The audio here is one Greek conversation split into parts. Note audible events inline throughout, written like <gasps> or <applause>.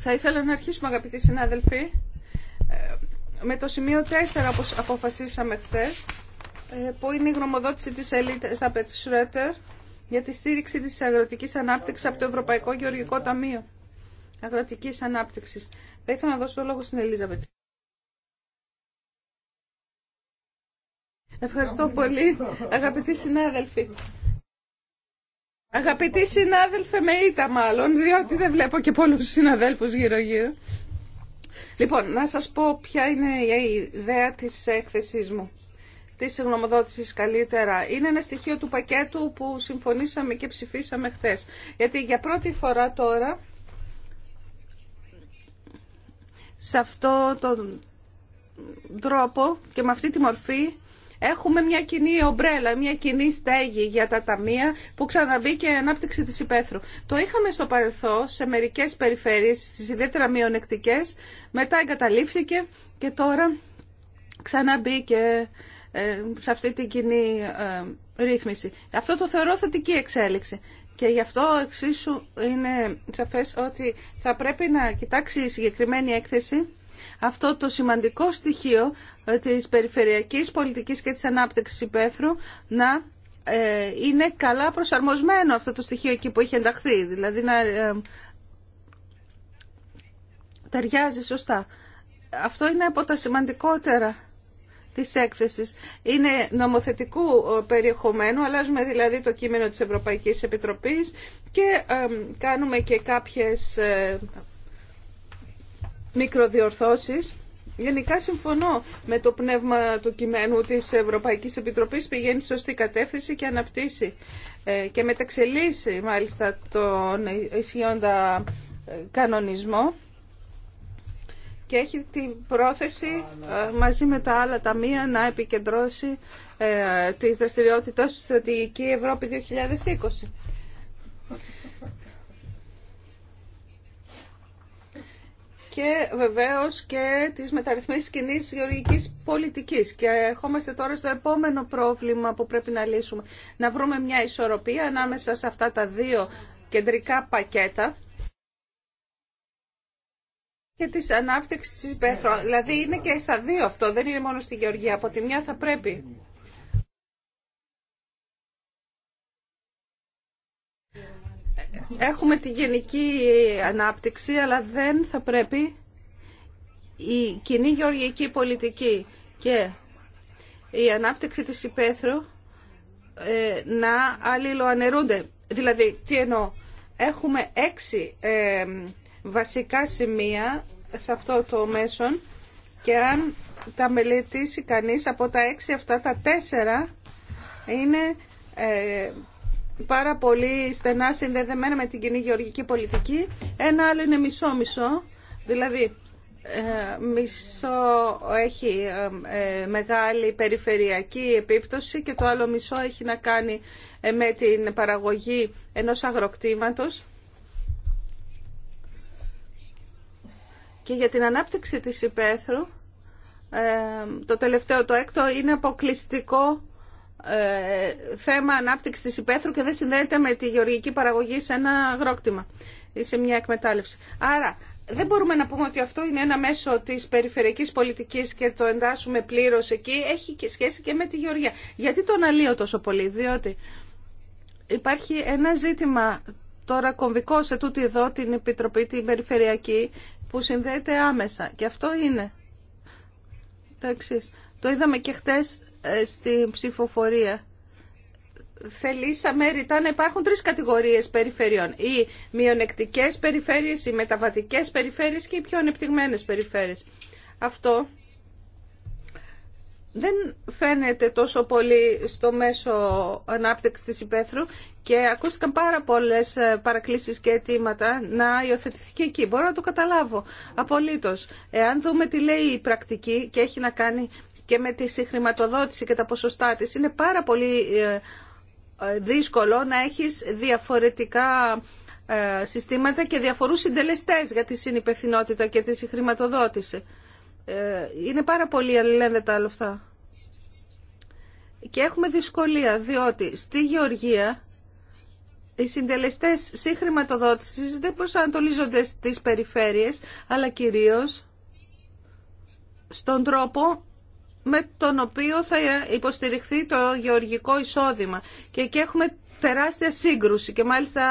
Θα ήθελα να αρχίσουμε αγαπητοί συνάδελφοι ε, με το σημείο 4 όπως αποφασίσαμε χθε, ε, που είναι η γνωμοδότηση της Ελίζαπετ Σρέτερ για τη στήριξη της αγροτικής ανάπτυξης από το Ευρωπαϊκό Γεωργικό Ταμείο Αγροτικής Ανάπτυξης. Θα ήθελα να δώσω λόγο στην Ελίζαπετ. Ευχαριστώ πολύ αγαπητοί συνάδελφοι. Αγαπητοί συνάδελφε με ήττα μάλλον, διότι δεν βλέπω και πολλούς συναδέλφους γύρω-γύρω. Λοιπόν, να σας πω ποια είναι η ιδέα της έκθεσής μου, της γνωμοδότησης καλύτερα. Είναι ένα στοιχείο του πακέτου που συμφωνήσαμε και ψηφίσαμε χθες. Γιατί για πρώτη φορά τώρα, σε αυτό τον τρόπο και με αυτή τη μορφή, Έχουμε μια κοινή ομπρέλα, μια κοινή στέγη για τα ταμεία που ξαναμπήκε η ανάπτυξη της υπαίθρου. Το είχαμε στο παρελθόν σε μερικές περιφέρειες, στις ιδιαίτερα μειονεκτικές, μετά εγκαταλείφθηκε και τώρα ξαναμπήκε σε αυτή την κοινή ε, ρύθμιση. Αυτό το θεωρώ θετική εξέλιξη. Και γι' αυτό εξίσου είναι σαφές ότι θα πρέπει να κοιτάξει η συγκεκριμένη έκθεση αυτό το σημαντικό στοιχείο ε, της περιφερειακής πολιτικής και της ανάπτυξης υπαίθρου να ε, είναι καλά προσαρμοσμένο αυτό το στοιχείο εκεί που έχει ενταχθεί, δηλαδή να ε, ταιριάζει σωστά. Αυτό είναι από τα σημαντικότερα της έκθεσης. Είναι νομοθετικού περιεχομένου, αλλάζουμε δηλαδή το κείμενο της Ευρωπαϊκής Επιτροπής και κάνουμε και κάποιες μικροδιορθώσεις. Γενικά συμφωνώ με το πνεύμα του κειμένου της Ευρωπαϊκής Επιτροπής πηγαίνει σωστή κατεύθυνση και αναπτύσσει ε, και μεταξελίσσει μάλιστα τον ισχύοντα ε, κανονισμό και έχει την πρόθεση ε, μαζί με τα άλλα ταμεία να επικεντρώσει τις δραστηριότητες στη Στρατηγική Ευρώπη 2020. και βεβαίως και τις μεταρρυθμίσεις κοινή γεωργικής πολιτικής. Και ερχόμαστε τώρα στο επόμενο πρόβλημα που πρέπει να λύσουμε. Να βρούμε μια ισορροπία ανάμεσα σε αυτά τα δύο κεντρικά πακέτα και της ανάπτυξης πέθρων, Δηλαδή είναι και στα δύο αυτό, δεν είναι μόνο στη γεωργία. Από τη μια θα πρέπει έχουμε τη γενική ανάπτυξη, αλλά δεν θα πρέπει η κοινή γεωργική πολιτική και η ανάπτυξη της υπαίθρου ε, να αλληλοανερούνται. Δηλαδή, τι εννοώ, έχουμε έξι ε, βασικά σημεία σε αυτό το μέσον και αν τα μελετήσει κανείς από τα έξι αυτά τα τέσσερα είναι ε, πάρα πολύ στενά συνδεδεμένα με την κοινή γεωργική πολιτική. Ένα άλλο είναι μισό-μισό, δηλαδή ε, μισό έχει ε, ε, μεγάλη περιφερειακή επίπτωση και το άλλο μισό έχει να κάνει με την παραγωγή ενός αγροκτήματος. Και για την ανάπτυξη της υπαίθρου, το τελευταίο, το έκτο, είναι αποκλειστικό ε, θέμα ανάπτυξης τη υπαίθρου και δεν συνδέεται με τη γεωργική παραγωγή σε ένα αγρόκτημα ή σε μια εκμετάλλευση. Άρα δεν μπορούμε να πούμε ότι αυτό είναι ένα μέσο της περιφερειακής πολιτικής και το εντάσσουμε πλήρως εκεί. Έχει και σχέση και με τη γεωργία. Γιατί το αναλύω τόσο πολύ, διότι υπάρχει ένα ζήτημα τώρα κομβικό σε τούτη εδώ την Επιτροπή, την Περιφερειακή, που συνδέεται άμεσα. Και αυτό είναι το Το είδαμε και χτες ε, στην ψηφοφορία. Θελήσαμε ρητά να υπάρχουν τρεις κατηγορίες περιφερειών. Οι μειονεκτικές περιφέρειες, οι μεταβατικές περιφέρειες και οι πιο ανεπτυγμένες περιφέρειες. Αυτό δεν φαίνεται τόσο πολύ στο μέσο ανάπτυξη της υπαίθρου και ακούστηκαν πάρα πολλές ε, παρακλήσεις και αιτήματα να υιοθετηθεί και εκεί. Μπορώ να το καταλάβω απολύτως. Εάν δούμε τι λέει η πρακτική και έχει να κάνει και με τη συγχρηματοδότηση και τα ποσοστά της είναι πάρα πολύ ε, ε, δύσκολο να έχεις διαφορετικά ε, συστήματα και διαφορούς συντελεστές για τη συνυπευθυνότητα και τη συγχρηματοδότηση. Είναι πάρα πολύ αλληλένδετα όλα αυτά. Και έχουμε δυσκολία, διότι στη Γεωργία οι συντελεστές συγχρηματοδότησης δεν προσανατολίζονται στις περιφέρειες, αλλά κυρίως στον τρόπο με τον οποίο θα υποστηριχθεί το γεωργικό εισόδημα. Και εκεί έχουμε τεράστια σύγκρουση και μάλιστα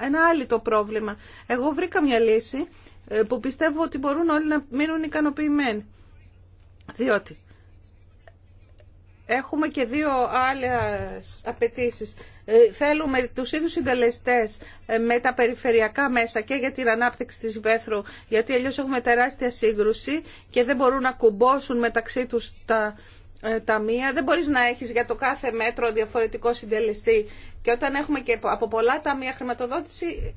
ένα άλλο το πρόβλημα. Εγώ βρήκα μια λύση ε, που πιστεύω ότι μπορούν όλοι να μείνουν ικανοποιημένοι. Διότι έχουμε και δύο άλλες απαιτήσεις. Ε, θέλουμε τους ίδιους συντελεστές ε, με τα περιφερειακά μέσα και για την ανάπτυξη της Βέθρου, γιατί αλλιώς έχουμε τεράστια σύγκρουση και δεν μπορούν να κουμπώσουν μεταξύ τους τα ε, ταμεία. Δεν μπορείς να έχεις για το κάθε μέτρο διαφορετικό συντελεστή. Και όταν έχουμε και από πολλά ταμεία χρηματοδότηση,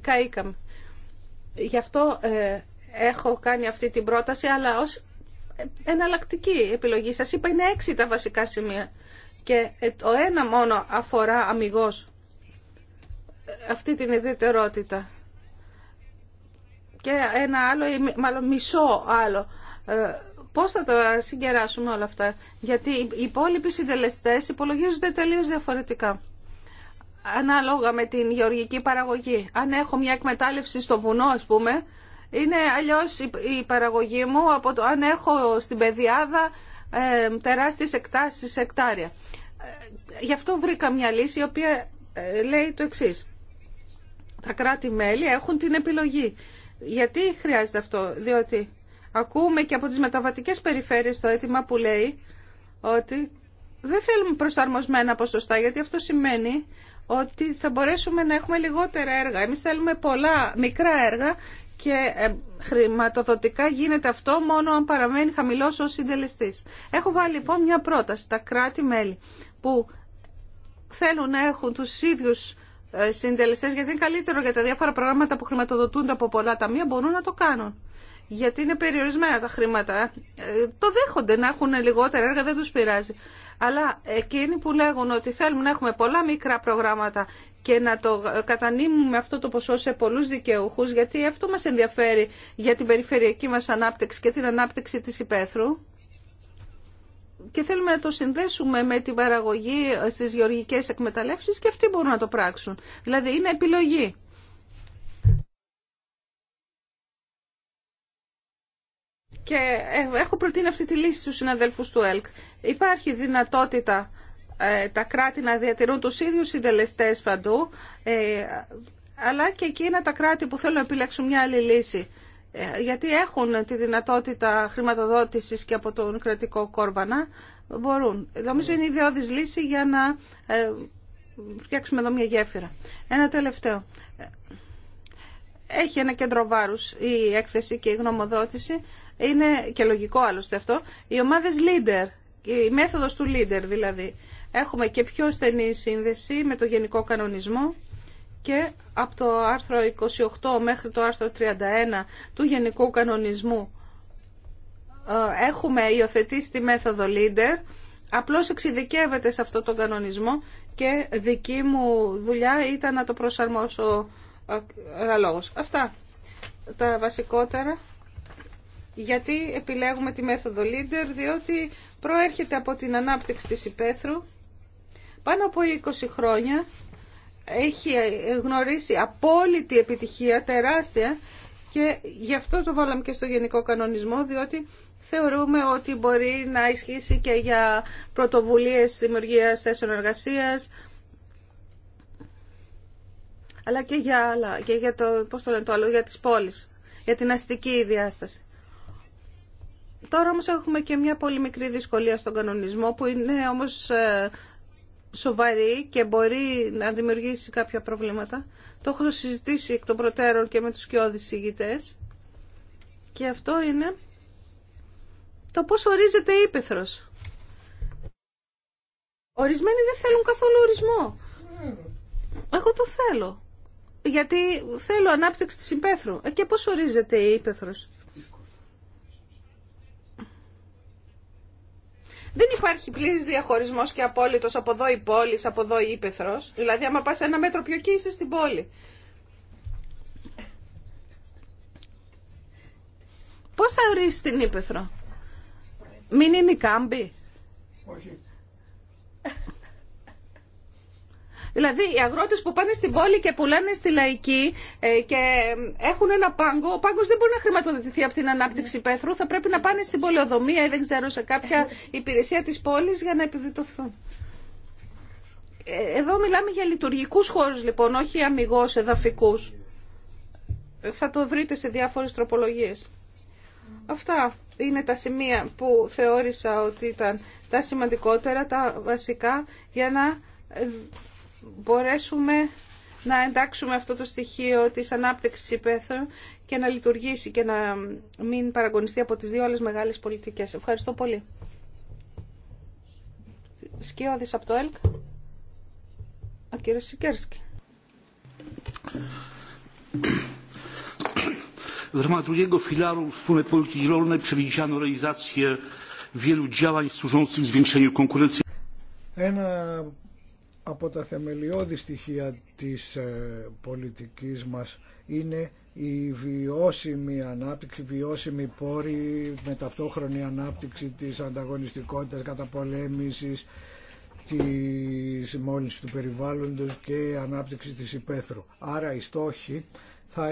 καήκαμε. Γι' αυτό ε, έχω κάνει αυτή την πρόταση, αλλά ως εναλλακτική επιλογή. Σας είπα είναι έξι τα βασικά σημεία και ε, το ένα μόνο αφορά αμυγός αυτή την ιδιαιτερότητα και ένα άλλο ή μάλλον μισό άλλο. Ε, πώς θα τα συγκεράσουμε όλα αυτά, γιατί οι υπόλοιποι συντελεστές υπολογίζονται τελείως διαφορετικά. Ανάλογα με την γεωργική παραγωγή. Αν έχω μια εκμετάλλευση στο βουνό, ας πούμε, είναι αλλιώς η παραγωγή μου από το αν έχω στην πεδιάδα ε, τεράστιες εκτάσεις, εκτάρια. Ε, γι' αυτό βρήκα μια λύση η οποία ε, λέει το εξής. Τα κράτη-μέλη έχουν την επιλογή. Γιατί χρειάζεται αυτό, διότι ακούμε και από τις μεταβατικές περιφέρειες το αίτημα που λέει ότι δεν θέλουμε προσαρμοσμένα ποσοστά, γιατί αυτό σημαίνει ότι θα μπορέσουμε να έχουμε λιγότερα έργα. Εμείς θέλουμε πολλά μικρά έργα και ε, χρηματοδοτικά γίνεται αυτό μόνο αν παραμένει χαμηλός ο συντελεστής. Έχω βάλει λοιπόν μια πρόταση. Τα κράτη-μέλη που θέλουν να έχουν τους ίδιους ε, συντελεστές, γιατί είναι καλύτερο για τα διάφορα προγράμματα που χρηματοδοτούνται από πολλά ταμεία, μπορούν να το κάνουν. Γιατί είναι περιορισμένα τα χρήματα. Ε, το δέχονται να έχουν λιγότερα έργα, δεν τους πειράζει. Αλλά εκείνοι που λέγουν ότι θέλουμε να έχουμε πολλά μικρά προγράμματα και να το κατανείμουμε αυτό το ποσό σε πολλούς δικαιούχους, γιατί αυτό μας ενδιαφέρει για την περιφερειακή μας ανάπτυξη και την ανάπτυξη της υπαίθρου. Και θέλουμε να το συνδέσουμε με την παραγωγή στις γεωργικές εκμεταλλεύσεις και αυτοί μπορούν να το πράξουν. Δηλαδή είναι επιλογή. Και ε, έχω προτείνει αυτή τη λύση στους συναδέλφους του ΕΛΚ. Υπάρχει δυνατότητα ε, τα κράτη να διατηρούν τους ίδιους συντελεστές φαντού, ε, αλλά και εκείνα τα κράτη που θέλουν να επιλέξουν μια άλλη λύση γιατί έχουν τη δυνατότητα χρηματοδότησης και από τον κρατικό κόρβανα, μπορούν. Νομίζω είναι ιδιώδης λύση για να φτιάξουμε εδώ μια γέφυρα. Ένα τελευταίο. Έχει ένα κέντρο βάρους η έκθεση και η γνωμοδότηση είναι και λογικό άλλωστε αυτό, οι ομάδες leader, η μέθοδος του leader δηλαδή. Έχουμε και πιο στενή σύνδεση με το γενικό κανονισμό και από το άρθρο 28 μέχρι το άρθρο 31 του γενικού κανονισμού ε, έχουμε υιοθετήσει τη μέθοδο leader απλώς εξειδικεύεται σε αυτό τον κανονισμό και δική μου δουλειά ήταν να το προσαρμόσω ε, αναλόγως. Αυτά τα βασικότερα. Γιατί επιλέγουμε τη μέθοδο Leader, διότι προέρχεται από την ανάπτυξη της υπαίθρου. Πάνω από 20 χρόνια έχει γνωρίσει απόλυτη επιτυχία, τεράστια, και γι' αυτό το βάλαμε και στο γενικό κανονισμό, διότι θεωρούμε ότι μπορεί να ισχύσει και για πρωτοβουλίες δημιουργίας θέσεων εργασίας, αλλά και για, άλλα, και το, πώς το για τις πόλεις, για την αστική διάσταση. Τώρα όμως έχουμε και μια πολύ μικρή δυσκολία στον κανονισμό που είναι όμως ε, σοβαρή και μπορεί να δημιουργήσει κάποια προβλήματα. Το έχω συζητήσει εκ των προτέρων και με τους κοιόδης ηγητές. Και αυτό είναι το πώς ορίζεται η ύπεθρος. Ορισμένοι δεν θέλουν καθόλου ορισμό. Εγώ το θέλω. Γιατί θέλω ανάπτυξη της ύπεθρου. Ε, και πώς ορίζεται η ύπεθρος. Δεν υπάρχει πλήρη διαχωρισμός και απόλυτο από εδώ η πόλη, από εδώ η ύπεθρος. Δηλαδή άμα πα ένα μέτρο πιο εκεί στην πόλη. Πώ θα ορίσει την ύπεθρο. Μην είναι η κάμπη. Όχι. Δηλαδή οι αγρότες που πάνε στην πόλη και πουλάνε στη λαϊκή ε, και έχουν ένα πάγκο, ο πάγκος δεν μπορεί να χρηματοδοτηθεί από την ανάπτυξη πέθρου, θα πρέπει να πάνε στην πολεοδομία ή δεν ξέρω σε κάποια υπηρεσία της πόλης για να επιδιτωθούν. Ε, εδώ μιλάμε για λειτουργικούς χώρους λοιπόν, όχι αμυγός εδαφικούς. Ε, θα το βρείτε σε διάφορες τροπολογίες. Αυτά είναι τα σημεία που θεώρησα ότι ήταν τα σημαντικότερα, τα βασικά, για να μπορέσουμε να εντάξουμε αυτό το στοιχείο της ανάπτυξης υπαίθρου και να λειτουργήσει και να μην παραγωνιστεί από τις δύο άλλες μεγάλες πολιτικές. Ευχαριστώ πολύ. Σκιώδης από το ΕΛΚ. Ο κύριος Σικέρσκι. W φιλάρου drugiego filaru wspólnej polityki rolnej przewidziano realizację wielu działań służących zwiększeniu Ένα από τα θεμελιώδη στοιχεία της ε, πολιτικής μας είναι η βιώσιμη ανάπτυξη, βιώσιμη πόρη με ταυτόχρονη ανάπτυξη της ανταγωνιστικότητας, καταπολέμησης, της μόλυνσης του περιβάλλοντος και ανάπτυξη της υπαίθρου. Άρα οι στόχοι θα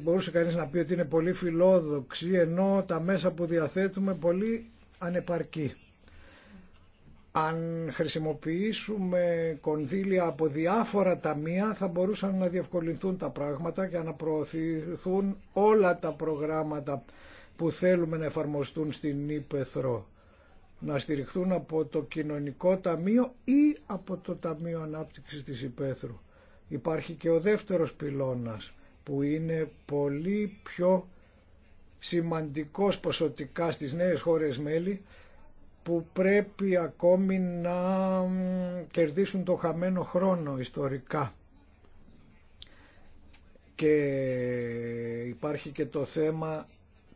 μπορούσε κανείς να πει ότι είναι πολύ φιλόδοξοι ενώ τα μέσα που διαθέτουμε πολύ ανεπαρκή αν χρησιμοποιήσουμε κονδύλια από διάφορα ταμεία θα μπορούσαν να διευκολυνθούν τα πράγματα και να προωθηθούν όλα τα προγράμματα που θέλουμε να εφαρμοστούν στην Ήπεθρο να στηριχθούν από το Κοινωνικό Ταμείο ή από το Ταμείο Ανάπτυξης της Υπέθρου. Υπάρχει και ο δεύτερος πυλώνας που είναι πολύ πιο σημαντικός ποσοτικά στις νέες χώρες μέλη που πρέπει ακόμη να κερδίσουν το χαμένο χρόνο ιστορικά. Και υπάρχει και το θέμα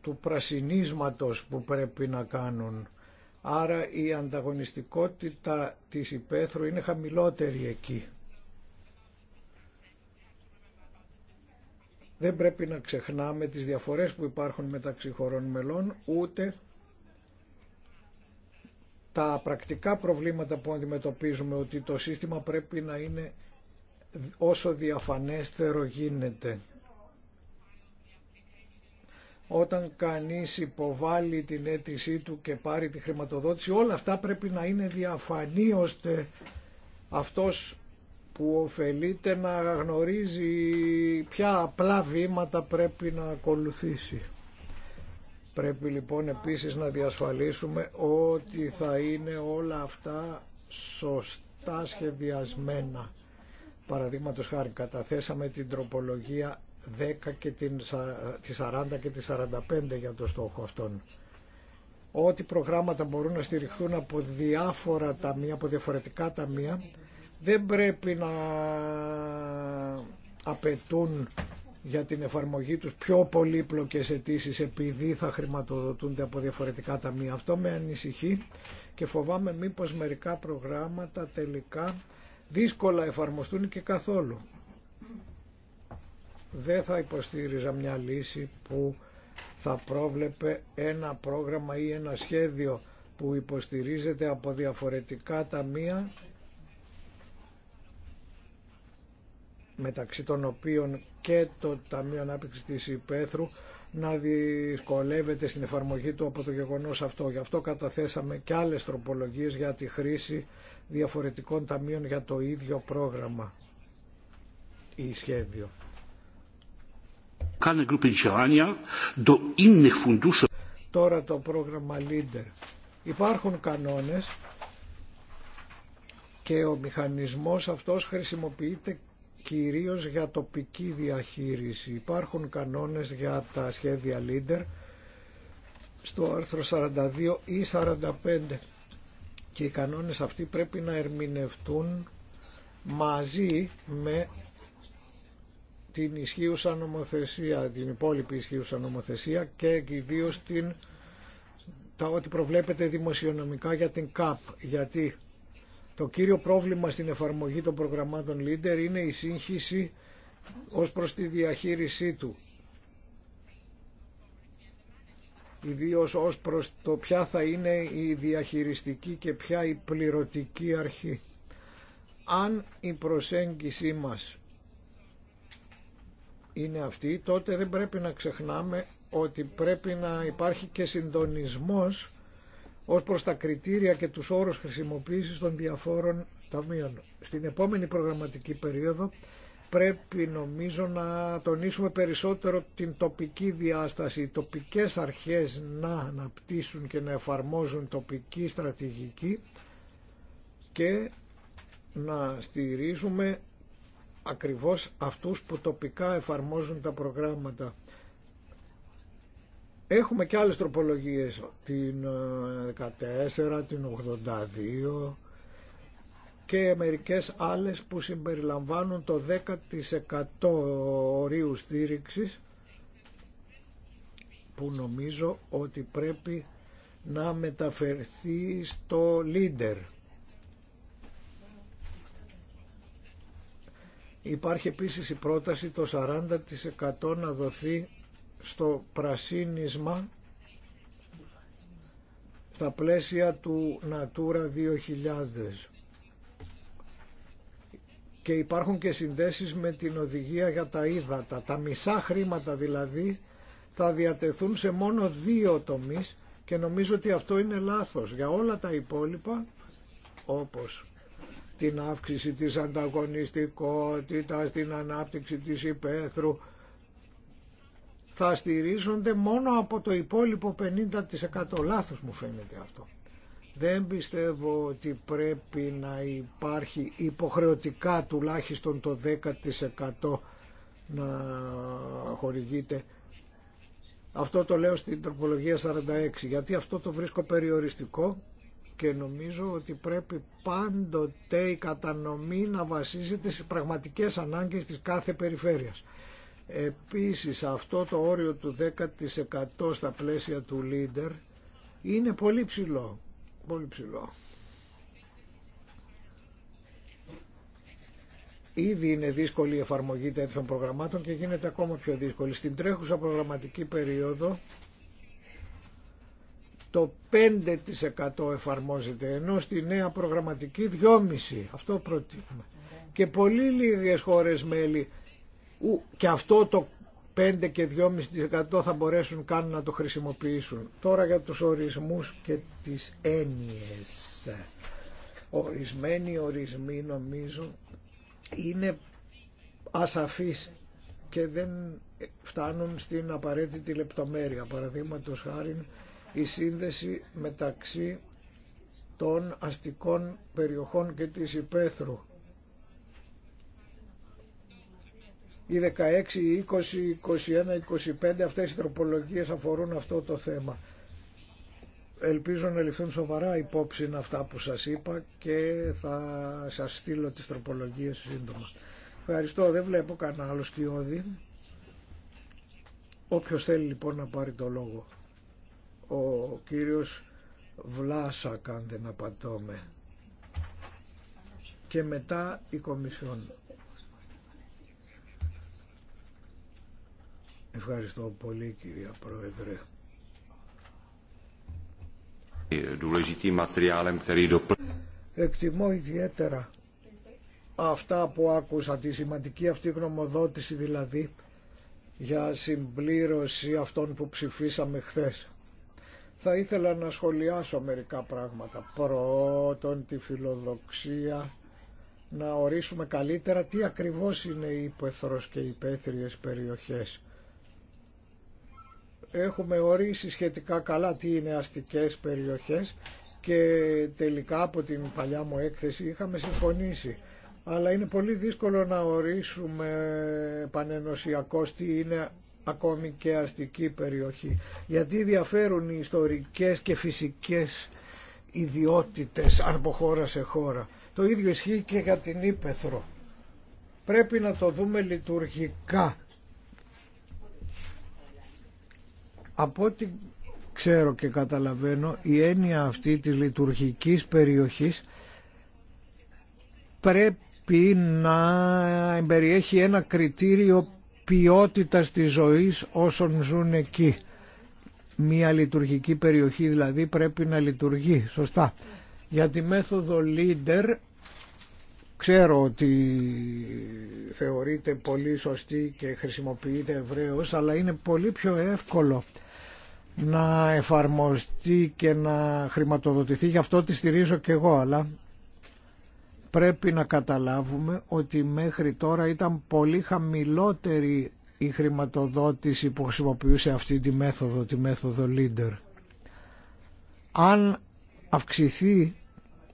του πρασινίσματος που πρέπει να κάνουν. Άρα η ανταγωνιστικότητα της υπαίθρου είναι χαμηλότερη εκεί. Δεν πρέπει να ξεχνάμε τις διαφορές που υπάρχουν μεταξύ χωρών μελών, ούτε τα πρακτικά προβλήματα που αντιμετωπίζουμε ότι το σύστημα πρέπει να είναι όσο διαφανέστερο γίνεται. Όταν κανείς υποβάλει την αίτησή του και πάρει τη χρηματοδότηση, όλα αυτά πρέπει να είναι διαφανή ώστε αυτός που ωφελείται να γνωρίζει ποια απλά βήματα πρέπει να ακολουθήσει. Πρέπει λοιπόν επίσης να διασφαλίσουμε ότι θα είναι όλα αυτά σωστά σχεδιασμένα. Παραδείγματος χάρη καταθέσαμε την τροπολογία 10 και την, τη 40 και τη 45 για το στόχο αυτόν. Ό,τι προγράμματα μπορούν να στηριχθούν από διάφορα ταμεία, από διαφορετικά ταμεία, δεν πρέπει να απαιτούν για την εφαρμογή τους πιο πολύπλοκες αιτήσει επειδή θα χρηματοδοτούνται από διαφορετικά ταμεία. Αυτό με ανησυχεί και φοβάμαι μήπως μερικά προγράμματα τελικά δύσκολα εφαρμοστούν και καθόλου. Δεν θα υποστήριζα μια λύση που θα πρόβλεπε ένα πρόγραμμα ή ένα σχέδιο που υποστηρίζεται από διαφορετικά ταμεία μεταξύ των οποίων και το Ταμείο Ανάπτυξης της Υπέθρου να δυσκολεύεται στην εφαρμογή του από το γεγονός αυτό. Γι' αυτό καταθέσαμε και άλλες τροπολογίες για τη χρήση διαφορετικών ταμείων για το ίδιο πρόγραμμα ή σχέδιο. Τώρα το πρόγραμμα Leader. Υπάρχουν κανόνες και ο μηχανισμός αυτός χρησιμοποιείται κυρίως για τοπική διαχείριση. Υπάρχουν κανόνες για τα σχέδια leader στο άρθρο 42 ή 45 και οι κανόνες αυτοί πρέπει να ερμηνευτούν μαζί με την ισχύουσα νομοθεσία, την υπόλοιπη ισχύουσα νομοθεσία και ιδίω την τα ό,τι προβλέπεται δημοσιονομικά για την ΚΑΠ, γιατί το κύριο πρόβλημα στην εφαρμογή των προγραμμάτων Leader είναι η σύγχυση ως προς τη διαχείρισή του. Ιδίως ως προς το ποια θα είναι η διαχειριστική και ποια η πληρωτική αρχή. Αν η προσέγγιση μας είναι αυτή, τότε δεν πρέπει να ξεχνάμε ότι πρέπει να υπάρχει και συντονισμός ως προς τα κριτήρια και τους όρους χρησιμοποίησης των διαφόρων ταμείων. Στην επόμενη προγραμματική περίοδο πρέπει νομίζω να τονίσουμε περισσότερο την τοπική διάσταση. Οι τοπικές αρχές να αναπτύσσουν και να εφαρμόζουν τοπική στρατηγική και να στηρίζουμε ακριβώς αυτούς που τοπικά εφαρμόζουν τα προγράμματα. Έχουμε και άλλες τροπολογίες, την 14, ε, την 82 και μερικές άλλες που συμπεριλαμβάνουν το 10% ορίου στήριξης που νομίζω ότι πρέπει να μεταφερθεί στο leader. Υπάρχει επίσης η πρόταση το 40% να δοθεί στο πρασίνισμα στα πλαίσια του Natura 2000 και υπάρχουν και συνδέσεις με την οδηγία για τα ύδατα. Τα μισά χρήματα δηλαδή θα διατεθούν σε μόνο δύο τομείς και νομίζω ότι αυτό είναι λάθος. Για όλα τα υπόλοιπα, όπως την αύξηση της ανταγωνιστικότητας, την ανάπτυξη της υπαίθρου, θα στηρίζονται μόνο από το υπόλοιπο 50% λάθος μου φαίνεται αυτό. Δεν πιστεύω ότι πρέπει να υπάρχει υποχρεωτικά τουλάχιστον το 10% να χορηγείται. Αυτό το λέω στην τροπολογία 46 γιατί αυτό το βρίσκω περιοριστικό και νομίζω ότι πρέπει πάντοτε η κατανομή να βασίζεται στις πραγματικές ανάγκες της κάθε περιφέρειας. Επίσης αυτό το όριο του 10% στα πλαίσια του leader είναι πολύ ψηλό. Πολύ ψηλό. Ήδη είναι δύσκολη η εφαρμογή τέτοιων προγραμμάτων και γίνεται ακόμα πιο δύσκολη. Στην τρέχουσα προγραμματική περίοδο το 5% εφαρμόζεται, ενώ στη νέα προγραμματική 2,5%. Αυτό προτείνουμε. Και πολύ λίγες χώρες μέλη και αυτό το 5 και 2,5% θα μπορέσουν καν να το χρησιμοποιήσουν. Τώρα για τους ορισμούς και τις έννοιες. Ορισμένοι ορισμοί νομίζω είναι ασαφείς και δεν φτάνουν στην απαραίτητη λεπτομέρεια. Παραδείγματο χάρη η σύνδεση μεταξύ των αστικών περιοχών και της υπαίθρου Οι 16, 20, 21, 25 αυτές οι τροπολογίες αφορούν αυτό το θέμα. Ελπίζω να ληφθούν σοβαρά υπόψη αυτά που σας είπα και θα σας στείλω τις τροπολογίες σύντομα. Ευχαριστώ, δεν βλέπω κανένα άλλο σκιώδη. Όποιος θέλει λοιπόν να πάρει το λόγο. Ο κύριος Βλάσακ αν δεν απατώμε. Και μετά η Κομισιόν. Ευχαριστώ πολύ κυρία Πρόεδρε. Εκτιμώ ιδιαίτερα αυτά που άκουσα, τη σημαντική αυτή γνωμοδότηση δηλαδή για συμπλήρωση αυτών που ψηφίσαμε χθες. Θα ήθελα να σχολιάσω μερικά πράγματα. Πρώτον, τη φιλοδοξία να ορίσουμε καλύτερα τι ακριβώς είναι οι υπεθρος και οι υπαίθριες περιοχές έχουμε ορίσει σχετικά καλά τι είναι αστικές περιοχές και τελικά από την παλιά μου έκθεση είχαμε συμφωνήσει. Αλλά είναι πολύ δύσκολο να ορίσουμε πανενοσιακώς τι είναι ακόμη και αστική περιοχή. Γιατί διαφέρουν οι ιστορικές και φυσικές ιδιότητες από χώρα σε χώρα. Το ίδιο ισχύει και για την Ήπεθρο. Πρέπει να το δούμε λειτουργικά Από ό,τι ξέρω και καταλαβαίνω η έννοια αυτή της λειτουργικής περιοχής πρέπει να περιέχει ένα κριτήριο ποιότητας της ζωής όσων ζουν εκεί. Μία λειτουργική περιοχή δηλαδή πρέπει να λειτουργεί σωστά. Για τη μέθοδο leader ξέρω ότι θεωρείται πολύ σωστή και χρησιμοποιείται ευρέως αλλά είναι πολύ πιο εύκολο να εφαρμοστεί και να χρηματοδοτηθεί. Γι' αυτό τη στηρίζω και εγώ, αλλά πρέπει να καταλάβουμε ότι μέχρι τώρα ήταν πολύ χαμηλότερη η χρηματοδότηση που χρησιμοποιούσε αυτή τη μέθοδο, τη μέθοδο leader. Αν αυξηθεί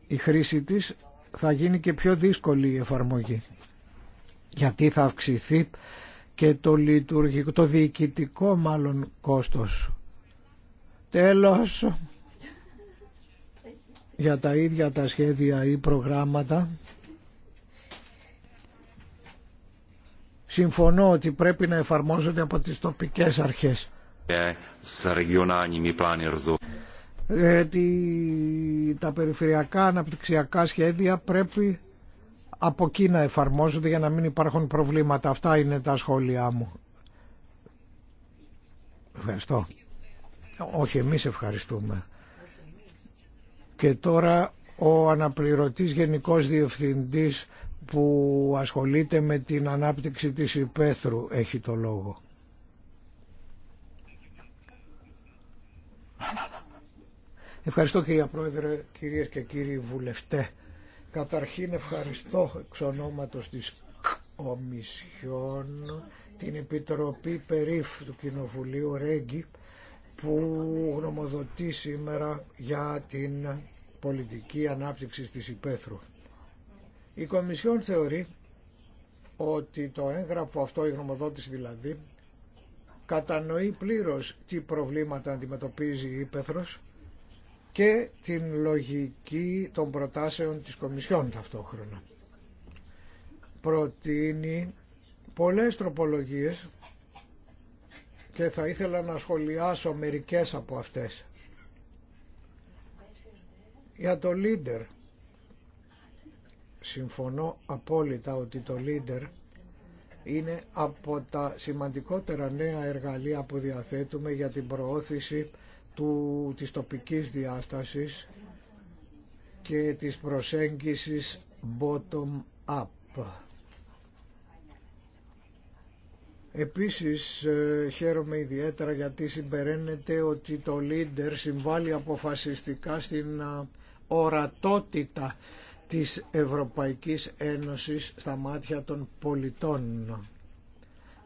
η χρήση της θα γίνει και πιο δύσκολη η εφαρμογή γιατί θα αυξηθεί και το, λειτουργικό, το διοικητικό μάλλον κόστος Τέλος, για τα ίδια τα σχέδια ή προγράμματα, συμφωνώ ότι πρέπει να εφαρμόζονται από τις τοπικές αρχές. Ε, Γιατί τα περιφερειακά αναπτυξιακά σχέδια πρέπει από εκεί να εφαρμόζονται για να μην υπάρχουν προβλήματα. Αυτά είναι τα σχόλιά μου. Ευχαριστώ. Όχι, εμείς ευχαριστούμε. Και τώρα ο αναπληρωτής Γενικός Διευθυντής που ασχολείται με την ανάπτυξη της υπαίθρου έχει το λόγο. Ευχαριστώ κυρία Πρόεδρε, κυρίες και κύριοι βουλευτέ. Καταρχήν ευχαριστώ εξ ονόματος της Κομισιόν την Επιτροπή Περίφ του Κοινοβουλίου Ρέγγι που γνωμοδοτεί σήμερα για την πολιτική ανάπτυξη της Υπέθρου. Η Κομισιόν θεωρεί ότι το έγγραφο αυτό, η γνωμοδότηση δηλαδή, κατανοεί πλήρως τι προβλήματα αντιμετωπίζει η Ήπεθρος και την λογική των προτάσεων της Κομισιόν ταυτόχρονα. Προτείνει πολλές τροπολογίες και θα ήθελα να σχολιάσω μερικές από αυτές. Για το Λίντερ, Συμφωνώ απόλυτα ότι το Λίντερ είναι από τα σημαντικότερα νέα εργαλεία που διαθέτουμε για την προώθηση του, της τοπικής διάστασης και της προσέγγισης bottom-up. Επίσης ε, χαίρομαι ιδιαίτερα γιατί συμπεραίνεται ότι το Λίντερ συμβάλλει αποφασιστικά στην ε, ορατότητα της Ευρωπαϊκής Ένωσης στα μάτια των πολιτών.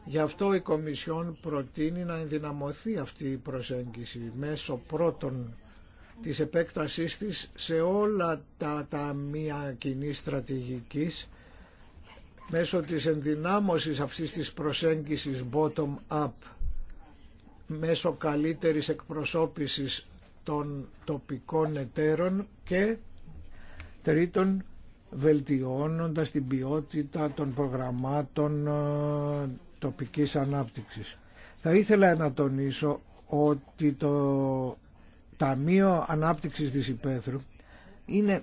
Γι' αυτό η Κομισιόν προτείνει να ενδυναμωθεί αυτή η προσέγγιση μέσω πρώτων της επέκτασής της σε όλα τα ταμεία κοινής στρατηγικής μέσω της ενδυνάμωσης αυτής της προσέγγισης bottom-up, μέσω καλύτερης εκπροσώπησης των τοπικών εταίρων και τρίτον βελτιώνοντας την ποιότητα των προγραμμάτων ε, τοπικής ανάπτυξης. Θα ήθελα να τονίσω ότι το Ταμείο Ανάπτυξης της Υπέθρου είναι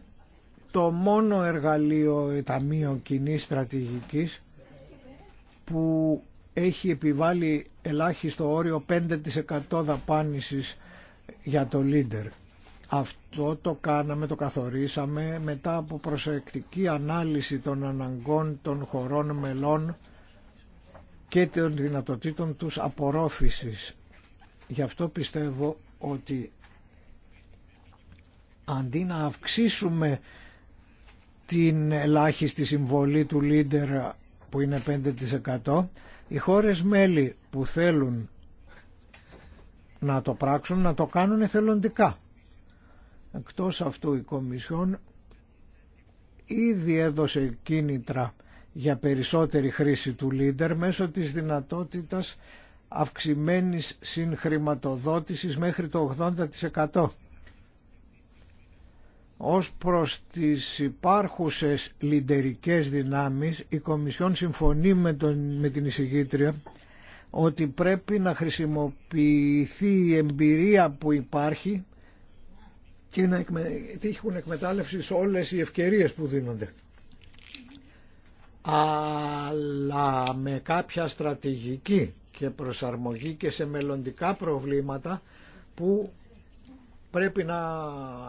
το μόνο εργαλείο ε, Ταμείο Κοινή Στρατηγικής που έχει επιβάλει ελάχιστο όριο 5% δαπάνησης για το leader. Αυτό το κάναμε, το καθορίσαμε μετά από προσεκτική ανάλυση των αναγκών των χωρών μελών και των δυνατοτήτων τους απορρόφησης. Γι' αυτό πιστεύω ότι αντί να αυξήσουμε την ελάχιστη συμβολή του Λίντερ που είναι 5%. Οι χώρες μέλη που θέλουν να το πράξουν, να το κάνουν εθελοντικά. Εκτός αυτού η Κομισιόν ήδη έδωσε κίνητρα για περισσότερη χρήση του Λίντερ μέσω της δυνατότητας αυξημένης συγχρηματοδότησης μέχρι το 80%. Ως προς τις υπάρχουσες λιντερικές δυνάμεις, η Κομισιόν συμφωνεί με, τον, με την εισηγήτρια ότι πρέπει να χρησιμοποιηθεί η εμπειρία που υπάρχει και να τύχουν εκμετάλλευση σε όλες οι ευκαιρίες που δίνονται. Αλλά με κάποια στρατηγική και προσαρμογή και σε μελλοντικά προβλήματα που πρέπει να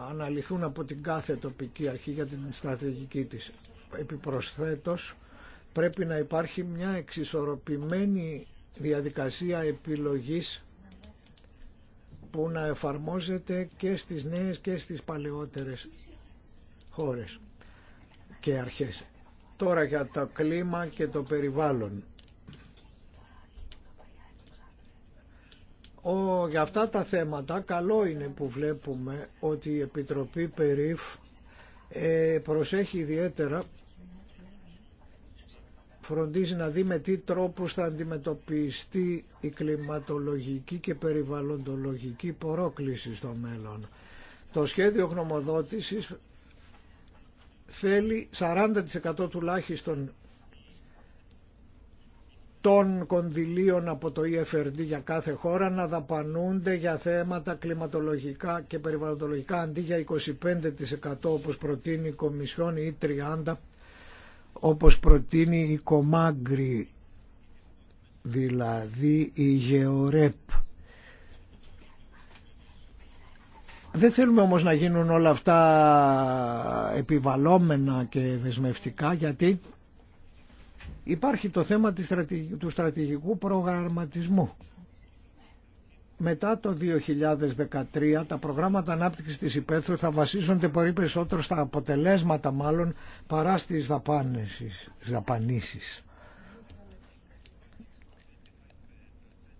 αναλυθούν από την κάθε τοπική αρχή για την στρατηγική της. Επιπροσθέτως πρέπει να υπάρχει μια εξισορροπημένη διαδικασία επιλογής που να εφαρμόζεται και στις νέες και στις παλαιότερες χώρες και αρχές. Τώρα για το κλίμα και το περιβάλλον. Ο, για αυτά τα θέματα καλό είναι που βλέπουμε ότι η Επιτροπή Περίφ ε, προσέχει ιδιαίτερα φροντίζει να δει με τι τρόπους θα αντιμετωπιστεί η κλιματολογική και περιβαλλοντολογική πρόκληση στο μέλλον. Το σχέδιο γνωμοδότησης θέλει 40% τουλάχιστον των κονδυλίων από το EFRD για κάθε χώρα να δαπανούνται για θέματα κλιματολογικά και περιβαλλοντολογικά αντί για 25% όπως προτείνει η Κομισιόν ή 30% όπως προτείνει η Κομάγκρη δηλαδή η Γεωρέπ. Δεν θέλουμε όμως να γίνουν όλα αυτά επιβαλόμενα και δεσμευτικά γιατί Υπάρχει το θέμα του στρατηγικού προγραμματισμού. Μετά το 2013 τα προγράμματα ανάπτυξης της υπαίθρου θα βασίζονται πολύ περισσότερο στα αποτελέσματα μάλλον παρά στις δαπανήσεις.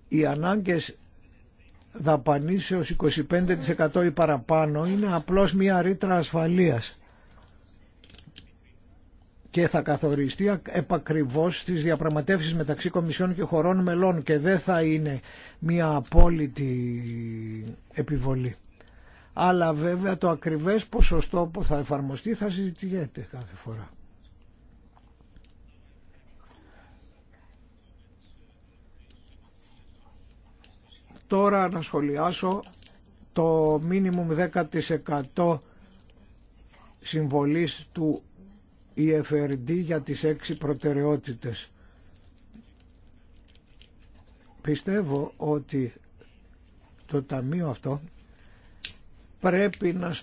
Οι ανάγκες δαπανήσεως 25% ή παραπάνω είναι απλώς μια ρήτρα ασφαλείας και θα καθοριστεί επακριβώς στις διαπραγματεύσεις μεταξύ Κομισιών και χωρών μελών και δεν θα είναι μια απόλυτη επιβολή. Αλλά βέβαια το ακριβές ποσοστό που θα εφαρμοστεί θα συζητιέται κάθε φορά. Τώρα να σχολιάσω το μίνιμουμ 10% συμβολής του EFRD για τις έξι προτεραιότητες. Πιστεύω ότι το ταμείο αυτό πρέπει να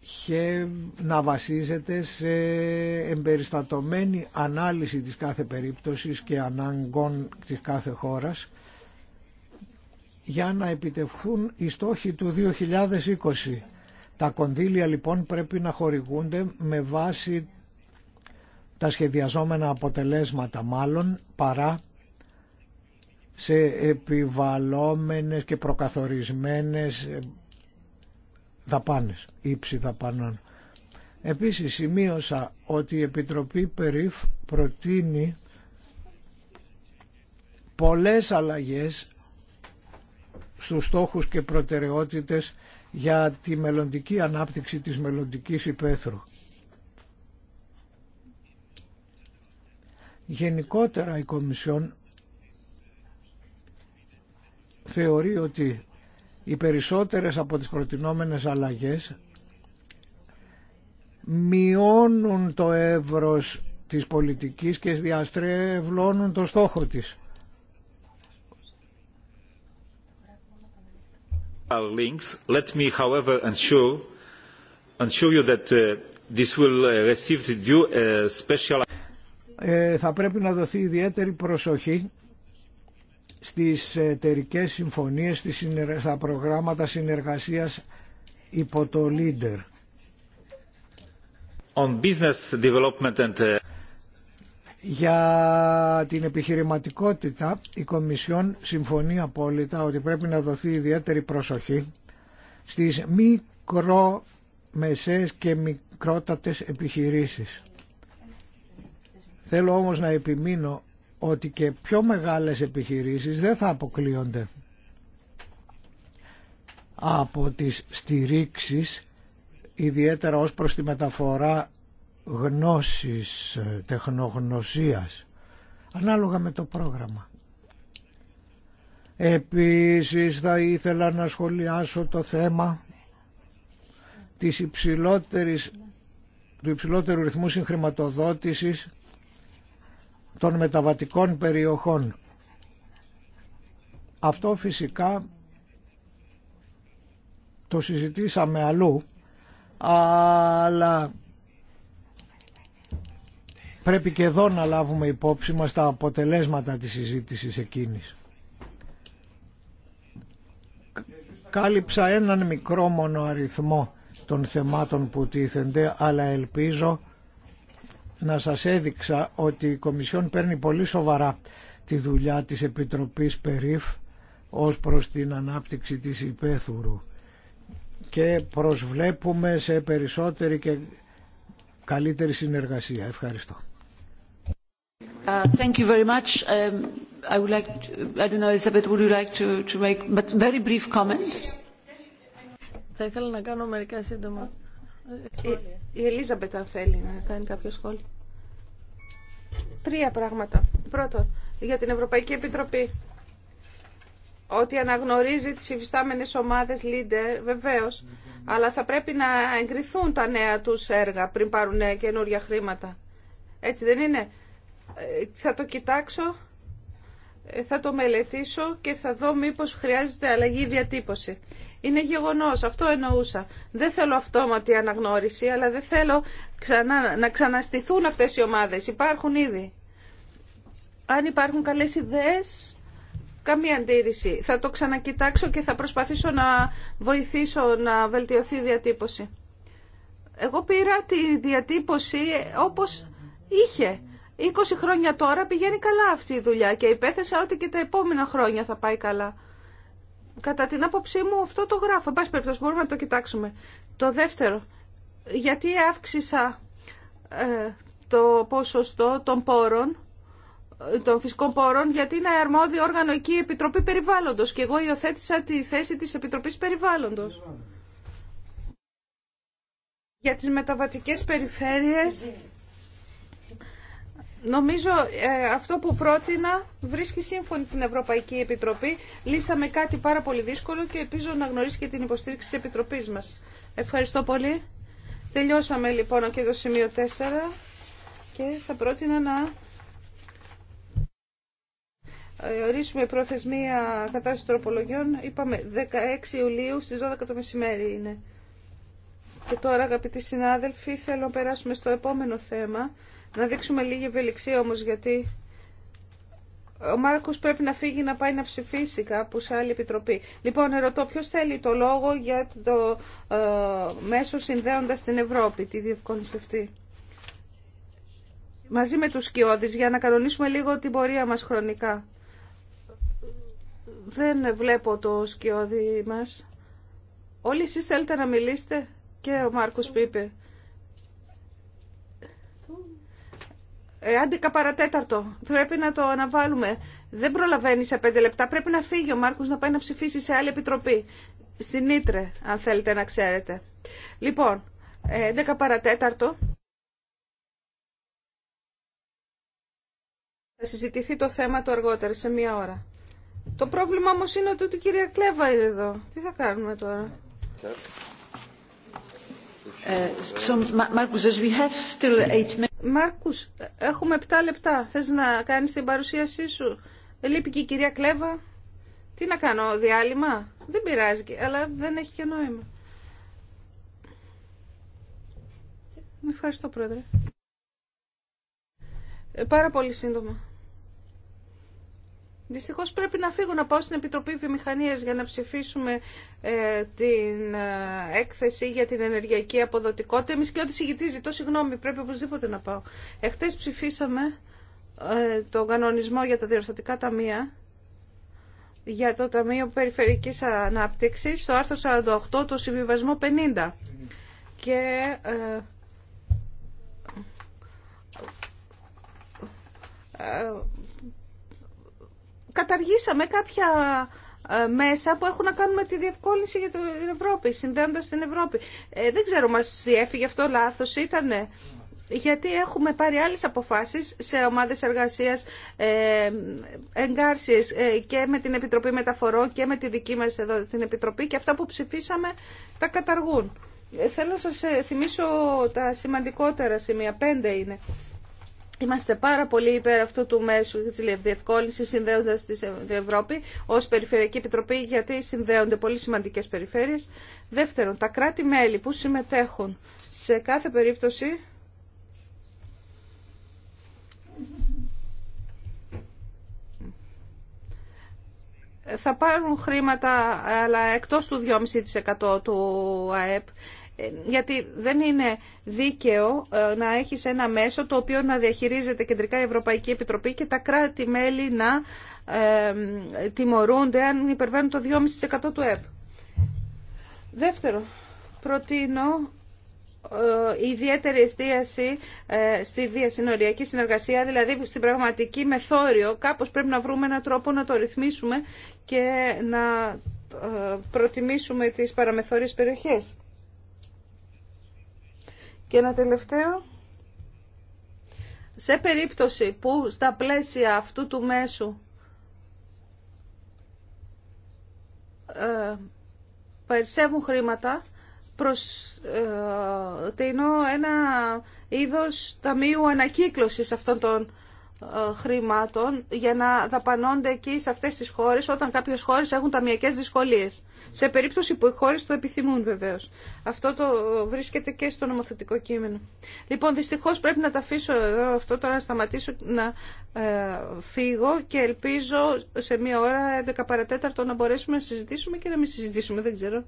χέ να βασίζεται σε εμπεριστατωμένη ανάλυση της κάθε περίπτωσης και ανάγκων της κάθε χώρας για να επιτευχθούν οι στόχοι του 2020. Τα κονδύλια λοιπόν πρέπει να χορηγούνται με βάση τα σχεδιαζόμενα αποτελέσματα μάλλον παρά σε επιβαλόμενες και προκαθορισμένες δαπάνες, ύψη δαπανών. Επίσης σημείωσα ότι η Επιτροπή Περίφ προτείνει πολλές αλλαγές στους στόχους και προτεραιότητες για τη μελλοντική ανάπτυξη της μελλοντική υπαίθρου. Γενικότερα η Κομισιόν θεωρεί ότι οι περισσότερες από τις προτινόμενες αλλαγές μειώνουν το εύρος της πολιτικής και διαστρεβλώνουν το στόχο της. Let me, however, ε, θα πρέπει να δοθεί ιδιαίτερη προσοχή στις εταιρικέ συμφωνίες, στα προγράμματα συνεργασίας υπό το Λίντερ. Για την επιχειρηματικότητα η Κομισιόν συμφωνεί απόλυτα ότι πρέπει να δοθεί ιδιαίτερη προσοχή στις μικρομεσαίες και μικρότατες επιχειρήσεις. Θέλω όμως να επιμείνω ότι και πιο μεγάλες επιχειρήσεις δεν θα αποκλείονται από τις στηρίξεις ιδιαίτερα ως προς τη μεταφορά γνώσης, τεχνογνωσίας, ανάλογα με το πρόγραμμα. Επίσης θα ήθελα να σχολιάσω το θέμα της υψηλότερης, του υψηλότερου ρυθμού συγχρηματοδότησης των μεταβατικών περιοχών. Αυτό φυσικά το συζητήσαμε αλλού, αλλά πρέπει και εδώ να λάβουμε υπόψη μας τα αποτελέσματα της συζήτησης εκείνης. Κάλυψα έναν μικρό μόνο αριθμό των θεμάτων που τίθενται, αλλά ελπίζω να σας έδειξα ότι η Κομισιόν παίρνει πολύ σοβαρά τη δουλειά της Επιτροπής Περίφ ως προς την ανάπτυξη της υπαίθουρου και προσβλέπουμε σε περισσότερη και καλύτερη συνεργασία. Ευχαριστώ. Uh, thank you very much. Um, I would like, I don't know, Elizabeth, would you like to, to make, but very brief comments. Θα ήθελα να κάνω μερικά σύντομα η Ελίζα αν θέλει να κάνει κάποιο σχόλιο. Τρία πράγματα. Πρώτον, για την Ευρωπαϊκή Επιτροπή. Ότι αναγνωρίζει τις υφιστάμενες ομάδες leader, βεβαίως, αλλά θα πρέπει να εγκριθούν τα νέα τους έργα πριν πάρουν καινούργια χρήματα. Έτσι δεν είναι. Θα το κοιτάξω, θα το μελετήσω και θα δω μήπως χρειάζεται αλλαγή διατύπωση. Είναι γεγονός, αυτό εννοούσα. Δεν θέλω αυτόματη αναγνώριση, αλλά δεν θέλω να ξαναστηθούν αυτές οι ομάδες. Υπάρχουν ήδη. Αν υπάρχουν καλές ιδέες, καμία αντίρρηση. Θα το ξανακοιτάξω και θα προσπαθήσω να βοηθήσω να βελτιωθεί η διατύπωση. Εγώ πήρα τη διατύπωση όπως είχε. 20 χρόνια τώρα πηγαίνει καλά αυτή η δουλειά και υπέθεσα ότι και τα επόμενα χρόνια θα πάει καλά. Κατά την άποψή μου αυτό το γράφω. Εν πάση περιπτώσει μπορούμε να το κοιτάξουμε. Το δεύτερο, γιατί αύξησα ε, το ποσοστό των πόρων, ε, των φυσικών πόρων, γιατί είναι αρμόδιο όργανο εκεί η Επιτροπή Περιβάλλοντος και εγώ υιοθέτησα τη θέση της Επιτροπής Περιβάλλοντος. Για τις μεταβατικές περιφέρειες Νομίζω ε, αυτό που πρότεινα βρίσκει σύμφωνη την Ευρωπαϊκή Επιτροπή. Λύσαμε κάτι πάρα πολύ δύσκολο και ελπίζω να γνωρίσει και την υποστήριξη της Επιτροπής μας. Ευχαριστώ πολύ. Τελειώσαμε λοιπόν και το σημείο 4 και θα πρότεινα να ε, ορίσουμε προθεσμία κατάσταση τροπολογιών. Είπαμε 16 Ιουλίου στις 12 το μεσημέρι είναι. Και τώρα αγαπητοί συνάδελφοι θέλω να περάσουμε στο επόμενο θέμα να δείξουμε λίγη ευελιξία όμως γιατί ο Μάρκος πρέπει να φύγει να πάει να ψηφίσει κάπου σε άλλη επιτροπή. Λοιπόν, ερωτώ ποιος θέλει το λόγο για το ε, μέσο συνδέοντας την Ευρώπη, τη διευκόνηση αυτή. Μαζί με τους σκιώδεις για να κανονίσουμε λίγο την πορεία μας χρονικά. Δεν βλέπω το σκιώδη μας. Όλοι εσείς θέλετε να μιλήσετε και ο Μάρκος Πίπε. 11 ε, παρατέταρτο. Πρέπει να το αναβάλουμε. Δεν προλαβαίνει σε 5 λεπτά. Πρέπει να φύγει ο Μάρκος να πάει να ψηφίσει σε άλλη επιτροπή. Στην Ήτρε, αν θέλετε να ξέρετε. Λοιπόν, 11 ε, παρατέταρτο. Θα συζητηθεί το θέμα το αργότερα, σε μία ώρα. Το πρόβλημα όμω είναι ότι η κυρία Κλέβα είναι εδώ. Τι θα κάνουμε τώρα. Ε, so, Marcus, we have Μάρκους, έχουμε 7 λεπτά. Θες να κάνεις την παρουσίασή σου. Λείπει και η κυρία Κλέβα. Τι να κάνω, διάλειμμα. Δεν πειράζει, αλλά δεν έχει και νόημα. Ευχαριστώ, Πρόεδρε. Ε, πάρα πολύ σύντομα. Δυστυχώ πρέπει να φύγω να πάω στην Επιτροπή Βιομηχανίας για να ψηφίσουμε ε, την ε, έκθεση για την ενεργειακή αποδοτικότητα. Εμείς και ό,τι συγητή ζητώ συγγνώμη, πρέπει οπωσδήποτε να πάω. Εχθές ψηφίσαμε ε, τον κανονισμό για τα διορθωτικά ταμεία για το Ταμείο Περιφερικής Ανάπτυξης Το άρθρο 48 το συμβιβασμό 50 και καταργήσαμε κάποια ε, μέσα που έχουν να κάνουν με τη διευκόλυνση για την Ευρώπη, συνδέοντα την Ευρώπη. Ε, δεν ξέρω, μα έφυγε αυτό λάθο, ήτανε. Γιατί έχουμε πάρει άλλε αποφάσει σε ομάδε εργασία ε, εγκάρσει ε, και με την Επιτροπή Μεταφορών και με τη δική μα εδώ την Επιτροπή και αυτά που ψηφίσαμε τα καταργούν. Θέλω να σας θυμίσω τα σημαντικότερα σημεία, πέντε είναι. Είμαστε πάρα πολύ υπέρ αυτού του μέσου τη διευκόλυνση συνδέοντα την Ευρώπη ω Περιφερειακή Επιτροπή, γιατί συνδέονται πολύ σημαντικέ περιφέρειε. Δεύτερον, τα κράτη-μέλη που συμμετέχουν σε κάθε περίπτωση. Θα πάρουν χρήματα, αλλά εκτός του 2,5% του ΑΕΠ ε, γιατί δεν είναι δίκαιο ε, να έχεις ένα μέσο το οποίο να διαχειρίζεται κεντρικά η Ευρωπαϊκή Επιτροπή και τα κράτη-μέλη να τιμωρούνται αν υπερβαίνουν το 2,5% του ΕΠ. Δεύτερο, προτείνω ε, ιδιαίτερη εστίαση στη διασυνοριακή συνεργασία, δηλαδή στην πραγματική μεθόριο. Κάπως πρέπει να βρούμε έναν τρόπο να το ρυθμίσουμε και να προτιμήσουμε τις παραμεθόριες περιοχές. Και ένα τελευταίο. Σε περίπτωση που στα πλαίσια αυτού του μέσου ε, περισσεύουν χρήματα, προτείνω ε, ένα είδος ταμείου ανακύκλωσης αυτών των ε, χρημάτων για να δαπανώνται εκεί σε αυτές τις χώρες όταν κάποιες χώρες έχουν ταμιακές δυσκολίες. Σε περίπτωση που οι χώρες το επιθυμούν βεβαίως. Αυτό το βρίσκεται και στο νομοθετικό κείμενο. Λοιπόν, δυστυχώς πρέπει να τα αφήσω εδώ αυτό τώρα να σταματήσω να ε, φύγω και ελπίζω σε μία ώρα 11 παρατέταρτο να μπορέσουμε να συζητήσουμε και να μην συζητήσουμε, δεν ξέρω.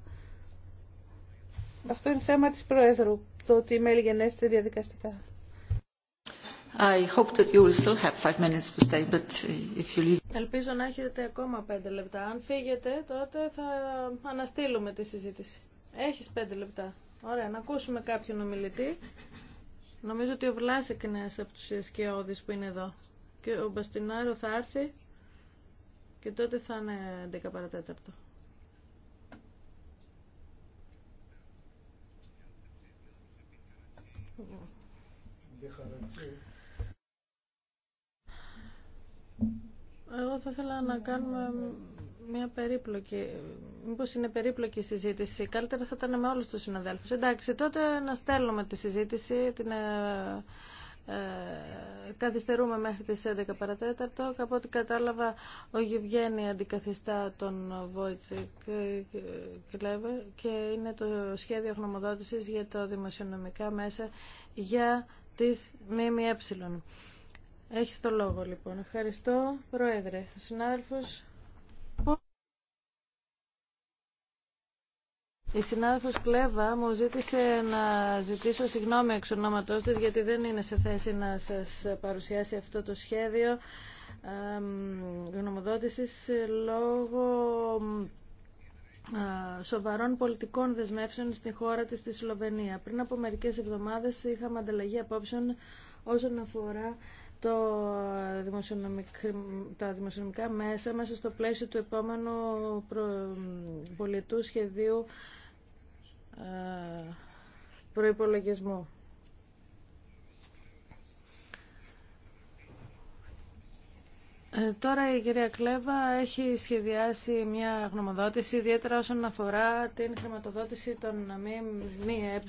Αυτό είναι θέμα της Πρόεδρου, το ότι μέλη γενέστε διαδικαστικά. Ελπίζω να έχετε ακόμα πέντε λεπτά. Αν φύγετε, τότε θα αναστείλουμε τη συζήτηση. Έχεις πέντε λεπτά. Ωραία, να ακούσουμε κάποιον ομιλητή. Νομίζω ότι ο Βλάσεκ είναι ένας από τους σκιώδεις που είναι εδώ. Και ο Μπαστινάρο θα έρθει και τότε θα είναι 11 παρατέταρτο. Εγώ θα ήθελα να κάνουμε μια περίπλοκη, μήπω είναι περίπλοκη η συζήτηση. Καλύτερα θα ήταν με όλου του συναδέλφου. Εντάξει, τότε να στέλνουμε τη συζήτηση, την ε, ε καθυστερούμε μέχρι τις 11 παρατέταρτο. Από ό,τι κατάλαβα, ο Γευγένη αντικαθιστά τον Βόιτσικ Κλέβερ και είναι το σχέδιο γνωμοδότησης για τα δημοσιονομικά μέσα για τις ΜΜΕ. Έχεις το λόγο λοιπόν. Ευχαριστώ, Πρόεδρε. Ο συνάδελφος... Η συνάδελφος Κλέβα μου ζήτησε να ζητήσω συγγνώμη εξ ονόματός της γιατί δεν είναι σε θέση να σας παρουσιάσει αυτό το σχέδιο γνωμοδότησης λόγω σοβαρών πολιτικών δεσμεύσεων στη χώρα της στη Σλοβενία. Πριν από μερικές εβδομάδες είχαμε ανταλλαγή απόψεων όσον αφορά τα δημοσιονομικά μέσα μέσα στο πλαίσιο του επόμενου προ... πολιτού σχεδίου ε, προϋπολογισμού. Ε, τώρα η κυρία Κλέβα έχει σχεδιάσει μια γνωμοδότηση ιδιαίτερα όσον αφορά την χρηματοδότηση των ΜΜΕ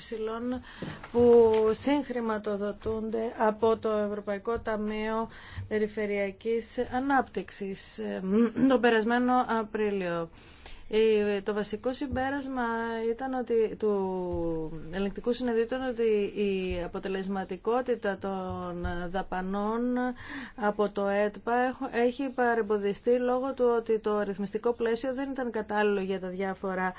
που συγχρηματοδοτούνται από το Ευρωπαϊκό Ταμείο Περιφερειακής Ανάπτυξης ε, τον περασμένο Απρίλιο. Το βασικό συμπέρασμα ήταν ότι, του ελεγκτικού συνεδρίου ήταν ότι η αποτελεσματικότητα των δαπανών από το ΕΤΠΑ έχει παρεμποδιστεί λόγω του ότι το ρυθμιστικό πλαίσιο δεν ήταν κατάλληλο για τα διάφορα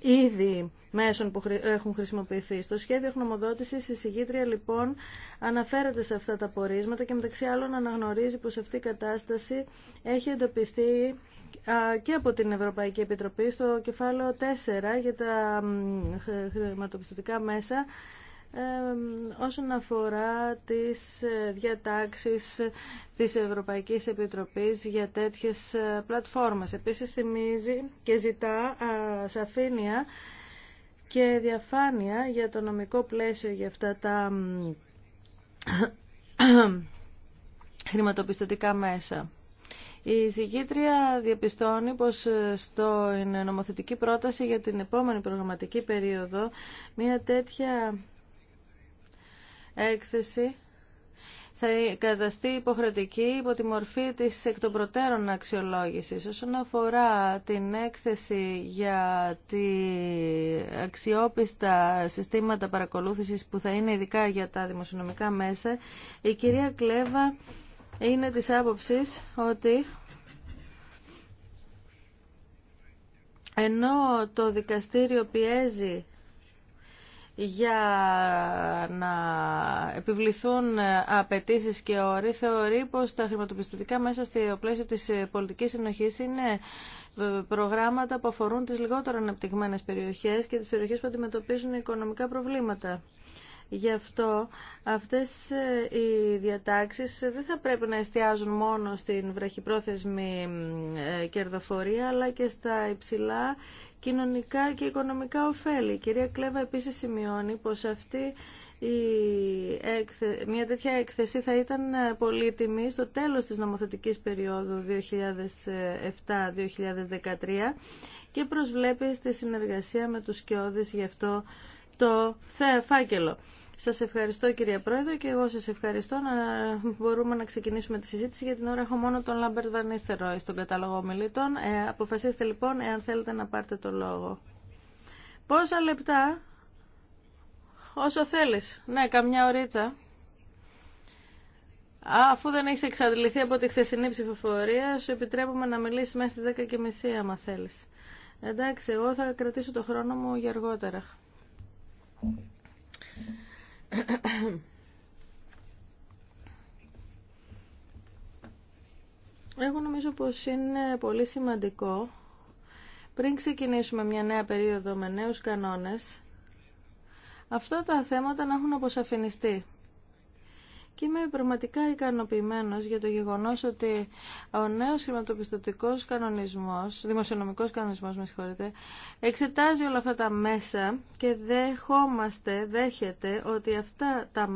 είδη μέσων που έχουν χρησιμοποιηθεί. Στο σχέδιο χνομοδότησης η συγγήτρια λοιπόν αναφέρεται σε αυτά τα πορίσματα και μεταξύ άλλων αναγνωρίζει πως αυτή η κατάσταση έχει εντοπιστεί και από την Ευρωπαϊκή Επιτροπή στο κεφάλαιο 4 για τα χρηματοπιστωτικά μέσα όσον αφορά τις ε, διατάξεις της Ευρωπαϊκής Επιτροπής για τέτοιες ε, πλατφόρμες. Επίσης θυμίζει και ζητά σαφήνεια και διαφάνεια για το νομικό πλαίσιο για αυτά τα <coughs> χρηματοπιστωτικά μέσα. Η συγκήτρια διαπιστώνει πως ε, στο νομοθετική πρόταση για την επόμενη προγραμματική περίοδο μια τέτοια έκθεση θα καταστεί υποχρεωτική υπό τη μορφή της εκ των προτέρων αξιολόγησης. Όσον αφορά την έκθεση για τη αξιόπιστα συστήματα παρακολούθησης που θα είναι ειδικά για τα δημοσιονομικά μέσα, η κυρία Κλέβα είναι της άποψης ότι ενώ το δικαστήριο πιέζει για να επιβληθούν απαιτήσεις και όροι, θεωρεί πως τα χρηματοπιστωτικά μέσα στο πλαίσιο της πολιτικής συνοχής είναι ε, προγράμματα που αφορούν τις λιγότερο αναπτυγμένες περιοχές και τις περιοχές που αντιμετωπίζουν οικονομικά προβλήματα. Γι' αυτό αυτές ε, οι διατάξεις ε, δεν θα πρέπει να εστιάζουν μόνο στην βραχυπρόθεσμη ε, κερδοφορία αλλά και στα υψηλά κοινωνικά και οικονομικά ωφέλη. Η κυρία Κλέβα επίσης σημειώνει πως αυτή μια τέτοια έκθεση θα ήταν πολύτιμη στο τέλος της νομοθετικής περίοδου 2007-2013 και προσβλέπει στη συνεργασία με τους Κιώδης γι' αυτό το φάκελο. Σας ευχαριστώ κυρία Πρόεδρε και εγώ σας ευχαριστώ να μπορούμε να ξεκινήσουμε τη συζήτηση. Για την ώρα έχω μόνο τον Λάμπερ Βανίστερο στον κατάλογο ομιλητών. Ε, αποφασίστε λοιπόν εάν θέλετε να πάρετε το λόγο. Πόσα λεπτά, όσο θέλεις. Ναι, καμιά ωρίτσα. Αφού δεν έχει εξαντληθεί από τη χθεσινή ψηφοφορία, σου επιτρέπουμε να μιλήσει μέχρι τι 10.30 άμα θέλει. Εντάξει, εγώ θα κρατήσω το χρόνο μου για αργότερα. Εγώ νομίζω πως είναι πολύ σημαντικό πριν ξεκινήσουμε μια νέα περίοδο με νέους κανόνες αυτά τα θέματα να έχουν αποσαφινιστεί και είμαι πραγματικά ικανοποιημένος για το γεγονός ότι ο νέος χρηματοπιστωτικός κανονισμός, δημοσιονομικός κανονισμός με εξετάζει όλα αυτά τα μέσα και δεχόμαστε, δέχεται ότι αυτά τα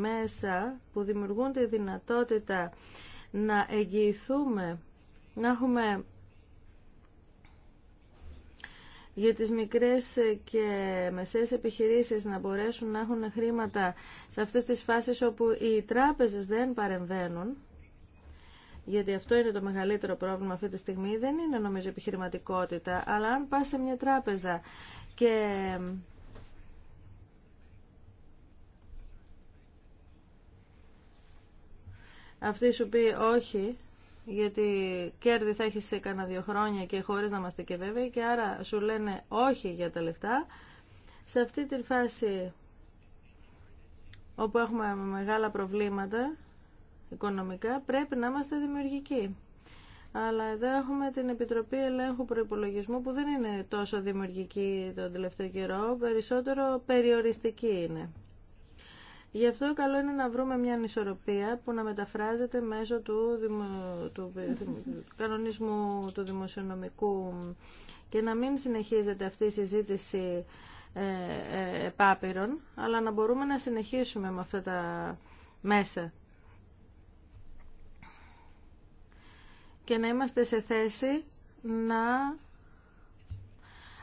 μέσα που δημιουργούν τη δυνατότητα να εγγυηθούμε, να έχουμε για τις μικρές και μεσαίες επιχειρήσεις να μπορέσουν να έχουν χρήματα σε αυτές τις φάσεις όπου οι τράπεζες δεν παρεμβαίνουν, γιατί αυτό είναι το μεγαλύτερο πρόβλημα αυτή τη στιγμή, δεν είναι νομίζω επιχειρηματικότητα, αλλά αν πας σε μια τράπεζα και αυτή σου πει όχι, γιατί κέρδη θα έχεις σε κανένα δύο χρόνια και χωρίς να είμαστε και βέβαιοι και άρα σου λένε όχι για τα λεφτά. Σε αυτή τη φάση όπου έχουμε μεγάλα προβλήματα οικονομικά πρέπει να είμαστε δημιουργικοί. Αλλά εδώ έχουμε την Επιτροπή Ελέγχου Προπολογισμού που δεν είναι τόσο δημιουργική τον τελευταίο καιρό, περισσότερο περιοριστική είναι. Γι' αυτό καλό είναι να βρούμε μια ανισορροπία που να μεταφράζεται μέσω του, του... κανονισμού του δημοσιονομικού και να μην συνεχίζεται αυτή η συζήτηση ε, ε, επάπειρων, αλλά να μπορούμε να συνεχίσουμε με αυτά τα μέσα. Και να είμαστε σε θέση να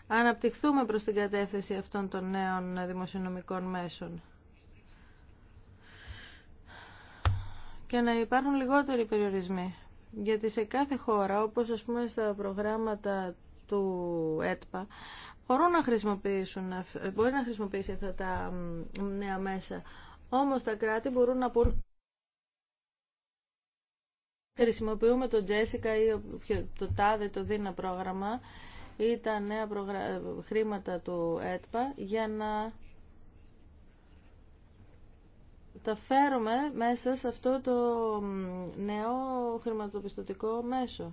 αναπτυχθούμε προς την κατεύθυνση αυτών των νέων δημοσιονομικών μέσων. και να υπάρχουν λιγότεροι περιορισμοί. Γιατί σε κάθε χώρα, όπως ας πούμε στα προγράμματα του ΕΤΠΑ, μπορούν να χρησιμοποιήσουν, μπορεί να χρησιμοποιήσει αυτά τα νέα μέσα. Όμως τα κράτη μπορούν να πούν χρησιμοποιούμε το Τζέσικα ή το ΤΑΔΕ, το ΔΙΝΑ πρόγραμμα ή τα νέα χρήματα του ΕΤΠΑ για να τα φέρουμε μέσα σε αυτό το νέο χρηματοπιστωτικό μέσο.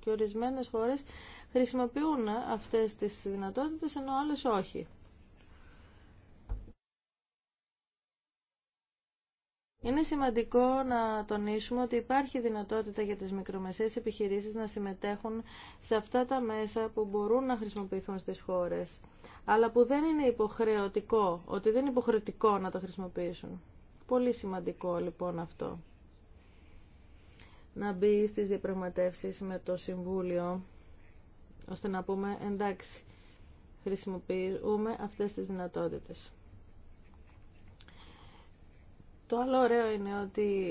Και ορισμένες χώρες χρησιμοποιούν αυτές τις δυνατότητες, ενώ άλλες όχι. Είναι σημαντικό να τονίσουμε ότι υπάρχει δυνατότητα για τις μικρομεσαίες επιχειρήσεις να συμμετέχουν σε αυτά τα μέσα που μπορούν να χρησιμοποιηθούν στις χώρες, αλλά που δεν είναι υποχρεωτικό, ότι δεν είναι υποχρεωτικό να τα χρησιμοποιήσουν. Πολύ σημαντικό λοιπόν αυτό. Να μπει στις διαπραγματεύσει με το Συμβούλιο, ώστε να πούμε εντάξει, χρησιμοποιούμε αυτές τις δυνατότητες. Το άλλο ωραίο είναι ότι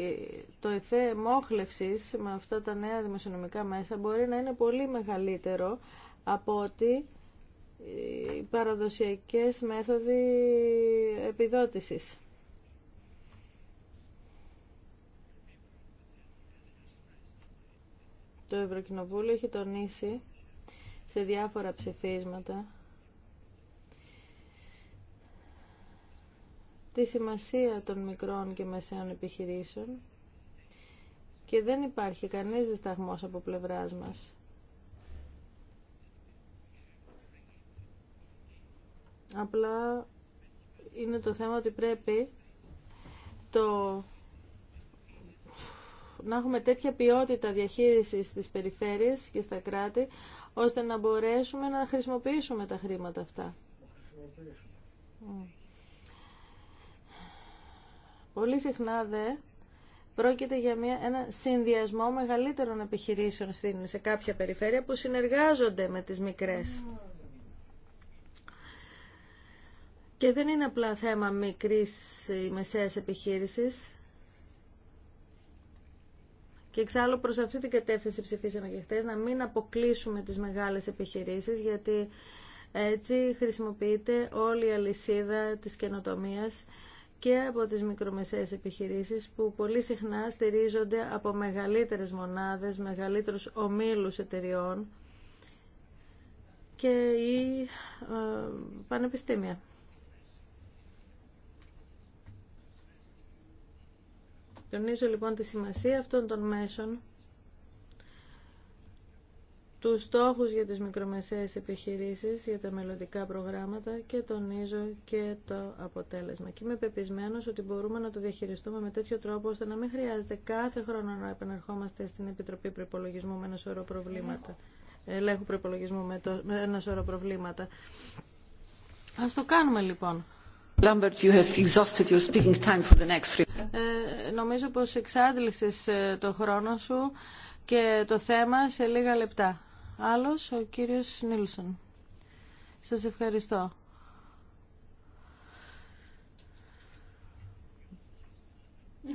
το εφέ μόχλευσης με αυτά τα νέα δημοσιονομικά μέσα μπορεί να είναι πολύ μεγαλύτερο από ότι οι παραδοσιακές μέθοδοι επιδότησης. Το Ευρωκοινοβούλιο έχει τονίσει σε διάφορα ψηφίσματα τη σημασία των μικρών και μεσαίων επιχειρήσεων και δεν υπάρχει κανείς δισταγμός από πλευράς μας. Απλά είναι το θέμα ότι πρέπει το... να έχουμε τέτοια ποιότητα διαχείρισης στις περιφέρειες και στα κράτη, ώστε να μπορέσουμε να χρησιμοποιήσουμε τα χρήματα αυτά. Mm. Πολύ συχνά δε πρόκειται για μια, ένα συνδυασμό μεγαλύτερων επιχειρήσεων στην, σε κάποια περιφέρεια που συνεργάζονται με τις μικρές. Και δεν είναι απλά θέμα μικρής ή μεσαίας επιχείρησης. Και εξάλλου προς αυτή την κατεύθυνση ψηφίσαμε και χθες να μην αποκλείσουμε τις μεγάλες επιχειρήσεις, γιατί έτσι χρησιμοποιείται όλη η αλυσίδα της καινοτομίας και από τις μικρομεσαίες επιχειρήσεις που πολύ συχνά στηρίζονται από μεγαλύτερες μονάδες, μεγαλύτερους ομίλους εταιριών και ή ε, πανεπιστήμια. Τονίζω λοιπόν τη σημασία αυτών των μέσων τους στόχους για τις μικρομεσαίες επιχειρήσεις, για τα μελλοντικά προγράμματα και τονίζω και το αποτέλεσμα. Και είμαι πεπισμένος ότι μπορούμε να το διαχειριστούμε με τέτοιο τρόπο ώστε να μην χρειάζεται κάθε χρόνο να επαναρχόμαστε στην Επιτροπή Προπολογισμού με ένα σωρό προβλήματα. Ελέγχου προπολογισμού με, το, με ένα σωρό προβλήματα. Ας το κάνουμε λοιπόν. Lambert, you have exhausted your speaking time for the next ε, νομίζω πως εξάντλησες ε, το χρόνο σου και το θέμα σε λίγα λεπτά. Άλλος, ο κύριος Νίλσον. Σας ευχαριστώ.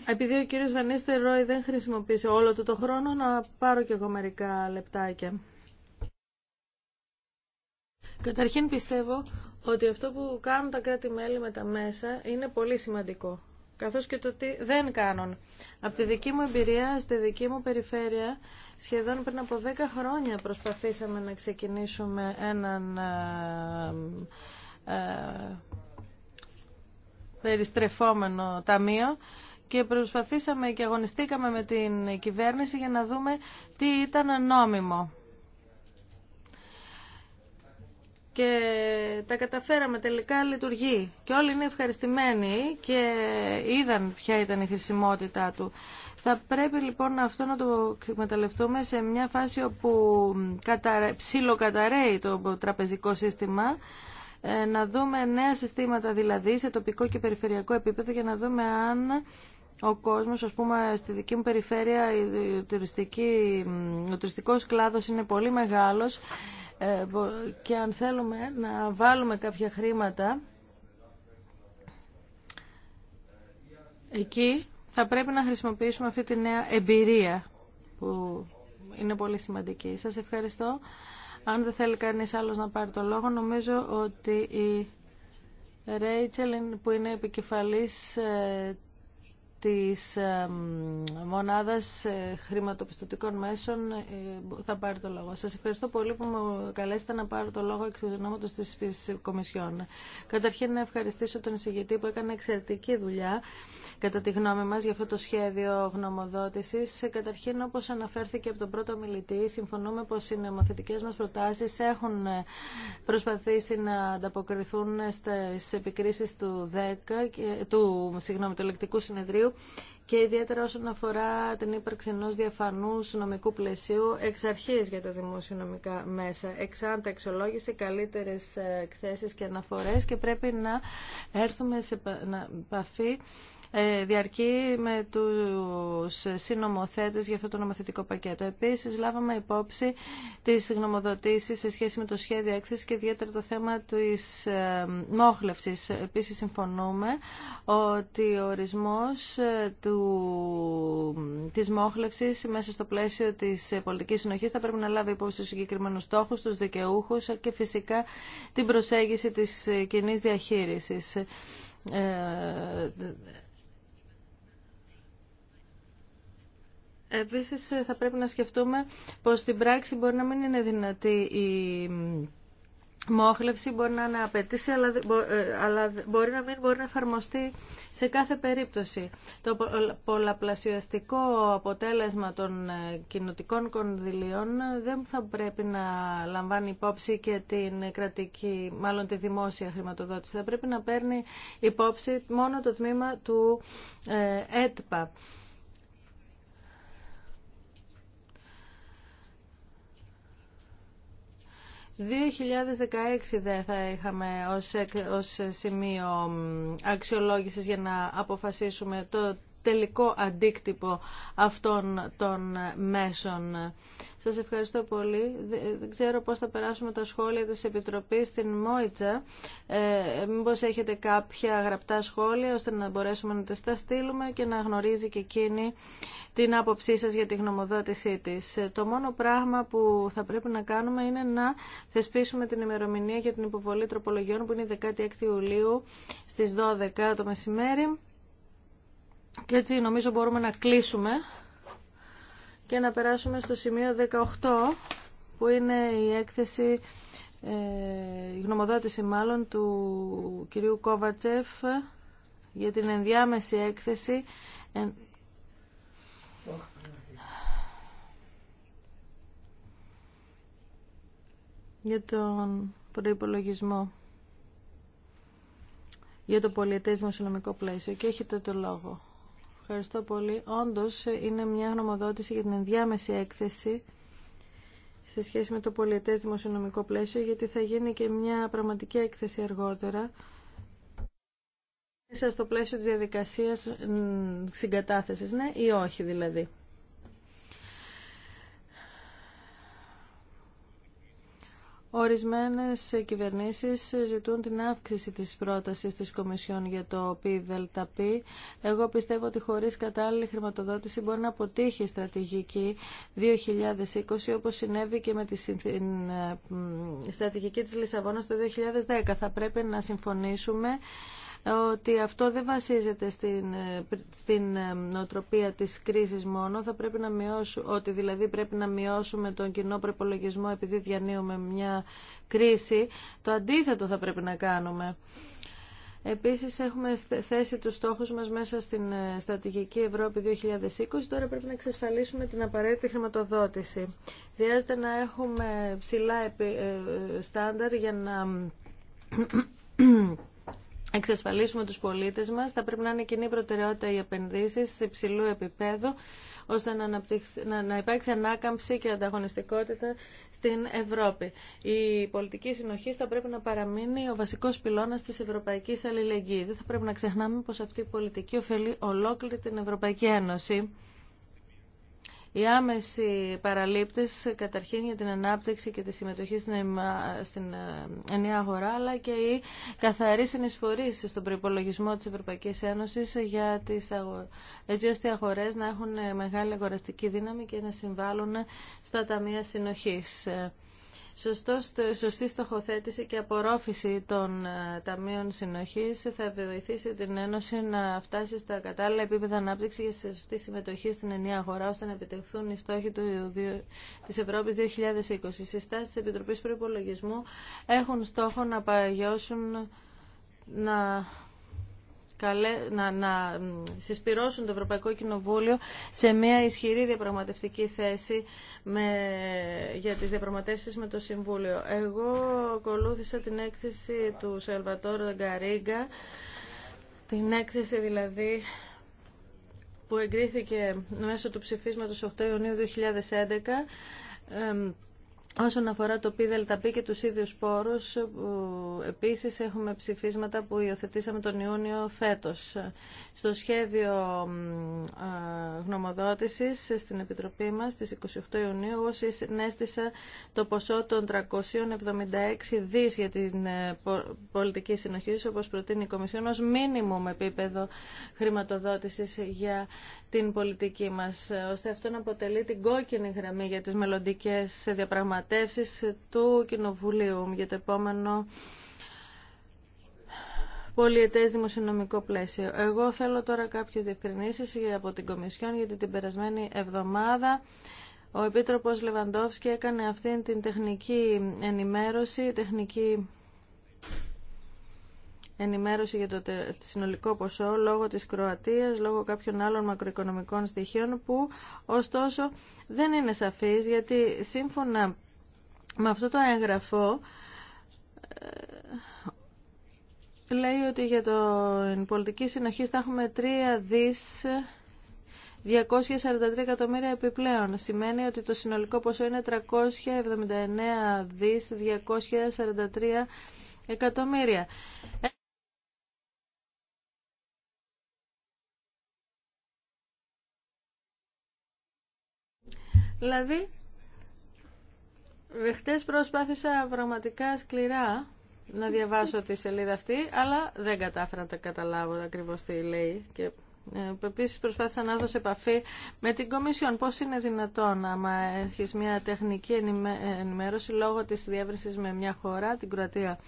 Επειδή ο κύριος Βανίστερ Ρόι δεν χρησιμοποίησε όλο του το χρόνο, να πάρω και εγώ μερικά λεπτάκια. Καταρχήν πιστεύω ότι αυτό που κάνουν τα κράτη-μέλη με τα μέσα είναι πολύ σημαντικό καθώς και το τι δεν κάνουν. Από τη δική μου εμπειρία, στη δική μου περιφέρεια, σχεδόν πριν από 10 χρόνια προσπαθήσαμε να ξεκινήσουμε έναν ε, ε, περιστρεφόμενο ταμείο και προσπαθήσαμε και αγωνιστήκαμε με την κυβέρνηση για να δούμε τι ήταν νόμιμο. και τα καταφέραμε τελικά λειτουργεί και όλοι είναι ευχαριστημένοι και είδαν ποια ήταν η χρησιμότητά του. Θα πρέπει λοιπόν αυτό να το εκμεταλλευτούμε σε μια φάση όπου καταρα... ψιλοκαταραίει το τραπεζικό σύστημα ε, να δούμε νέα συστήματα δηλαδή σε τοπικό και περιφερειακό επίπεδο για να δούμε αν ο κόσμος, ας πούμε, στη δική μου περιφέρεια ο τουριστικός κλάδος είναι πολύ μεγάλος ε, και αν θέλουμε να βάλουμε κάποια χρήματα εκεί θα πρέπει να χρησιμοποιήσουμε αυτή τη νέα εμπειρία που είναι πολύ σημαντική. Σας ευχαριστώ. Αν δεν θέλει κανείς άλλος να πάρει το λόγο, νομίζω ότι η Ρέιτσελ που είναι επικεφαλής ε, της μονάδας ε, χρηματοπιστωτικών μέσων ε, θα πάρει το λόγο. Σας ευχαριστώ πολύ που με καλέσετε να πάρω το λόγο εξ ονόματος της Κομισιόν. Καταρχήν να ευχαριστήσω τον εισηγητή που έκανε εξαιρετική δουλειά κατά τη γνώμη μας για αυτό το σχέδιο γνωμοδότησης. Καταρχήν όπως αναφέρθηκε από τον πρώτο μιλητή συμφωνούμε πως οι νομοθετικές μας προτάσεις έχουν ε, προσπαθήσει να ανταποκριθούν στις επικρίσεις του, 10, του, συγγνώμη, του ελεκτικού συνεδρίου και ιδιαίτερα όσον αφορά την ύπαρξη ενό διαφανού νομικού πλαισίου εξ αρχή για τα δημοσιονομικά μέσα. Εξάντα εξολόγηση, καλύτερε ε, εκθέσει και αναφορέ και πρέπει να έρθουμε σε επαφή ε, διαρκεί με τους συνομοθέτες για αυτό το νομοθετικό πακέτο. Επίσης, λάβαμε υπόψη τις γνωμοδοτήσεις σε σχέση με το σχέδιο έκθεσης και ιδιαίτερα το θέμα της ε, μόχλευσης. Επίσης, συμφωνούμε ότι ο ορισμός ε, του, της μόχλευσης μέσα στο πλαίσιο της πολιτικής συνοχής θα πρέπει να λάβει υπόψη στους συγκεκριμένους στόχους, τους δικαιούχους και φυσικά την προσέγγιση της κοινή διαχείρισης. Επίσης θα πρέπει να σκεφτούμε πως στην πράξη μπορεί να μην είναι δυνατή η μόχλευση, μπορεί να είναι αλλά ε, μπορεί να μην μπορεί να εφαρμοστεί σε κάθε περίπτωση. Το ε, πολλαπλασιαστικό αποτέλεσμα των ε, κοινοτικών κονδυλίων δεν θα πρέπει να λαμβάνει υπόψη και την κρατική, μάλλον τη δημόσια χρηματοδότηση. Θα πρέπει να παίρνει υπόψη μόνο το τμήμα του ΕΤΠΑ. 2016 δεν θα είχαμε ως, ως σημείο αξιολόγησης για να αποφασίσουμε το τελικό αντίκτυπο αυτών των μέσων. Σας ευχαριστώ πολύ. Δεν ξέρω πώς θα περάσουμε τα σχόλια της Επιτροπής στην Μόιτσα. Ε, μήπως έχετε κάποια γραπτά σχόλια ώστε να μπορέσουμε να τα στείλουμε και να γνωρίζει και εκείνη την άποψή σας για τη γνωμοδότησή της. Ε, το μόνο πράγμα που θα πρέπει να κάνουμε είναι να θεσπίσουμε την ημερομηνία για την υποβολή τροπολογιών που είναι η 16 Ιουλίου στις 12 το μεσημέρι. Και έτσι νομίζω μπορούμε να κλείσουμε και να περάσουμε στο σημείο 18 που είναι η έκθεση, ε, η γνωμοδότηση μάλλον του κυρίου Κόβατσεφ για την ενδιάμεση έκθεση ε, για τον προϋπολογισμό για το πολιτεύσιμο δημοσιονομικό πλαίσιο και έχετε το λόγο. Ευχαριστώ πολύ. Όντως είναι μια γνωμοδότηση για την ενδιάμεση έκθεση σε σχέση με το πολιετές δημοσιονομικό πλαίσιο, γιατί θα γίνει και μια πραγματική έκθεση αργότερα μέσα στο πλαίσιο της διαδικασίας συγκατάθεσης, ναι ή όχι δηλαδή. Ορισμένες κυβερνήσει ζητούν την αύξηση της πρότασης της Κομισιόν για το ΠΔΠ. Εγώ πιστεύω ότι χωρίς κατάλληλη χρηματοδότηση μπορεί να αποτύχει η στρατηγική 2020 όπως συνέβη και με τη ε, στρατηγική της Λισαβόνα το 2010. Θα πρέπει να συμφωνήσουμε ότι αυτό δεν βασίζεται στην, ε, στην ε, νοοτροπία της κρίσης μόνο. Θα πρέπει να μειώσουμε, ότι δηλαδή πρέπει να μειώσουμε τον κοινό προπολογισμό επειδή διανύουμε μια κρίση. Το αντίθετο θα πρέπει να κάνουμε. Επίσης έχουμε θέσει τους στόχους μας μέσα στην ε, Στρατηγική Ευρώπη 2020. Τώρα πρέπει να εξασφαλίσουμε την απαραίτητη χρηματοδότηση. Χρειάζεται να έχουμε ψηλά στάνταρ για να εξασφαλίσουμε τους πολίτες μας. Θα πρέπει να είναι κοινή προτεραιότητα οι επενδύσεις υψηλού επίπεδου, ώστε να, να, να υπάρξει ανάκαμψη και ανταγωνιστικότητα στην Ευρώπη. Η πολιτική συνοχή θα πρέπει να παραμείνει ο βασικός πυλώνας της ευρωπαϊκής αλληλεγγύης. Δεν θα πρέπει να ξεχνάμε πως αυτή η πολιτική ωφελεί ολόκληρη την Ευρωπαϊκή Ένωση. Οι άμεσοι παραλήπτες καταρχήν για την ανάπτυξη και τη συμμετοχή στην ε, ενιαία αγορά αλλά και οι καθαροί συνεισφορείς στον προϋπολογισμό της Ευρωπαϊκής Ένωσης για τις έτσι ώστε οι αγορές να έχουν μεγάλη αγοραστική δύναμη και να συμβάλλουν στα ταμεία συνοχής. Ε, Σωστός, σωστή στοχοθέτηση και απορρόφηση των ε, ταμείων συνοχής θα βοηθήσει την Ένωση να φτάσει στα κατάλληλα επίπεδα ανάπτυξη για σωστή συμμετοχή στην ενιαία αγορά ώστε να επιτευχθούν οι στόχοι του, της Ευρώπης 2020. Οι συστάσεις της Επιτροπής Προϋπολογισμού έχουν στόχο να παγιώσουν να να, να συσπυρώσουν το Ευρωπαϊκό Κοινοβούλιο σε μια ισχυρή διαπραγματευτική θέση με, για τις διαπραγματεύσεις με το Συμβούλιο. Εγώ ακολούθησα την έκθεση του Σελβατόρου Γκαρίγκα, την έκθεση δηλαδή που εγκρίθηκε μέσω του ψηφίσματος 8 Ιουνίου 2011 Όσον αφορά το ΠΔΠ και τους ίδιους πόρους, επίσης έχουμε ψηφίσματα που υιοθετήσαμε τον Ιούνιο φέτος. Στο σχέδιο γνωμοδότησης στην Επιτροπή μας, στις 28 Ιουνίου, εγώ συνέστησα το ποσό των 376 δις για την ε, πολιτική συνοχή, όπως προτείνει η Κομισιόν, ως μήνυμο με επίπεδο χρηματοδότησης για την πολιτική μας, ώστε αυτό να αποτελεί την κόκκινη γραμμή για τις μελλοντικές διαπραγματεύσεις διαπραγματεύσεις του Κοινοβουλίου για το επόμενο πολιετές δημοσιονομικό πλαίσιο. Εγώ θέλω τώρα κάποιες διευκρινήσεις από την Κομισιόν γιατί την περασμένη εβδομάδα ο Επίτροπος Λεβαντόφσκι έκανε αυτήν την τεχνική ενημέρωση, τεχνική ενημέρωση για το συνολικό ποσό λόγω της Κροατίας, λόγω κάποιων άλλων μακροοικονομικών στοιχείων που ωστόσο δεν είναι σαφής γιατί σύμφωνα με αυτό το έγγραφο ε, λέει ότι για την πολιτική συνοχή θα έχουμε 3 δις 243 εκατομμύρια επιπλέον. Σημαίνει ότι το συνολικό ποσό είναι 379 δις 243 εκατομμύρια. Ε, δηλαδή, Χτες προσπάθησα πραγματικά σκληρά να διαβάσω τη σελίδα αυτή, αλλά δεν κατάφερα να τα καταλάβω ακριβώ τι λέει. Και ε, Επίση, προσπάθησα να έρθω σε επαφή με την Κομισιόν. Πώ είναι δυνατόν, άμα έχει μια τεχνική ενημέρωση λόγω τη διεύρυνση με μια χώρα, την Κροατία,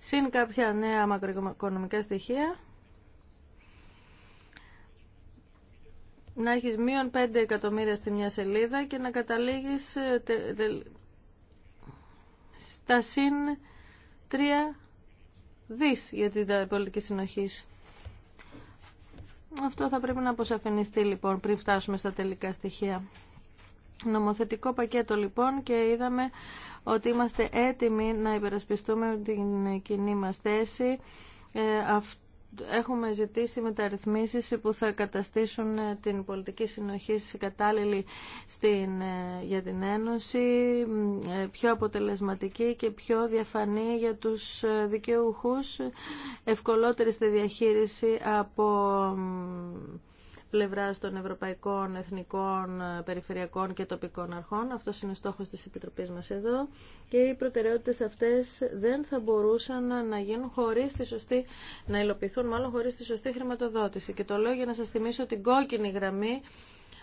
συν κάποια νέα μακροοικονομικά στοιχεία, να έχεις μείον 5 εκατομμύρια στη μια σελίδα και να καταλήγεις ε, τα συν 3 δις για την πολιτική συνοχή. Αυτό θα πρέπει να αποσαφινιστεί λοιπόν πριν φτάσουμε στα τελικά στοιχεία. Νομοθετικό πακέτο λοιπόν και είδαμε ότι είμαστε έτοιμοι να υπερασπιστούμε την κοινή μας θέση. Ε, έχουμε ζητήσει μεταρρυθμίσεις που θα καταστήσουν ε, την πολιτική συνοχή κατάλληλη στην, ε, για την Ένωση, ε, πιο αποτελεσματική και πιο διαφανή για τους δικαιούχους, ευκολότερη στη διαχείριση από πλευρά των ευρωπαϊκών, εθνικών, περιφερειακών και τοπικών αρχών. Αυτό είναι ο στόχο τη επιτροπή μας εδώ. Και οι προτεραιότητε αυτέ δεν θα μπορούσαν να γίνουν χωρί, τη σωστή, να υλοποιηθούν μάλλον χωρίς τη σωστή χρηματοδότηση. Και το λέω για να σα θυμίσω την κόκκινη γραμμή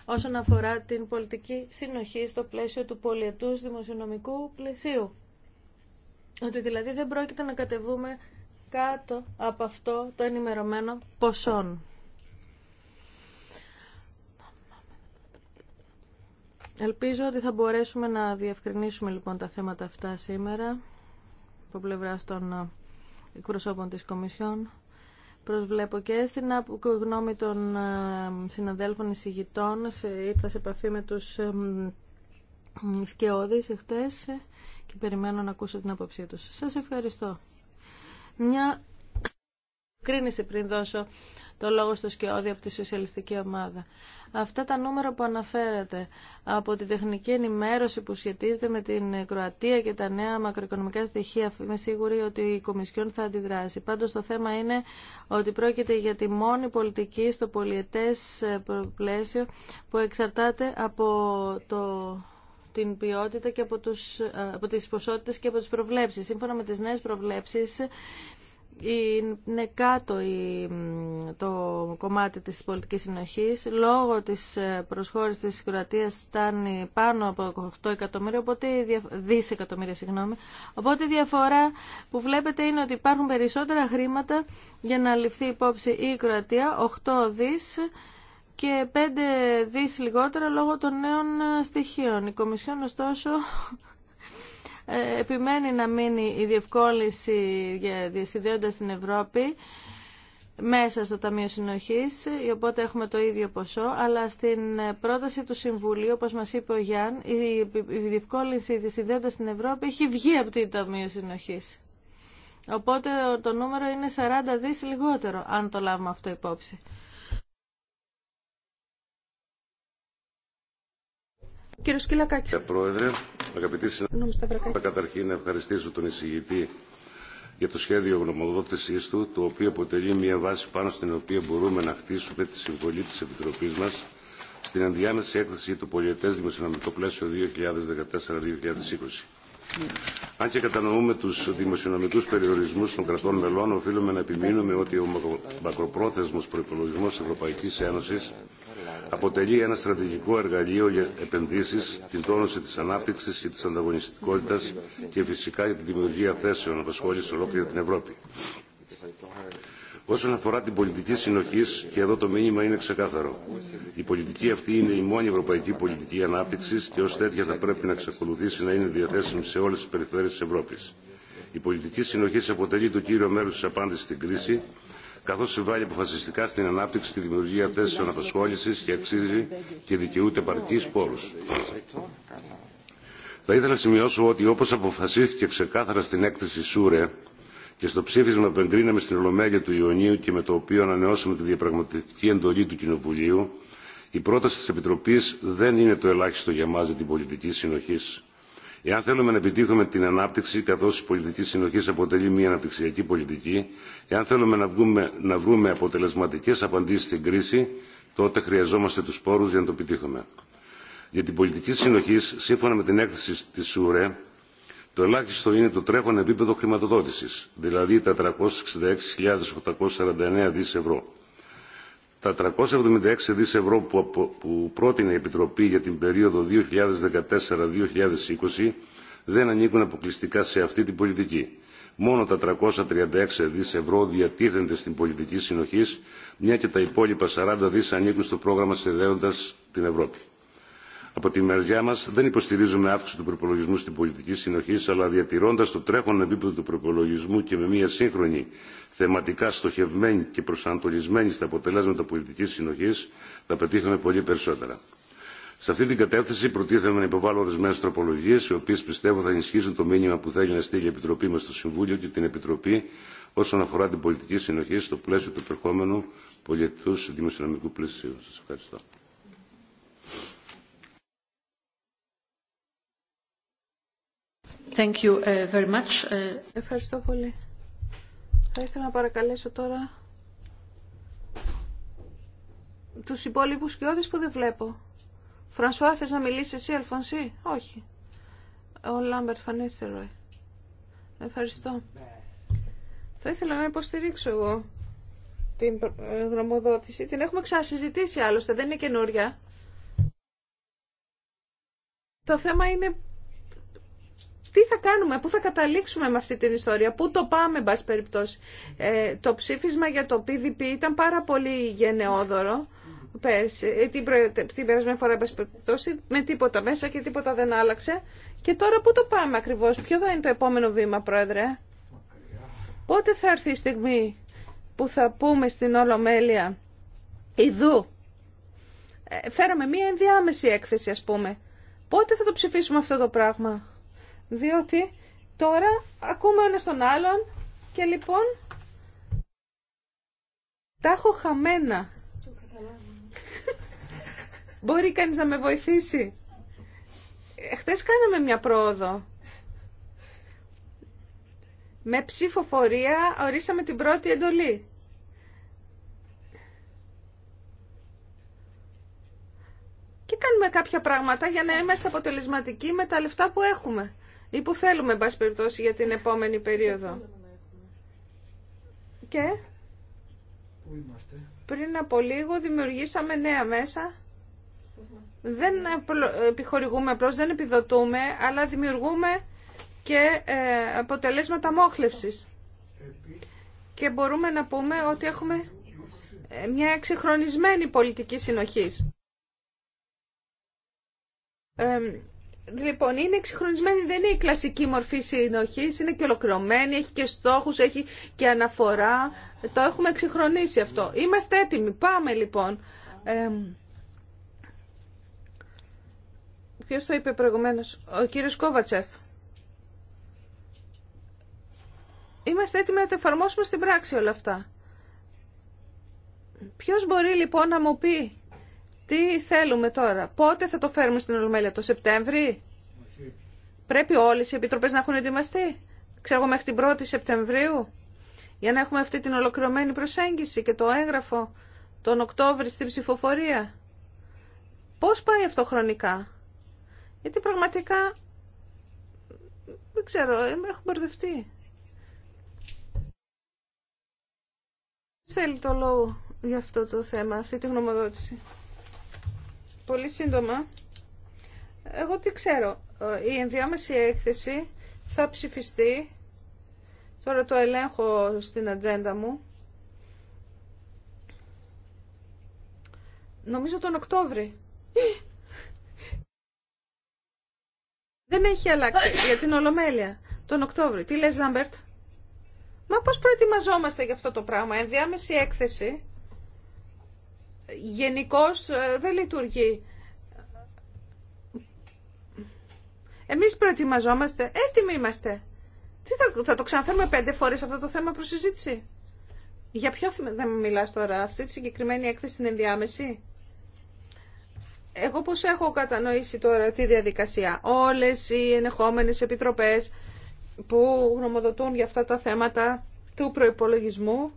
όσον αφορά την πολιτική συνοχή στο πλαίσιο του πολιετούς δημοσιονομικού πλαισίου. Ότι δηλαδή δεν πρόκειται να κατεβούμε κάτω από αυτό το ενημερωμένο ποσόν. Ελπίζω ότι θα μπορέσουμε να διευκρινίσουμε λοιπόν τα θέματα αυτά σήμερα από πλευρά των ε, εκπροσώπων της Κομισιόν. Προσβλέπω και στην γνώμη των ε, συναδέλφων εισηγητών. Ήρθα σε επαφή με τους ε, σκεώδεις εχθές και περιμένω να ακούσω την άποψή τους. Σας ευχαριστώ. Μια Κρίνησε πριν δώσω το λόγο στο Σκιώδη από τη Σοσιαλιστική Ομάδα. Αυτά τα νούμερα που αναφέρατε από τη τεχνική ενημέρωση που σχετίζεται με την Κροατία και τα νέα μακροοικονομικά στοιχεία, είμαι σίγουρη ότι η Κομισιόν θα αντιδράσει. Πάντω το θέμα είναι ότι πρόκειται για τη μόνη πολιτική στο πολιετέ ε, πλαίσιο που εξαρτάται από το την ποιότητα και από, τους, ε, από τις ποσότητες και από τις προβλέψεις. Σύμφωνα με τις νέες προβλέψεις, είναι κάτω το κομμάτι της πολιτικής συνοχής. Λόγω της ε, προσχώρησης της Κροατίας φτάνει πάνω από 8 εκατομμύρια, οπότε, δισεκατομμύρια, συγγνώμη. Οπότε η διαφορά που βλέπετε είναι ότι υπάρχουν περισσότερα χρήματα για να ληφθεί υπόψη η Κροατία, 8 δις και 5 δις λιγότερα λόγω των νέων ε, στοιχείων. Η Κομισιόν ωστόσο ε, επιμένει να μείνει η διευκόλυνση διασυνδέοντας την Ευρώπη μέσα στο Ταμείο Συνοχής, ε, οπότε έχουμε το ίδιο ποσό, αλλά στην ε, πρόταση του Συμβουλίου, όπως μας είπε ο Γιάν η διευκόλυνση διασυνδέοντας την Ευρώπη έχει βγει από το Ταμείο Συνοχής. Οπότε το νούμερο είναι 40 δις λιγότερο, αν το λάβουμε αυτό υπόψη. Κύριε Πρόεδρε, αγαπητοί συνάδελφοι, καταρχήν να ευχαριστήσω τον εισηγητή για το σχέδιο γνωμοδότησή του, το οποίο αποτελεί μια βάση πάνω στην οποία μπορούμε να χτίσουμε τη συμβολή τη Επιτροπή μα στην ενδιάμεση έκθεση του πολιετέ δημοσιονομικό πλαίσιο 2014-2020. Αν και κατανοούμε του δημοσιονομικού περιορισμού των κρατών μελών, οφείλουμε να επιμείνουμε ότι ο μακροπρόθεσμο προπολογισμό Ευρωπαϊκή Ένωση αποτελεί ένα στρατηγικό εργαλείο για επενδύσεις, την τόνωση της ανάπτυξης και της ανταγωνιστικότητας και φυσικά για την δημιουργία θέσεων απασχόλησης σε ολόκληρη την Ευρώπη. Όσον αφορά την πολιτική συνοχή, και εδώ το μήνυμα είναι ξεκάθαρο. Η πολιτική αυτή είναι η μόνη ευρωπαϊκή πολιτική ανάπτυξη και ω τέτοια θα πρέπει να εξακολουθήσει να είναι διαθέσιμη σε όλε τι περιφέρειε τη Ευρώπη. Η πολιτική συνοχή αποτελεί το κύριο μέρο τη απάντηση στην κρίση καθώ συμβάλλει αποφασιστικά στην ανάπτυξη και τη δημιουργία θέσεων απασχόλησης και αξίζει και δικαιούται παρκής πόρου. Θα ήθελα να σημειώσω ότι όπως αποφασίστηκε ξεκάθαρα στην έκθεση ΣΟΥΡΕ και στο ψήφισμα που εγκρίναμε στην Ολομέλεια του Ιωνίου και με το οποίο ανανεώσαμε τη διαπραγματευτική εντολή του Κοινοβουλίου, η πρόταση της Επιτροπής δεν είναι το ελάχιστο για μας για την πολιτική συνοχή Εάν θέλουμε να επιτύχουμε την ανάπτυξη, καθώ η πολιτική συνοχή αποτελεί μια αναπτυξιακή πολιτική, εάν θέλουμε να, βρούμε αποτελεσματικέ απαντήσει στην κρίση, τότε χρειαζόμαστε του πόρου για να το επιτύχουμε. Για την πολιτική συνοχή, σύμφωνα με την έκθεση τη ΣΟΥΡΕ, το ελάχιστο είναι το τρέχον επίπεδο χρηματοδότηση, δηλαδή τα 366.849 δι ευρώ τα 376 δις ευρώ που πρότεινε η Επιτροπή για την περίοδο 2014-2020 δεν ανήκουν αποκλειστικά σε αυτή την πολιτική. Μόνο τα 336 δις ευρώ διατίθενται στην πολιτική συνοχής, μια και τα υπόλοιπα 40 δις ανήκουν στο πρόγραμμα Συνδέοντας την Ευρώπη. Από τη μεριά μα δεν υποστηρίζουμε αύξηση του προπολογισμού στην πολιτική συνοχή, αλλά διατηρώντα το τρέχον επίπεδο του προπολογισμού και με μια σύγχρονη, θεματικά στοχευμένη και προσανατολισμένη στα αποτελέσματα πολιτική συνοχή, θα πετύχουμε πολύ περισσότερα. Σε αυτή την κατεύθυνση προτίθεμε να υποβάλω ορισμένε τροπολογίε, οι οποίε πιστεύω θα ενισχύσουν το μήνυμα που θέλει να στείλει η Επιτροπή μα στο Συμβούλιο και την Επιτροπή όσον αφορά την πολιτική συνοχή στο πλαίσιο του περχόμενου πολιτικού δημοσιονομικού πλαισίου. ευχαριστώ. Uh, uh, Ευχαριστώ πολύ. Θα ήθελα να παρακαλέσω τώρα του υπόλοιπους κοιόδες που δεν βλέπω. Φρανσουά, θε να μιλήσει εσύ, Αλφονσί? Όχι. Ο Λάμπερτ Φανίστεροι. Ευχαριστώ. Θα ήθελα να υποστηρίξω εγώ την ε, γνωμοδότηση. Την έχουμε ξανασυζητήσει άλλωστε, δεν είναι καινούρια. Το θέμα είναι τι θα κάνουμε, πού θα καταλήξουμε με αυτή την ιστορία, πού το πάμε, εν πάση περιπτώσει. Ε, το ψήφισμα για το PDP ήταν πάρα πολύ γενναιόδωρο πέρσι, ε, την, προ... την περασμένη φορά, εν περιπτώσει, με τίποτα μέσα και τίποτα δεν άλλαξε. Και τώρα πού το πάμε ακριβώ, ποιο θα είναι το επόμενο βήμα, Πρόεδρε. Πότε θα έρθει η στιγμή που θα πούμε στην Ολομέλεια, Ιδού, ε, φέραμε μία ενδιάμεση έκθεση ας πούμε. Πότε θα το ψηφίσουμε αυτό το πράγμα διότι τώρα ακούμε ένα τον άλλον και λοιπόν τα έχω χαμένα. Μπορεί κανείς να με βοηθήσει. Χτες κάναμε μια πρόοδο. Με ψηφοφορία ορίσαμε την πρώτη εντολή. Και κάνουμε κάποια πράγματα για να είμαστε αποτελεσματικοί με τα λεφτά που έχουμε ή που θέλουμε, εν πάση για την επόμενη περίοδο. Και πριν από λίγο δημιουργήσαμε νέα μέσα. Δεν επιχορηγούμε απλώς, δεν επιδοτούμε, αλλά δημιουργούμε και ε, αποτελέσματα μόχλευσης. Και μπορούμε να πούμε ότι έχουμε ε, μια εξυγχρονισμένη πολιτική συνοχής. Λοιπόν, είναι εξυγχρονισμένη, δεν είναι η κλασική μορφή συνοχή, είναι και ολοκληρωμένη, έχει και στόχου, έχει και αναφορά. Το έχουμε εξυγχρονίσει αυτό. Είμαστε έτοιμοι. Πάμε λοιπόν. Ε, Ποιο το είπε προηγουμένω, ο κύριο Κόβατσεφ. Είμαστε έτοιμοι να το εφαρμόσουμε στην πράξη όλα αυτά. Ποιος μπορεί λοιπόν να μου πει τι θέλουμε τώρα, πότε θα το φέρουμε στην Ολομέλεια, το Σεπτέμβρη. Πρέπει όλες οι επιτροπές να έχουν ετοιμαστεί. Ξέρω μέχρι την 1η Σεπτεμβρίου. Για να έχουμε αυτή την ολοκληρωμένη προσέγγιση και το έγγραφο τον Οκτώβρη στην ψηφοφορία. Πώς πάει αυτό χρονικά. Γιατί πραγματικά δεν ξέρω, έχω μπερδευτεί. Θέλει το λόγο για αυτό το θέμα, αυτή τη γνωμοδότηση πολύ σύντομα. Εγώ τι ξέρω. Ε, η ενδιάμεση έκθεση θα ψηφιστεί. Τώρα το ελέγχω στην ατζέντα μου. Νομίζω τον Οκτώβρη. <gasps> Δεν έχει αλλάξει <laughs> για την Ολομέλεια. Τον Οκτώβρη. Τι λες Λάμπερτ. Μα πώς προετοιμαζόμαστε για αυτό το πράγμα. Ενδιάμεση έκθεση γενικώ ε, δεν λειτουργεί. Εμείς προετοιμαζόμαστε, έτοιμοι είμαστε. Τι θα, θα το ξαναφέρουμε πέντε φορές αυτό το θέμα προσυζήτηση. Για ποιο θέμα μιλάς τώρα, αυτή τη συγκεκριμένη έκθεση στην ενδιάμεση. Εγώ πώς έχω κατανοήσει τώρα τη διαδικασία. Όλες οι ενεχόμενες επιτροπές που γνωμοδοτούν για αυτά τα θέματα του προϋπολογισμού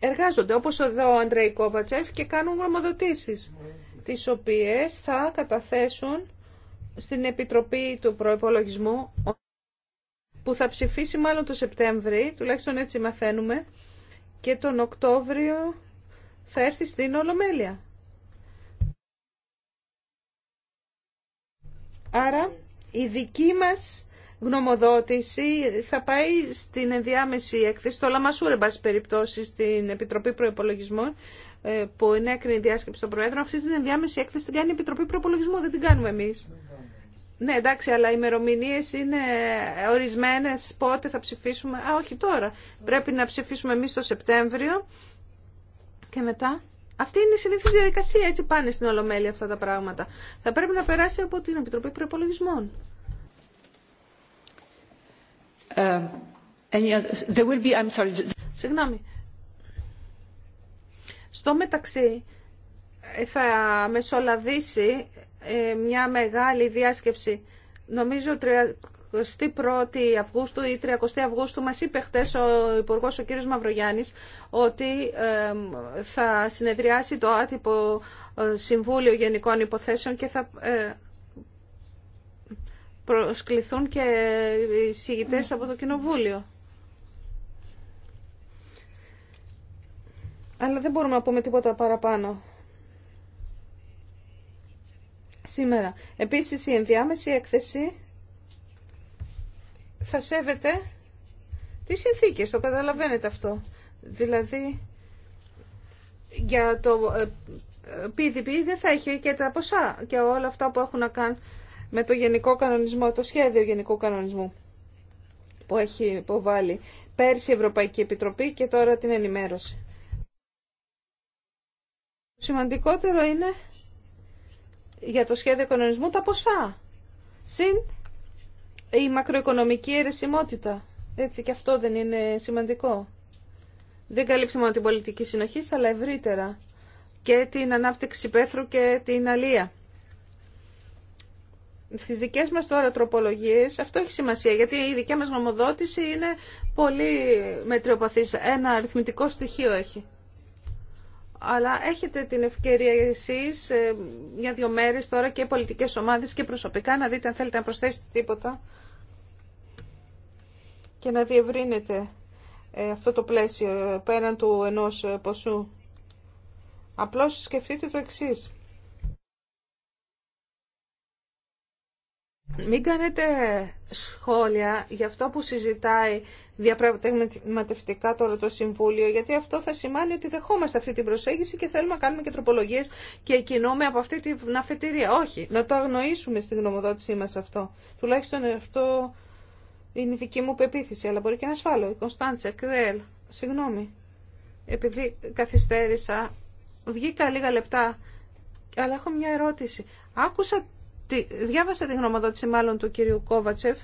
εργάζονται, όπως εδώ ο Αντρέη Κόβατσεφ, και κάνουν γραμματοτήσεις τις οποίες θα καταθέσουν στην Επιτροπή του Προϋπολογισμού, που θα ψηφίσει μάλλον το Σεπτέμβρη, τουλάχιστον έτσι μαθαίνουμε, και τον Οκτώβριο θα έρθει στην Ολομέλεια. Άρα, η δική μας γνωμοδότηση θα πάει στην ενδιάμεση έκθεση, στο Λαμασούρ, εν πάση περιπτώσει, στην Επιτροπή Προπολογισμών ε, που είναι η διάσκεψη των Προέδρων. Αυτή την ενδιάμεση έκθεση την κάνει η Επιτροπή Προπολογισμού, δεν την κάνουμε εμεί. Ναι, εντάξει, αλλά οι ημερομηνίε είναι ορισμένε. Πότε θα ψηφίσουμε. Α, όχι τώρα. Πρέπει να ψηφίσουμε εμεί το Σεπτέμβριο και μετά. Αυτή είναι η συνήθι διαδικασία. Έτσι πάνε στην Ολομέλεια αυτά τα πράγματα. Θα πρέπει να περάσει από την Επιτροπή Προπολογισμών. Ε, ε, ε, Στο μεταξύ θα μεσολαβήσει μια μεγάλη διάσκεψη. Νομίζω 31η Αυγούστου ή 30 Αυγούστου μας είπε χτες ο Υπουργός ο κύριος Μαυρογιάννης ότι θα συνεδριάσει το άτυπο Συμβούλιο Γενικών Υποθέσεων και θα προσκληθούν και οι συγητές από το Κοινοβούλιο. Αλλά δεν μπορούμε να πούμε τίποτα παραπάνω. Σήμερα. Επίσης η ενδιάμεση έκθεση θα σέβεται τις συνθήκες, το καταλαβαίνετε αυτό. Δηλαδή για το PDP ε, ε, δεν θα έχει και τα ποσά και όλα αυτά που έχουν να κάνουν με το γενικό κανονισμό, το σχέδιο γενικού κανονισμού που έχει υποβάλει πέρσι η Ευρωπαϊκή Επιτροπή και τώρα την ενημέρωση. Το σημαντικότερο είναι για το σχέδιο κανονισμού τα ποσά. Συν η μακροοικονομική αιρεσιμότητα. Έτσι και αυτό δεν είναι σημαντικό. Δεν καλύπτει μόνο την πολιτική συνοχή, αλλά ευρύτερα και την ανάπτυξη πέθρου και την αλία. Στι δικέ μας τώρα τροπολογίες, αυτό έχει σημασία, γιατί η δικιά μα νομοδότηση είναι πολύ μετριοπαθής. Ένα αριθμητικό στοιχείο έχει. Αλλά έχετε την ευκαιρία εσείς για ε, δύο μέρες τώρα και πολιτικές ομάδες και προσωπικά να δείτε αν θέλετε να προσθέσετε τίποτα και να διευρύνετε ε, αυτό το πλαίσιο ε, πέραν του ενός ποσού. Απλώς σκεφτείτε το εξής. Μην κάνετε σχόλια για αυτό που συζητάει διαπραγματευτικά τώρα το Συμβούλιο, γιατί αυτό θα σημαίνει ότι δεχόμαστε αυτή την προσέγγιση και θέλουμε να κάνουμε και τροπολογίε και εκινούμε από αυτή την αφετηρία. Όχι, να το αγνοήσουμε στη γνωμοδότησή μα αυτό. Τουλάχιστον αυτό είναι η δική μου πεποίθηση, αλλά μπορεί και να ασφάλω. Η Κρέλ, συγγνώμη, επειδή καθυστέρησα, βγήκα λίγα λεπτά, αλλά έχω μια ερώτηση. Άκουσα διάβασα την γνωμοδότηση μάλλον του κυρίου Κόβατσεφ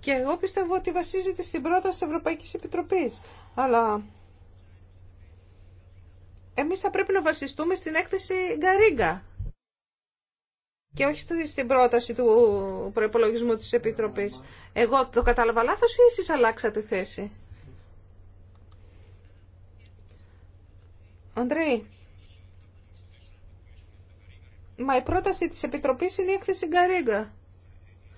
και εγώ πιστεύω ότι βασίζεται στην πρόταση της Ευρωπαϊκής Επιτροπής. Αλλά εμείς θα πρέπει να βασιστούμε στην έκθεση Γκαρίγκα και όχι στην πρόταση του προϋπολογισμού της Επιτροπής. Εγώ το κατάλαβα λάθος ή εσείς αλλάξατε θέση. Αντρέη, Μα η πρόταση της Επιτροπής είναι η έκθεση Γκαρίγκα.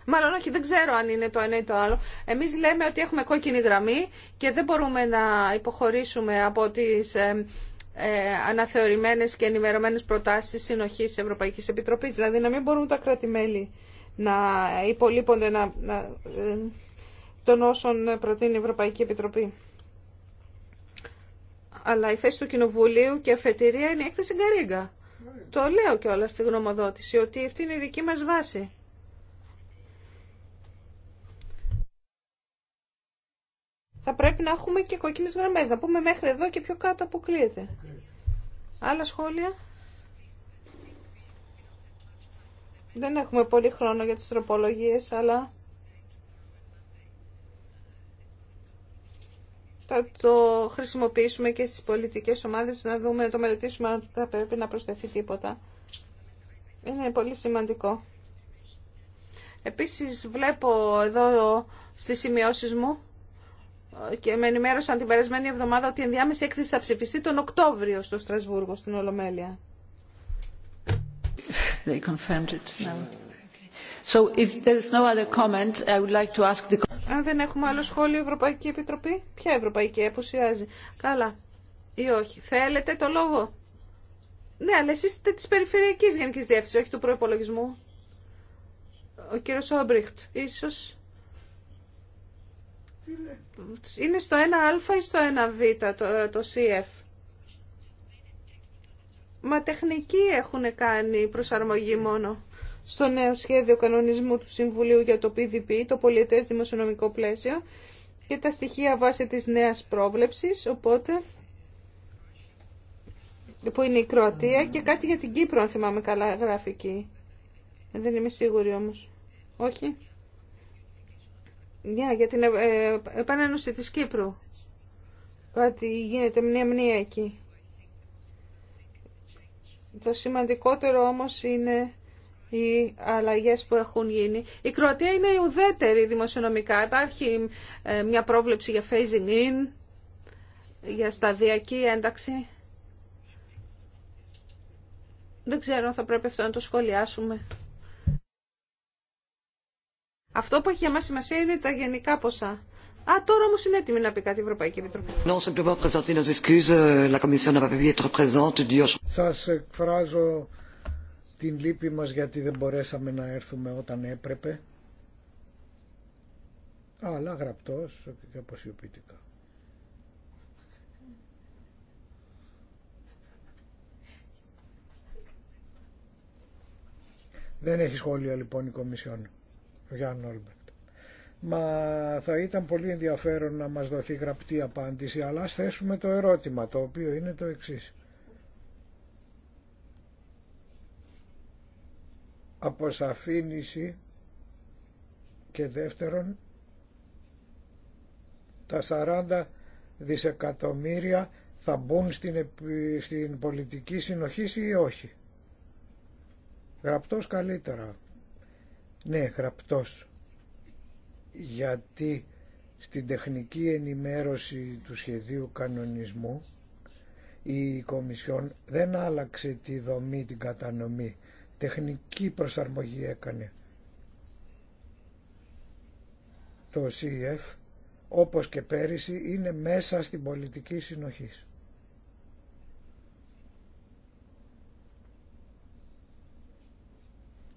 Μάλλον όχι, δεν ξέρω αν είναι το ένα ή το άλλο. Εμείς λέμε ότι έχουμε κόκκινη γραμμή και δεν μπορούμε να υποχωρήσουμε από τις ε, ε, αναθεωρημένες και ενημερωμένες προτάσεις συνοχής Ευρωπαϊκής Επιτροπής. Δηλαδή να μην μπορούν τα κράτη-μέλη να υπολείπονται να, να, ε, των όσων προτείνει η Ευρωπαϊκή Επιτροπή. Αλλά η θέση του Κοινοβουλίου και αφετηρία είναι η έκθεση Γκαρίγκα. Το λέω και όλα στη γνωμοδότηση ότι αυτή είναι η δική μας βάση. Θα πρέπει να έχουμε και κόκκινες γραμμές. Να πούμε μέχρι εδώ και πιο κάτω αποκλείεται. Άλλα σχόλια. Δεν έχουμε πολύ χρόνο για τις τροπολογίες, αλλά θα το χρησιμοποιήσουμε και στις πολιτικές ομάδες να δούμε, να το μελετήσουμε αν θα πρέπει να προσθεθεί τίποτα. Είναι πολύ σημαντικό. Επίσης βλέπω εδώ στις σημειώσεις μου και με ενημέρωσαν την περασμένη εβδομάδα ότι η ενδιάμεση έκθεση θα ψηφιστεί τον Οκτώβριο στο Στρασβούργο, στην Ολομέλεια. They confirmed it So if no other comment, I would like to ask αν δεν έχουμε άλλο σχόλιο, Ευρωπαϊκή Επιτροπή. Ποια Ευρωπαϊκή απουσιάζει. Καλά. Ή όχι. Θέλετε το λόγο. Ναι, αλλά εσείς είστε της Περιφερειακής Γενικής Διεύθυνσης, όχι του προϋπολογισμού. Ο κύριος Όμπριχτ, ίσως. Είναι στο 1α ή στο 1β το, το CF. Μα τεχνική έχουν κάνει προσαρμογή μόνο στο νέο σχέδιο κανονισμού του Συμβουλίου για το PDP, το Πολιετές Δημοσιονομικό Πλαίσιο, και τα στοιχεία βάσει της νέας πρόβλεψης, οπότε, που είναι η Κροατία, και κάτι για την Κύπρο, αν θυμάμαι καλά, γράφει εκεί. Δεν είμαι σίγουρη όμως. Όχι. Yeah, για την ε, ε, επανένωση της Κύπρου. Κάτι γίνεται μνήμα εκεί. Το σημαντικότερο όμως είναι οι αλλαγέ που έχουν γίνει. Η Κροατία είναι η ουδέτερη δημοσιονομικά. Υπάρχει ε, μια πρόβλεψη για phasing in, για σταδιακή ένταξη. Δεν ξέρω αν θα πρέπει αυτό να το σχολιάσουμε. Αυτό που έχει για μας σημασία είναι τα γενικά ποσά. Α, τώρα όμως είναι έτοιμη να πει κάτι η Ευρωπαϊκή Επιτροπή. Σας εκφράζω την λύπη μας γιατί δεν μπορέσαμε να έρθουμε όταν έπρεπε αλλά γραπτός και αποσιοποιητικά. Δεν έχει σχόλια λοιπόν η Κομισιόν, ο Γιάννη Όλμπερτ. Μα θα ήταν πολύ ενδιαφέρον να μας δοθεί γραπτή απάντηση, αλλά ας θέσουμε το ερώτημα, το οποίο είναι το εξής. αποσαφήνιση και δεύτερον τα 40 δισεκατομμύρια θα μπουν στην, πολιτική συνοχή ή όχι. Γραπτός καλύτερα. Ναι, γραπτός. Γιατί στην τεχνική ενημέρωση του σχεδίου κανονισμού η Κομισιόν δεν άλλαξε τη δομή, την κατανομή τεχνική προσαρμογή έκανε το CEF όπως και πέρυσι είναι μέσα στην πολιτική συνοχή.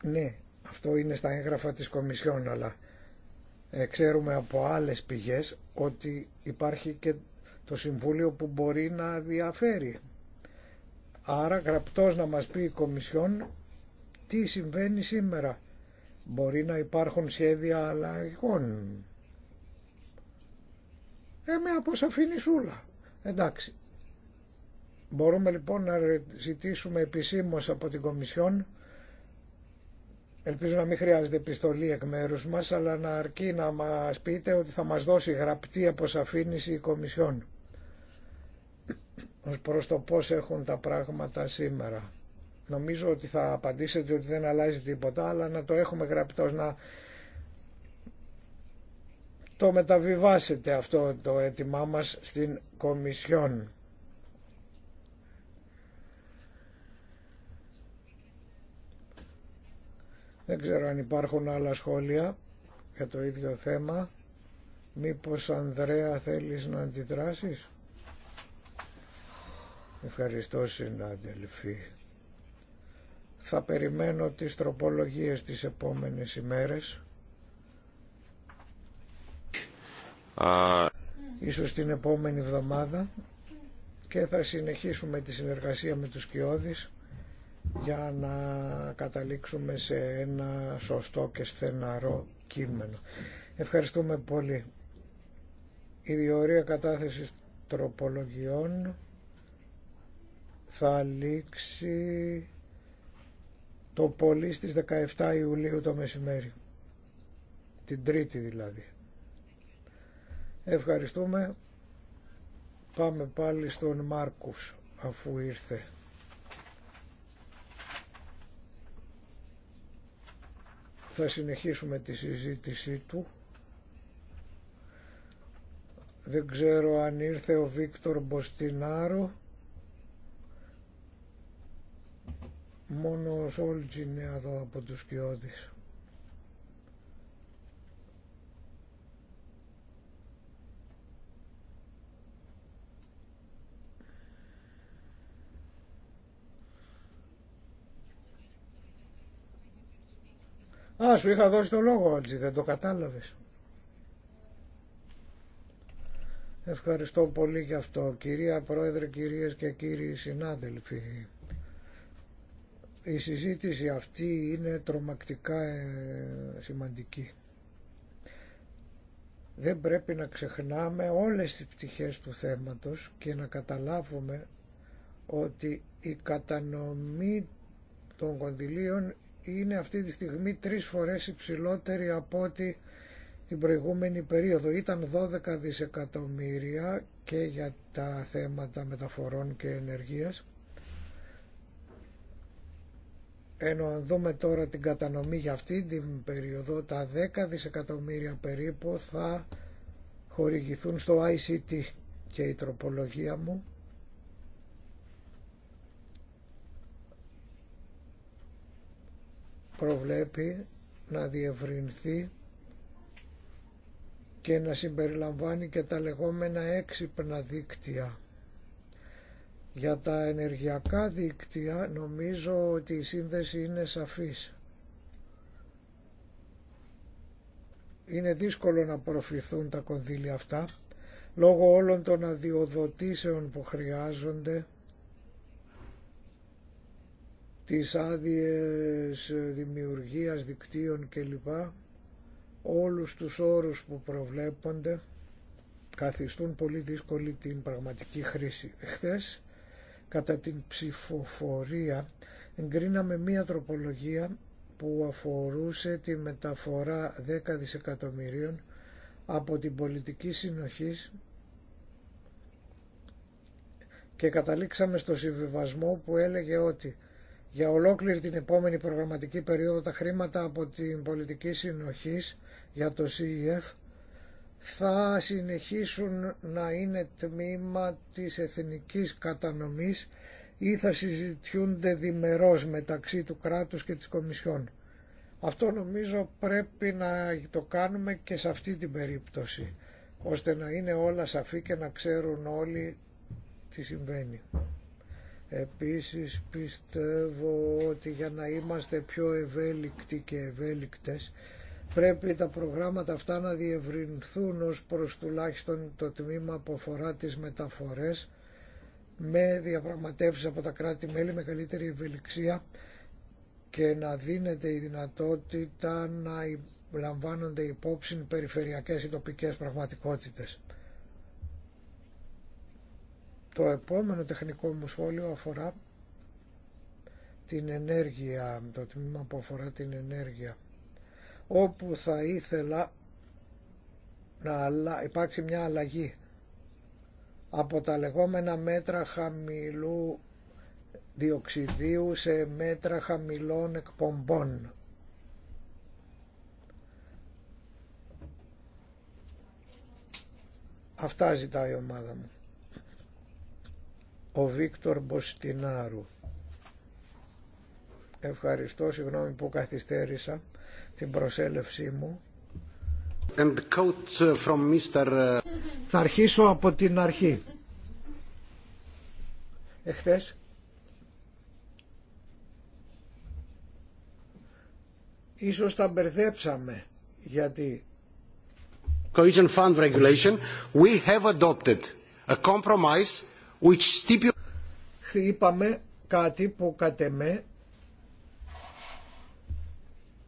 Ναι, αυτό είναι στα έγγραφα της Κομισιόν, αλλά ε, ξέρουμε από άλλες πηγές ότι υπάρχει και το Συμβούλιο που μπορεί να διαφέρει. Άρα γραπτός να μας πει η Κομισιόν τι συμβαίνει σήμερα. Μπορεί να υπάρχουν σχέδια αλλαγών. Ε, με αποσαφήνει σούλα. Εντάξει. Μπορούμε λοιπόν να ζητήσουμε επισήμως από την Κομισιόν Ελπίζω να μην χρειάζεται επιστολή εκ μέρους μας, αλλά να αρκεί να μας πείτε ότι θα μας δώσει γραπτή αποσαφήνιση η Κομισιόν ως προς το πώς έχουν τα πράγματα σήμερα. Νομίζω ότι θα απαντήσετε ότι δεν αλλάζει τίποτα, αλλά να το έχουμε γραπτό να το μεταβιβάσετε αυτό το αίτημά μας στην Κομισιόν. Δεν ξέρω αν υπάρχουν άλλα σχόλια για το ίδιο θέμα. Μήπως Ανδρέα θέλεις να αντιδράσεις. Ευχαριστώ συνάδελφοι. Θα περιμένω τις τροπολογίες τις επόμενες ημέρες. Α Ίσως την επόμενη εβδομάδα και θα συνεχίσουμε τη συνεργασία με τους Κιώδης για να καταλήξουμε σε ένα σωστό και στεναρό κείμενο. Ευχαριστούμε πολύ. Η διορία κατάθεσης τροπολογιών θα λήξει το πολύ στις 17 Ιουλίου το μεσημέρι. Την Τρίτη δηλαδή. Ευχαριστούμε. Πάμε πάλι στον Μάρκους αφού ήρθε. Θα συνεχίσουμε τη συζήτησή του. Δεν ξέρω αν ήρθε ο Βίκτορ Μποστινάρο. Μόνο ο Σόλτς είναι εδώ από τους κοιόδης. Α, σου είχα δώσει το λόγο, Όλτζι, δεν το κατάλαβες. Ευχαριστώ πολύ για αυτό, κυρία Πρόεδρε, κυρίες και κύριοι συνάδελφοι. Η συζήτηση αυτή είναι τρομακτικά ε, σημαντική. Δεν πρέπει να ξεχνάμε όλες τις πτυχές του θέματος και να καταλάβουμε ότι η κατανομή των κονδυλίων είναι αυτή τη στιγμή τρεις φορές υψηλότερη από ό,τι την προηγούμενη περίοδο. Ήταν 12 δισεκατομμύρια και για τα θέματα μεταφορών και ενεργείας Ενώ αν δούμε τώρα την κατανομή για αυτή την περίοδο, τα 10 δισεκατομμύρια περίπου θα χορηγηθούν στο ICT και η τροπολογία μου προβλέπει να διευρυνθεί και να συμπεριλαμβάνει και τα λεγόμενα έξυπνα δίκτυα για τα ενεργειακά δίκτυα νομίζω ότι η σύνδεση είναι σαφής. Είναι δύσκολο να προφηθούν τα κονδύλια αυτά λόγω όλων των αδειοδοτήσεων που χρειάζονται τις άδειες δημιουργίας δικτύων κλπ όλους τους όρους που προβλέπονται καθιστούν πολύ δύσκολη την πραγματική χρήση κατά την ψηφοφορία εγκρίναμε μία τροπολογία που αφορούσε τη μεταφορά 10 δισεκατομμυρίων από την πολιτική συνοχής και καταλήξαμε στο συμβιβασμό που έλεγε ότι για ολόκληρη την επόμενη προγραμματική περίοδο τα χρήματα από την πολιτική συνοχής για το CEF θα συνεχίσουν να είναι τμήμα της εθνικής κατανομής ή θα συζητιούνται διμερώς μεταξύ του κράτους και της Κομισιόν. Αυτό νομίζω πρέπει να το κάνουμε και σε αυτή την περίπτωση, ώστε να είναι όλα σαφή και να ξέρουν όλοι τι συμβαίνει. Επίσης πιστεύω ότι για να είμαστε πιο ευέλικτοι και ευέλικτες Πρέπει τα προγράμματα αυτά να διευρυνθούν ως προς τουλάχιστον το τμήμα που αφορά τις μεταφορές με διαπραγματεύσεις από τα κράτη-μέλη με καλύτερη ευελιξία και να δίνεται η δυνατότητα να λαμβάνονται υπόψη περιφερειακές ή τοπικές πραγματικότητες. Το επόμενο τεχνικό μου σχόλιο αφορά την ενέργεια, το τμήμα που αφορά την ενέργεια όπου θα ήθελα να υπάρξει μια αλλαγή από τα λεγόμενα μέτρα χαμηλού διοξιδίου σε μέτρα χαμηλών εκπομπών. Αυτά ζητάει η ομάδα μου. Ο Βίκτορ Μποστινάρου. Ευχαριστώ, συγγνώμη που καθυστέρησα την προσέλευσή μου. And quote uh, from Mr. Uh, Θα αρχίσω από την αρχή. Εχθές ίσως τα μπερδέψαμε γιατί Cohesion Fund Regulation we have adopted a compromise which stipulates είπαμε κάτι που κατέμε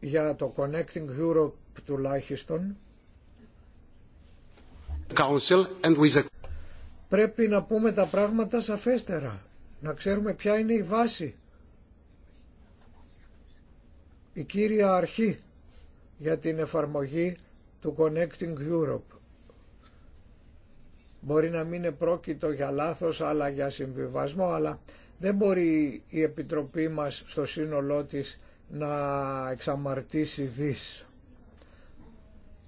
για το Connecting Europe τουλάχιστον πρέπει να πούμε τα πράγματα σαφέστερα, να ξέρουμε ποια είναι η βάση, η κύρια αρχή για την εφαρμογή του Connecting Europe. Μπορεί να μην είναι πρόκειτο για λάθος αλλά για συμβιβασμό, αλλά δεν μπορεί η Επιτροπή μας στο σύνολό της να εξαμαρτήσει δις.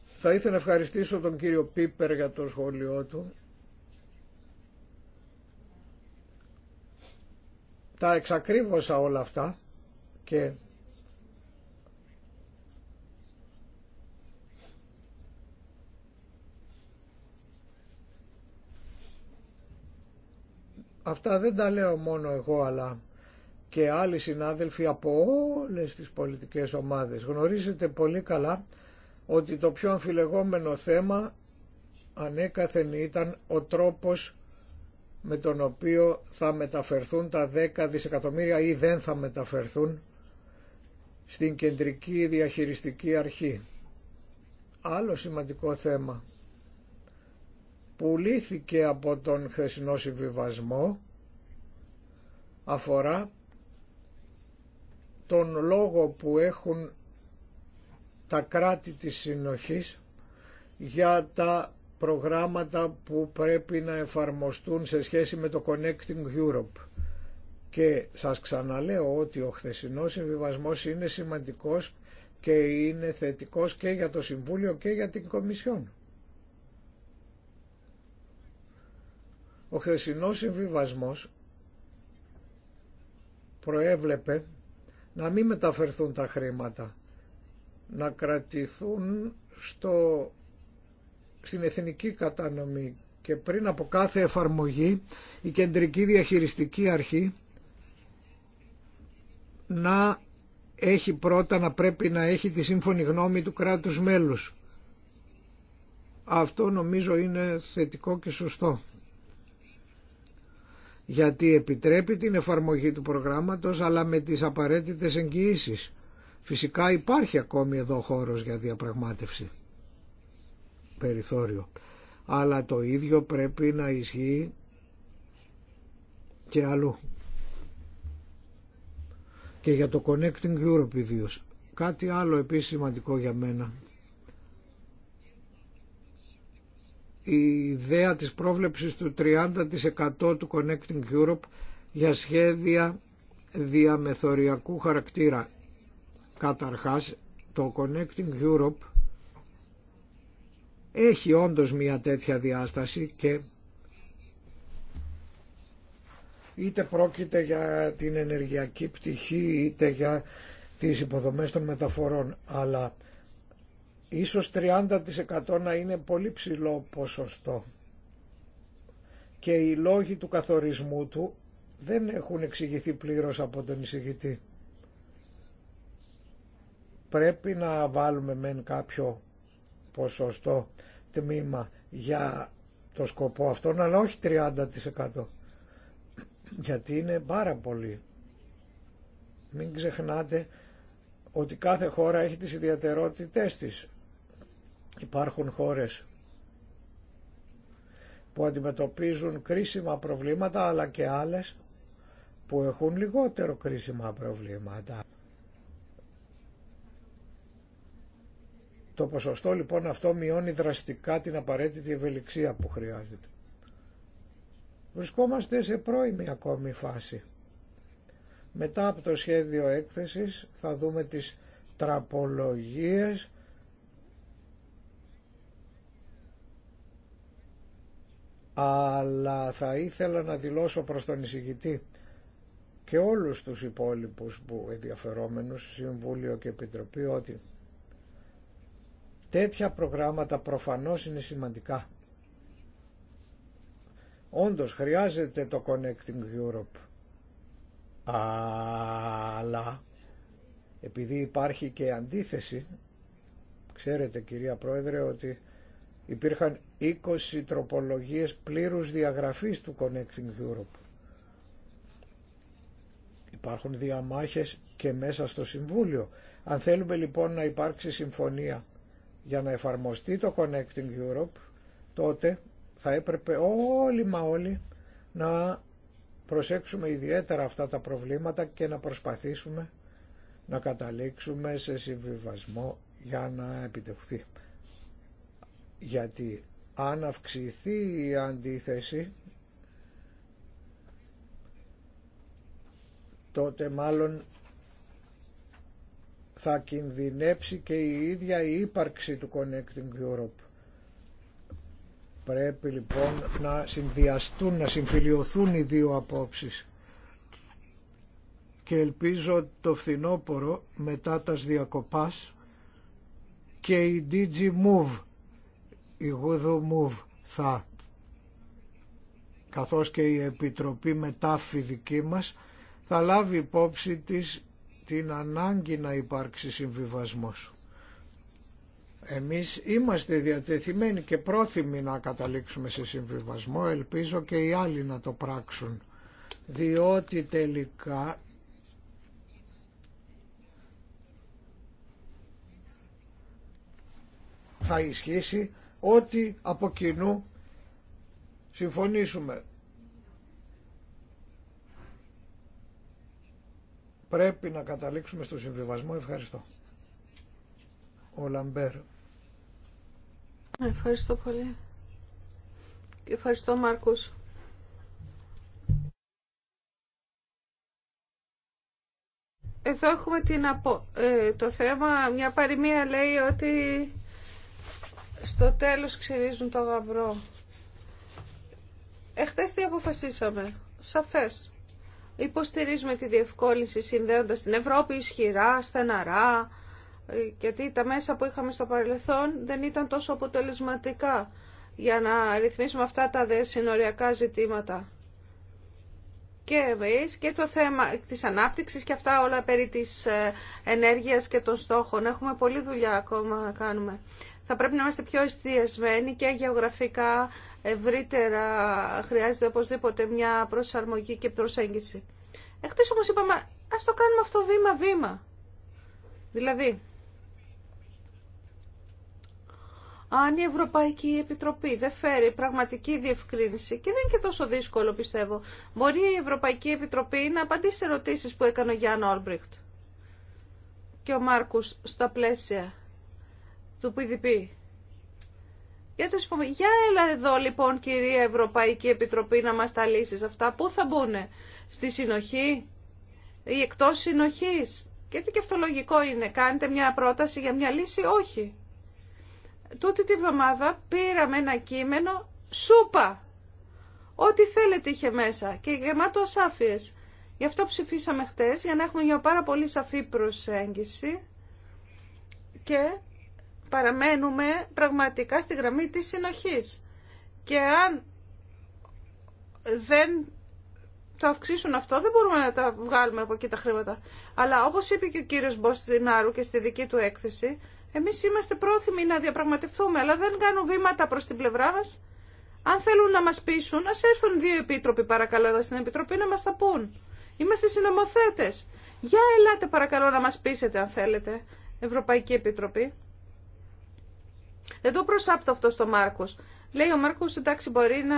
Θα ήθελα να ευχαριστήσω τον κύριο Πίπερ για το σχόλιο του. Τα εξακρίβωσα όλα αυτά και αυτά δεν τα λέω μόνο εγώ αλλά και άλλοι συνάδελφοι από όλες τις πολιτικές ομάδες. Γνωρίζετε πολύ καλά ότι το πιο αμφιλεγόμενο θέμα ανέκαθεν ήταν ο τρόπος με τον οποίο θα μεταφερθούν τα 10 δισεκατομμύρια ή δεν θα μεταφερθούν στην κεντρική διαχειριστική αρχή. Άλλο σημαντικό θέμα που λύθηκε από τον χθεσινό συμβιβασμό αφορά τον λόγο που έχουν τα κράτη της συνοχής για τα προγράμματα που πρέπει να εφαρμοστούν σε σχέση με το Connecting Europe. Και σας ξαναλέω ότι ο χθεσινός συμβιβασμός είναι σημαντικός και είναι θετικός και για το Συμβούλιο και για την Κομισιόν. Ο χθεσινός συμβιβασμός προέβλεπε να μην μεταφερθούν τα χρήματα, να κρατηθούν στο, στην εθνική κατανομή και πριν από κάθε εφαρμογή η κεντρική διαχειριστική αρχή να έχει πρώτα να πρέπει να έχει τη σύμφωνη γνώμη του κράτους μέλους. Αυτό νομίζω είναι θετικό και σωστό γιατί επιτρέπει την εφαρμογή του προγράμματος αλλά με τις απαραίτητες εγγυήσεις. Φυσικά υπάρχει ακόμη εδώ χώρος για διαπραγμάτευση, περιθώριο. Αλλά το ίδιο πρέπει να ισχύει και αλλού. Και για το Connecting Europe ιδίως. Κάτι άλλο επίσης σημαντικό για μένα η ιδέα της πρόβλεψης του 30% του Connecting Europe για σχέδια διαμεθοριακού χαρακτήρα. Καταρχάς, το Connecting Europe έχει όντως μια τέτοια διάσταση και είτε πρόκειται για την ενεργειακή πτυχή είτε για τις υποδομές των μεταφορών αλλά Ίσως 30% να είναι πολύ ψηλό ποσοστό. Και οι λόγοι του καθορισμού του δεν έχουν εξηγηθεί πλήρως από τον εισηγητή. Πρέπει να βάλουμε μεν κάποιο ποσοστό τμήμα για το σκοπό αυτόν, αλλά όχι 30%. Γιατί είναι πάρα πολύ. Μην ξεχνάτε ότι κάθε χώρα έχει τις ιδιαιτερότητές της. Υπάρχουν χώρες που αντιμετωπίζουν κρίσιμα προβλήματα αλλά και άλλες που έχουν λιγότερο κρίσιμα προβλήματα. Το ποσοστό λοιπόν αυτό μειώνει δραστικά την απαραίτητη ευελιξία που χρειάζεται. Βρισκόμαστε σε πρώιμη ακόμη φάση. Μετά από το σχέδιο έκθεσης θα δούμε τις τραπολογίες αλλά θα ήθελα να δηλώσω προς τον εισηγητή και όλους τους υπόλοιπους που ενδιαφερόμενους, Συμβούλιο και Επιτροπή, ότι τέτοια προγράμματα προφανώς είναι σημαντικά. Όντως χρειάζεται το Connecting Europe, αλλά επειδή υπάρχει και αντίθεση, ξέρετε κυρία Πρόεδρε ότι υπήρχαν 20 τροπολογίες πλήρους διαγραφής του Connecting Europe. Υπάρχουν διαμάχες και μέσα στο Συμβούλιο. Αν θέλουμε λοιπόν να υπάρξει συμφωνία για να εφαρμοστεί το Connecting Europe, τότε θα έπρεπε όλοι μα όλοι να προσέξουμε ιδιαίτερα αυτά τα προβλήματα και να προσπαθήσουμε να καταλήξουμε σε συμβιβασμό για να επιτευχθεί γιατί αν αυξηθεί η αντίθεση τότε μάλλον θα κινδυνέψει και η ίδια η ύπαρξη του Connecting Europe. Πρέπει λοιπόν να συνδυαστούν, να συμφιλειωθούν οι δύο απόψεις και ελπίζω το φθινόπωρο μετά τας διακοπάς και η DG Move η Move θα καθώς και η Επιτροπή Μετάφη δική μας θα λάβει υπόψη της την ανάγκη να υπάρξει συμβιβασμός. Εμείς είμαστε διατεθειμένοι και πρόθυμοι να καταλήξουμε σε συμβιβασμό, ελπίζω και οι άλλοι να το πράξουν, διότι τελικά θα ισχύσει ό,τι από κοινού συμφωνήσουμε. Πρέπει να καταλήξουμε στο συμβιβασμό. Ευχαριστώ. Ο Λαμπέρ. Ευχαριστώ πολύ. Και ευχαριστώ Μάρκος. Εδώ έχουμε την ε, το θέμα, μια παροιμία λέει ότι στο τέλος ξυρίζουν το γαμπρό. Εχθές τι αποφασίσαμε. Σαφές. Υποστηρίζουμε τη διευκόλυνση συνδέοντας την Ευρώπη ισχυρά, στεναρά, ε, γιατί τα μέσα που είχαμε στο παρελθόν δεν ήταν τόσο αποτελεσματικά για να ρυθμίσουμε αυτά τα δε συνοριακά ζητήματα. Και εμείς και το θέμα της ανάπτυξης και αυτά όλα περί της ε, ενέργειας και των στόχων. Έχουμε πολλή δουλειά ακόμα να κάνουμε θα πρέπει να είμαστε πιο εστιασμένοι και γεωγραφικά ευρύτερα χρειάζεται οπωσδήποτε μια προσαρμογή και προσέγγιση. Εχθές όμως είπαμε ας το κάνουμε αυτό βήμα-βήμα. Δηλαδή, αν η Ευρωπαϊκή Επιτροπή δεν φέρει πραγματική διευκρίνηση, και δεν είναι και τόσο δύσκολο πιστεύω, μπορεί η Ευρωπαϊκή Επιτροπή να απαντήσει σε ερωτήσεις που έκανε ο Γιάνν Όλμπριχτ και ο Μάρκους στα πλαίσια του PDP. Για πούμε, για έλα εδώ λοιπόν κυρία Ευρωπαϊκή Επιτροπή να μας τα λύσεις αυτά. Πού θα μπουν, στη συνοχή ή εκτός συνοχής. Και τι και αυτό λογικό είναι. Κάνετε μια πρόταση για μια λύση, όχι. Τούτη τη βδομάδα πήραμε ένα κείμενο σούπα. Ό,τι θέλετε είχε μέσα και γεμάτο ασάφειες. Γι' αυτό ψηφίσαμε χτες για να έχουμε μια πάρα πολύ σαφή προσέγγιση και παραμένουμε πραγματικά στη γραμμή της συνοχής. Και αν δεν το αυξήσουν αυτό, δεν μπορούμε να τα βγάλουμε από εκεί τα χρήματα. Αλλά όπως είπε και ο κύριος Μποστινάρου και στη δική του έκθεση, εμείς είμαστε πρόθυμοι να διαπραγματευτούμε, αλλά δεν κάνουν βήματα προς την πλευρά μας. Αν θέλουν να μας πείσουν, ας έρθουν δύο επίτροποι παρακαλώ εδώ στην Επιτροπή να μας τα πούν. Είμαστε συνομοθέτες. Για ελάτε παρακαλώ να μας πείσετε αν θέλετε, Ευρωπαϊκή Επιτροπή. Δεν το προσάπτω αυτό στο Μάρκος. Λέει ο Μάρκος, εντάξει, μπορεί να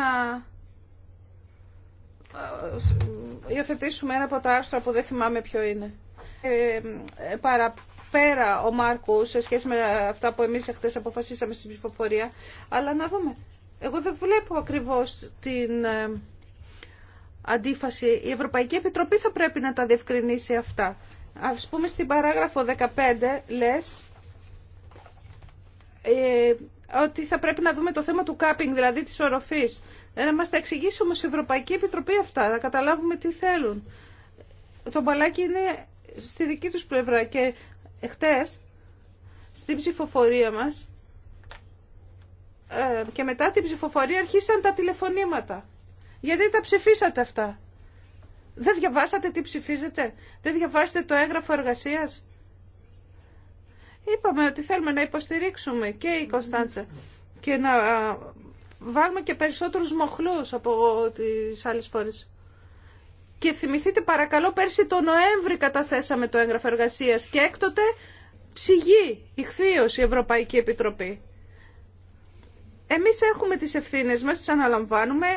ε, υιοθετήσουμε ένα από τα άρθρα που δεν θυμάμαι ποιο είναι. Ε, ε παραπέρα ο Μάρκος σε σχέση με αυτά που εμείς χτες αποφασίσαμε στην ψηφοφορία. Αλλά να δούμε. Εγώ δεν βλέπω ακριβώς την ε, αντίφαση. Η Ευρωπαϊκή Επιτροπή θα πρέπει να τα διευκρινίσει αυτά. Ας πούμε στην παράγραφο 15 λες ε, ότι θα πρέπει να δούμε το θέμα του κάπινγκ, δηλαδή της οροφής. Ε, να μας τα εξηγήσει όμως η Ευρωπαϊκή Επιτροπή αυτά, να καταλάβουμε τι θέλουν. Το μπαλάκι είναι στη δική τους πλευρά και χτες στην ψηφοφορία μας ε, και μετά την ψηφοφορία αρχίσαν τα τηλεφωνήματα. Γιατί τα ψηφίσατε αυτά. Δεν διαβάσατε τι ψηφίζετε. Δεν διαβάσατε το έγγραφο εργασίας. Είπαμε ότι θέλουμε να υποστηρίξουμε και η Κωνσταντσα και να βάλουμε και περισσότερους μοχλούς από τις άλλες φορές. Και θυμηθείτε παρακαλώ, πέρσι το Νοέμβρη καταθέσαμε το έγγραφο εργασίας και έκτοτε ψυγεί ηχθείως η Ευρωπαϊκή Επιτροπή. Εμείς έχουμε τις ευθύνες μας, τις αναλαμβάνουμε,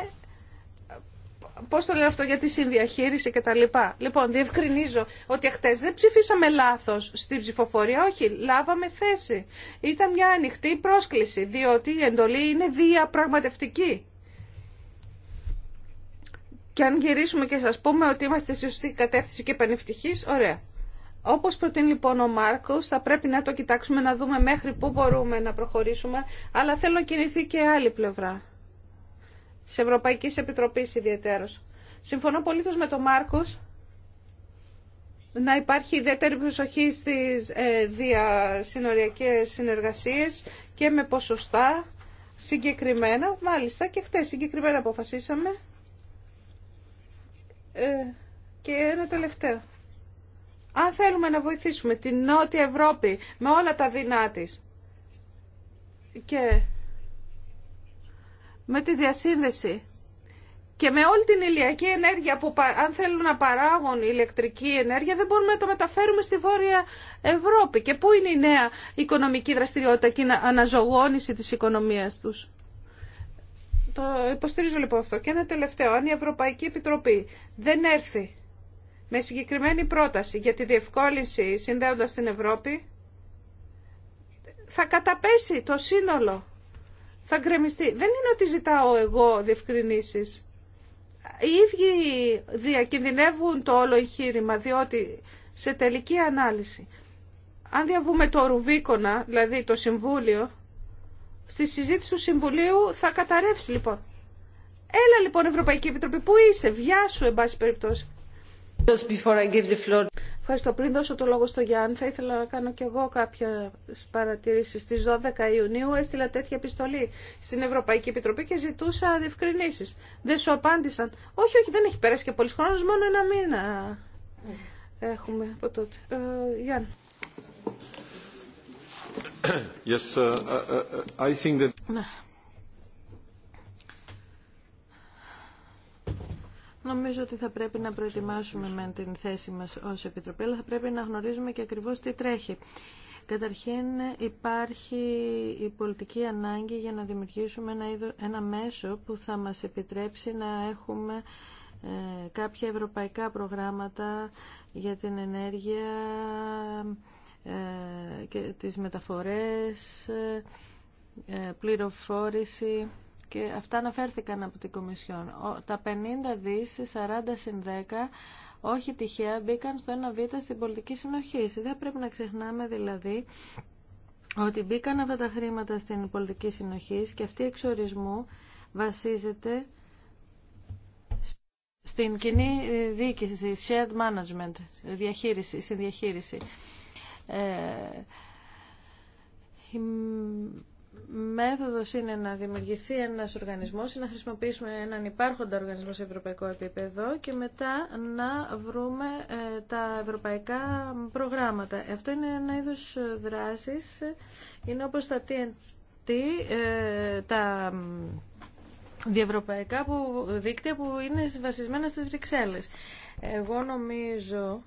Πώ το λένε αυτό για τη συνδιαχείριση και τα λοιπά. Λοιπόν, διευκρινίζω ότι χτε δεν ψηφίσαμε λάθο στην ψηφοφορία, όχι, λάβαμε θέση. Ήταν μια ανοιχτή πρόσκληση, διότι η εντολή είναι διαπραγματευτική. Και αν γυρίσουμε και σα πούμε ότι είμαστε σε σωστή κατεύθυνση και πανευτυχή, ωραία. Όπω προτείνει λοιπόν ο Μάρκο, θα πρέπει να το κοιτάξουμε, να δούμε μέχρι πού μπορούμε να προχωρήσουμε, αλλά θέλω να κινηθεί και άλλη πλευρά της ευρωπαϊκή Επιτροπή ιδιαίτερος. Συμφωνώ πολύ με τον Μάρκος να υπάρχει ιδιαίτερη προσοχή στις ε, διασυνοριακές συνεργασίες και με ποσοστά συγκεκριμένα, μάλιστα και χτες συγκεκριμένα αποφασίσαμε. Ε, και ένα τελευταίο. Αν θέλουμε να βοηθήσουμε την Νότια Ευρώπη με όλα τα δεινά και με τη διασύνδεση και με όλη την ηλιακή ενέργεια που αν θέλουν να παράγουν ηλεκτρική ενέργεια δεν μπορούμε να το μεταφέρουμε στη Βόρεια Ευρώπη. Και πού είναι η νέα οικονομική δραστηριότητα και η αναζωγόνηση της οικονομίας τους. Το υποστηρίζω λοιπόν αυτό. Και ένα τελευταίο, αν η Ευρωπαϊκή Επιτροπή δεν έρθει με συγκεκριμένη πρόταση για τη διευκόλυνση συνδέοντας την Ευρώπη, θα καταπέσει το σύνολο θα γκρεμιστεί. Δεν είναι ότι ζητάω εγώ διευκρινήσεις. Οι ίδιοι διακινδυνεύουν το όλο εγχείρημα, διότι σε τελική ανάλυση, αν διαβούμε το Ρουβίκονα, δηλαδή το Συμβούλιο, στη συζήτηση του Συμβουλίου θα καταρρεύσει λοιπόν. Έλα λοιπόν Ευρωπαϊκή Επιτροπή, πού είσαι, βιάσου εν πάση περιπτώσει. Just before I give the floor. Ευχαριστώ. Πριν δώσω το λόγο στο Γιάννη, θα ήθελα να κάνω κι εγώ κάποια παρατηρήσει. Στι 12 Ιουνίου έστειλα τέτοια επιστολή στην Ευρωπαϊκή Επιτροπή και ζητούσα διευκρινήσει. Δεν σου απάντησαν. Όχι, όχι, δεν έχει περάσει και πολλή χρόνο, μόνο ένα μήνα έχουμε από τότε. Ε, Γιάννη. Yes, ε, ε, ε, I think that... Ναι. Νομίζω ότι θα πρέπει να προετοιμάσουμε με την θέση μας ως Επιτροπή, αλλά θα πρέπει να γνωρίζουμε και ακριβώς τι τρέχει. Καταρχήν υπάρχει η πολιτική ανάγκη για να δημιουργήσουμε ένα, ένα μέσο που θα μας επιτρέψει να έχουμε ε, κάποια ευρωπαϊκά προγράμματα για την ενέργεια ε, και τις μεταφορές, ε, πληροφόρηση και αυτά αναφέρθηκαν από την Κομισιόν. Τα 50 δις, 40 συν 10, όχι τυχαία, μπήκαν στο 1β στην πολιτική συνοχή. Δεν πρέπει να ξεχνάμε δηλαδή ότι μπήκαν αυτά τα χρήματα στην πολιτική συνοχή και αυτή εξορισμού βασίζεται στην κοινή ε, διοίκηση, shared management, διαχείριση, συνδιαχείριση. Ε, μέθοδος είναι να δημιουργηθεί ένας οργανισμός ή να χρησιμοποιήσουμε έναν υπάρχοντα οργανισμό σε ευρωπαϊκό επίπεδο και μετά να βρούμε ε, τα ευρωπαϊκά προγράμματα. Αυτό είναι ένα είδος δράσης, είναι όπως τα TNT, ε, τα διευρωπαϊκά που, δίκτυα που είναι βασισμένα στις Βρυξέλλες. Εγώ νομίζω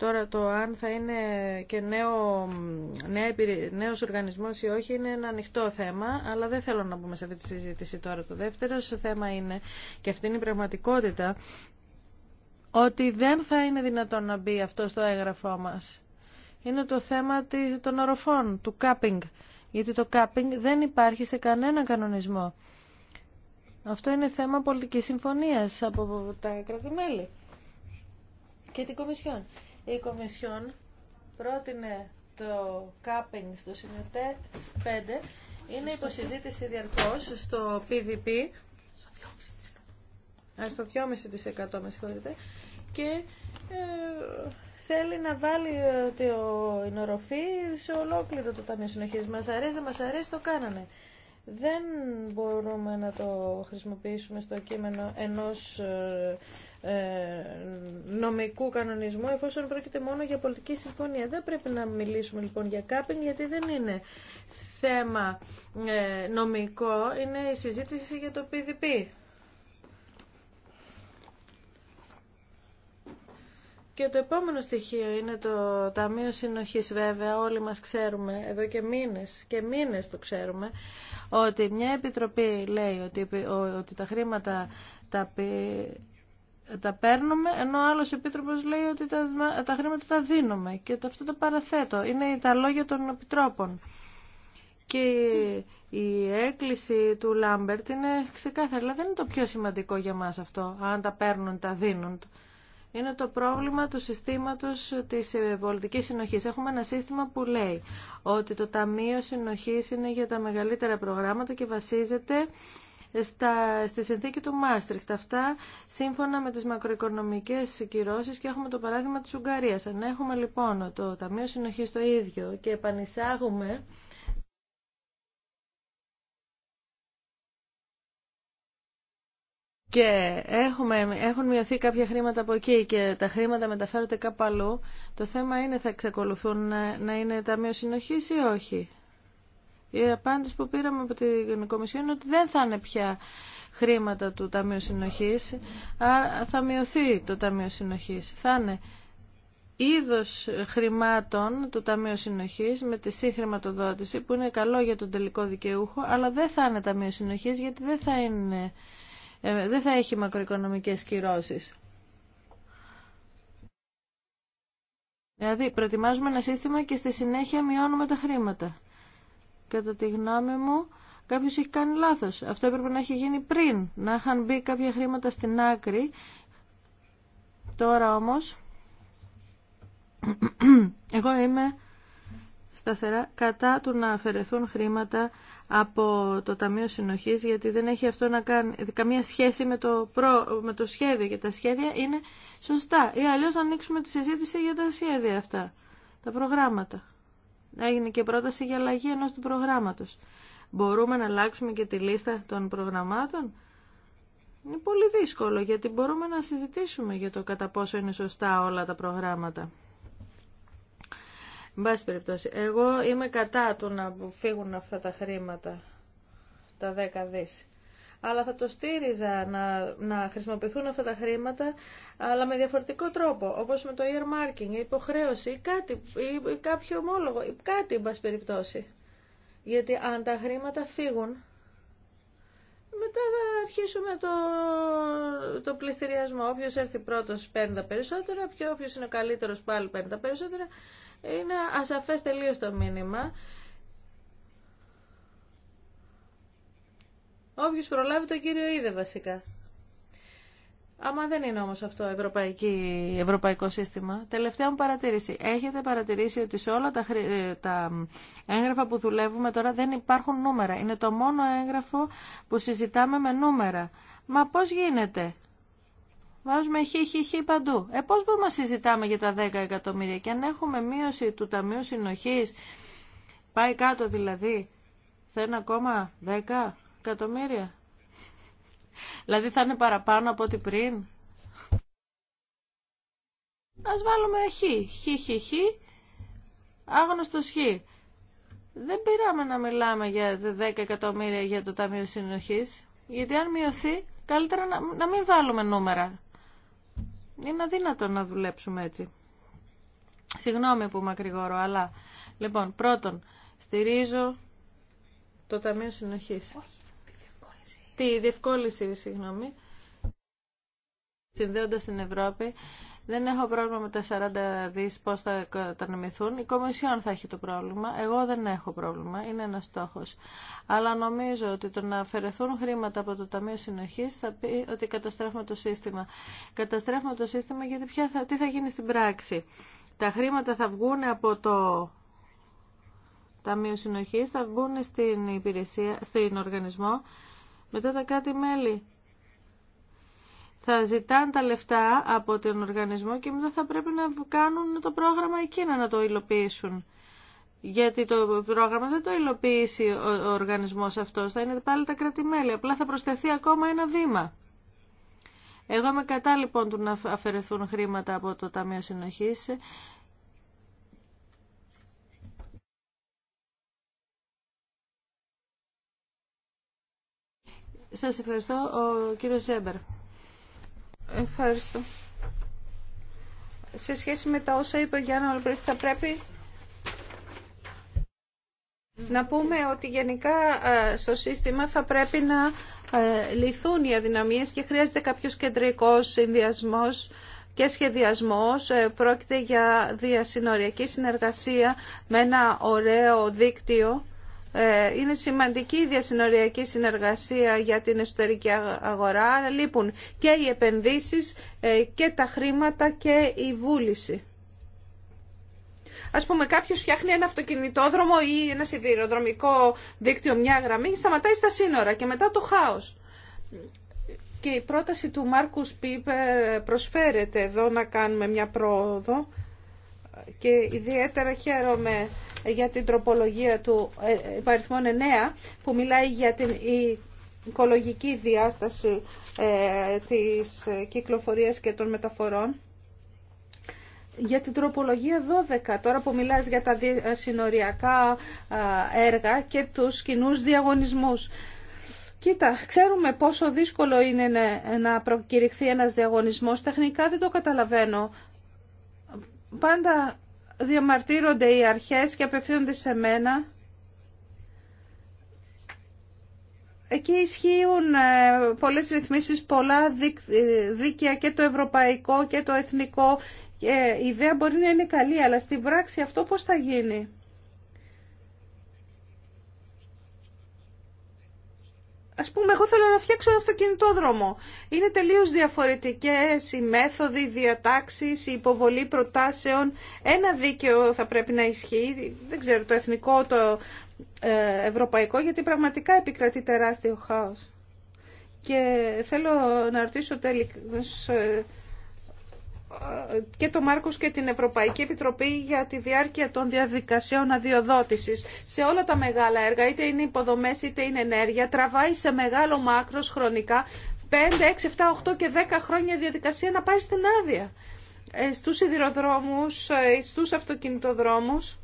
Τώρα το αν θα είναι και νέο, νέα, νέος οργανισμός ή όχι είναι ένα ανοιχτό θέμα, αλλά δεν θέλω να μπούμε σε αυτή τη συζήτηση τώρα. Το δεύτερο θέμα είναι, και αυτή είναι η πραγματικότητα, ότι δεν θα είναι δυνατόν να μπει αυτό στο έγγραφό μας. Είναι το θέμα των οροφών, του κάπινγκ. Γιατί το κάπινγκ δεν υπάρχει σε κανένα κανονισμό. Αυτό είναι θέμα πολιτικής συμφωνίας από τα κρατημέλη και την Κομισιόν η Κομισιόν πρότεινε το κάπινγκ στο σημείο 5 είναι υποσυζήτηση διαρκώ στο PVP στο 2,5% με συγχωρείτε και ε, θέλει να βάλει ε, την οροφή σε ολόκληρο το Ταμείο Συνοχής. Μας αρέσει, μας αρέσει, το κάνανε δεν μπορούμε να το χρησιμοποιήσουμε στο κείμενο ενός ε, ε, νομικού κανονισμού εφόσον πρόκειται μόνο για πολιτική συμφωνία. Δεν πρέπει να μιλήσουμε λοιπόν για κάπινγκ γιατί δεν είναι θέμα ε, νομικό, είναι η συζήτηση για το PDP. Και το επόμενο στοιχείο είναι το Ταμείο Συνοχής βέβαια. Όλοι μας ξέρουμε, εδώ και μήνες, και μήνες το ξέρουμε, ότι μια επιτροπή λέει ότι, ότι τα χρήματα τα, τα παίρνουμε, ενώ ο άλλος επίτροπος λέει ότι τα, τα χρήματα τα δίνουμε. Και το, αυτό το παραθέτω. Είναι τα λόγια των επιτρόπων. Και η έκκληση του Λάμπερτ είναι ξεκάθαρη. Αλλά δεν είναι το πιο σημαντικό για μας αυτό, αν τα παίρνουν, τα δίνουν είναι το πρόβλημα του συστήματος της πολιτικής συνοχής. Έχουμε ένα σύστημα που λέει ότι το Ταμείο Συνοχής είναι για τα μεγαλύτερα προγράμματα και βασίζεται στα, στη συνθήκη του Μάστριχτ. Αυτά σύμφωνα με τις μακροοικονομικές κυρώσεις και έχουμε το παράδειγμα της Ουγγαρίας. Αν έχουμε λοιπόν το Ταμείο Συνοχής το ίδιο και επανεισάγουμε και έχουμε, έχουν μειωθεί κάποια χρήματα από εκεί και τα χρήματα μεταφέρονται κάπου αλλού, το θέμα είναι θα εξακολουθούν να, είναι ταμείο συνοχή ή όχι. Η απάντηση που πήραμε από την Κομισιόν είναι ότι δεν θα είναι πια χρήματα του Ταμείου συνοχή. άρα θα μειωθεί το Ταμείο συνοχή. Θα είναι είδο χρημάτων του Ταμείου συνοχή με τη σύγχρηματοδότηση που είναι καλό για τον τελικό δικαιούχο, αλλά δεν θα είναι Ταμείο Συνοχής γιατί δεν θα είναι ε, δεν θα έχει μακροοικονομικές κυρώσεις. Δηλαδή, προετοιμάζουμε ένα σύστημα και στη συνέχεια μειώνουμε τα χρήματα. Κατά τη γνώμη μου, κάποιος έχει κάνει λάθος. Αυτό έπρεπε να έχει γίνει πριν, να είχαν μπει κάποια χρήματα στην άκρη. Τώρα όμως, <clears throat> εγώ είμαι σταθερά κατά του να αφαιρεθούν χρήματα από το Ταμείο Συνοχής γιατί δεν έχει αυτό να κάνει, καμία σχέση με το, προ, με το σχέδιο και τα σχέδια είναι σωστά ή αλλιώς να ανοίξουμε τη συζήτηση για τα σχέδια αυτά, τα προγράμματα. Έγινε και πρόταση για αλλαγή ενός του προγράμματος. Μπορούμε να αλλάξουμε και τη λίστα των προγραμμάτων. Είναι πολύ δύσκολο γιατί μπορούμε να συζητήσουμε για το κατά πόσο είναι σωστά όλα τα προγράμματα. Εν πάση περιπτώσει, εγώ είμαι κατά του να φύγουν αυτά τα χρήματα, τα δέκα δις. Αλλά θα το στήριζα να, να χρησιμοποιηθούν αυτά τα χρήματα, αλλά με διαφορετικό τρόπο, όπως με το earmarking, υποχρέωση ή, κάτι, ή κάποιο ομόλογο, ή κάτι, εν πάση περιπτώσει. Γιατί αν τα χρήματα φύγουν, μετά θα αρχίσουμε το, το πληστηριασμό. Όποιο έρθει πρώτο παίρνει τα περισσότερα, ποιο, όποιος είναι καλύτερο πάλι παίρνει τα περισσότερα είναι ασαφές τελείως το μήνυμα. Όποιος προλάβει το κύριο είδε βασικά. Άμα δεν είναι όμως αυτό ευρωπαϊκή, ευρωπαϊκό σύστημα. Τελευταία μου παρατήρηση. Έχετε παρατηρήσει ότι σε όλα τα, ε, τα έγγραφα που δουλεύουμε τώρα δεν υπάρχουν νούμερα. Είναι το μόνο έγγραφο που συζητάμε με νούμερα. Μα πώς γίνεται. Βάζουμε χ, χ, χ παντού. Ε, πώς μπορούμε να συζητάμε για τα 10 εκατομμύρια και αν έχουμε μείωση του Ταμείου Συνοχής, πάει κάτω δηλαδή, θα είναι ακόμα 10 εκατομμύρια. Δηλαδή θα είναι παραπάνω από ό,τι πριν. Ας βάλουμε χ, χ, χ, χ, άγνωστος χ. Δεν πειράμε να μιλάμε για 10 εκατομμύρια για το Ταμείο Συνοχής, γιατί αν μειωθεί, καλύτερα να, να μην βάλουμε νούμερα είναι αδύνατο να δουλέψουμε έτσι. Συγγνώμη που μακρηγορώ, αλλά... Λοιπόν, πρώτον, στηρίζω το Ταμείο Συνοχής. Όχι, τη διευκόλυνση. Τη διευκόλυνση, συγγνώμη. Συνδέοντας την Ευρώπη δεν έχω πρόβλημα με τα 40 δις πώς θα κατανοηθούν. Η Κομισιόν θα έχει το πρόβλημα. Εγώ δεν έχω πρόβλημα. Είναι ένας στόχος. Αλλά νομίζω ότι το να αφαιρεθούν χρήματα από το Ταμείο Συνοχής θα πει ότι καταστρέφουμε το σύστημα. Καταστρέφουμε το σύστημα γιατί ποια θα, τι θα γίνει στην πράξη. Τα χρήματα θα βγουν από το Ταμείο Συνοχής, θα βγουν στην υπηρεσία, στην οργανισμό. Μετά τα κάτι μέλη θα ζητάνε τα λεφτά από τον οργανισμό και μετά θα πρέπει να κάνουν το πρόγραμμα εκείνα να το υλοποιήσουν. Γιατί το πρόγραμμα δεν το υλοποιήσει ο οργανισμός αυτός, θα είναι πάλι τα κρατημέλη, απλά θα προσθεθεί ακόμα ένα βήμα. Εγώ είμαι κατά λοιπόν του να αφαιρεθούν χρήματα από το Ταμείο Συνοχής. Σας ευχαριστώ, ο κύριος Ζέμπερ. Ευχαριστώ. Σε σχέση με τα όσα είπε ο Γιάννα Ολμπρίχτ, θα πρέπει να πούμε ότι γενικά ε, στο σύστημα θα πρέπει να ε, λυθούν οι αδυναμίες και χρειάζεται κάποιος κεντρικός συνδυασμός και σχεδιασμός. Ε, πρόκειται για διασυνοριακή συνεργασία με ένα ωραίο δίκτυο ε, είναι σημαντική η διασυνοριακή συνεργασία για την εσωτερική αγορά. Λείπουν και οι επενδύσεις ε, και τα χρήματα και η βούληση. Ας πούμε κάποιος φτιάχνει ένα αυτοκινητόδρομο ή ένα σιδηροδρομικό δίκτυο, μια γραμμή, σταματάει στα σύνορα και μετά το χάος. Και η πρόταση του Μάρκους Πίπερ ε, προσφέρεται εδώ να κάνουμε μια πρόοδο και ιδιαίτερα χαίρομαι για την τροπολογία του ε, ε, υπαριθμών 9 που μιλάει για την οικολογική διάσταση ε, της κυκλοφορίας και των μεταφορών. Για την τροπολογία 12, τώρα που μιλάς για τα συνοριακά έργα και τους κοινού διαγωνισμούς. Κοίτα, ξέρουμε πόσο δύσκολο είναι να προκηρυχθεί ένας διαγωνισμός. Τεχνικά δεν το καταλαβαίνω πάντα διαμαρτύρονται οι αρχές και απευθύνονται σε μένα. Εκεί ισχύουν ε, πολλές ρυθμίσεις, πολλά ε, δίκαια και το ευρωπαϊκό και το εθνικό. Ε, η ιδέα μπορεί να είναι καλή, αλλά στην πράξη αυτό πώς θα γίνει. Ας πούμε, εγώ θέλω να φτιάξω ένα δρόμο. Είναι τελείως διαφορετικέ οι μέθοδοι, οι διατάξει, η υποβολή προτάσεων. Ένα δίκαιο θα πρέπει να ισχύει, δεν ξέρω, το εθνικό, το ε, ευρωπαϊκό, γιατί πραγματικά επικρατεί τεράστιο χάος. Και θέλω να ρωτήσω τέλος και το Μάρκος και την Ευρωπαϊκή Επιτροπή για τη διάρκεια των διαδικασιών αδειοδότησης. Σε όλα τα μεγάλα έργα, είτε είναι υποδομές είτε είναι ενέργεια, τραβάει σε μεγάλο μάκρος χρονικά 5, 6, 7, 8 και 10 χρόνια διαδικασία να πάει στην άδεια. Ε, στους σιδηροδρόμους, ε, στους αυτοκινητοδρόμους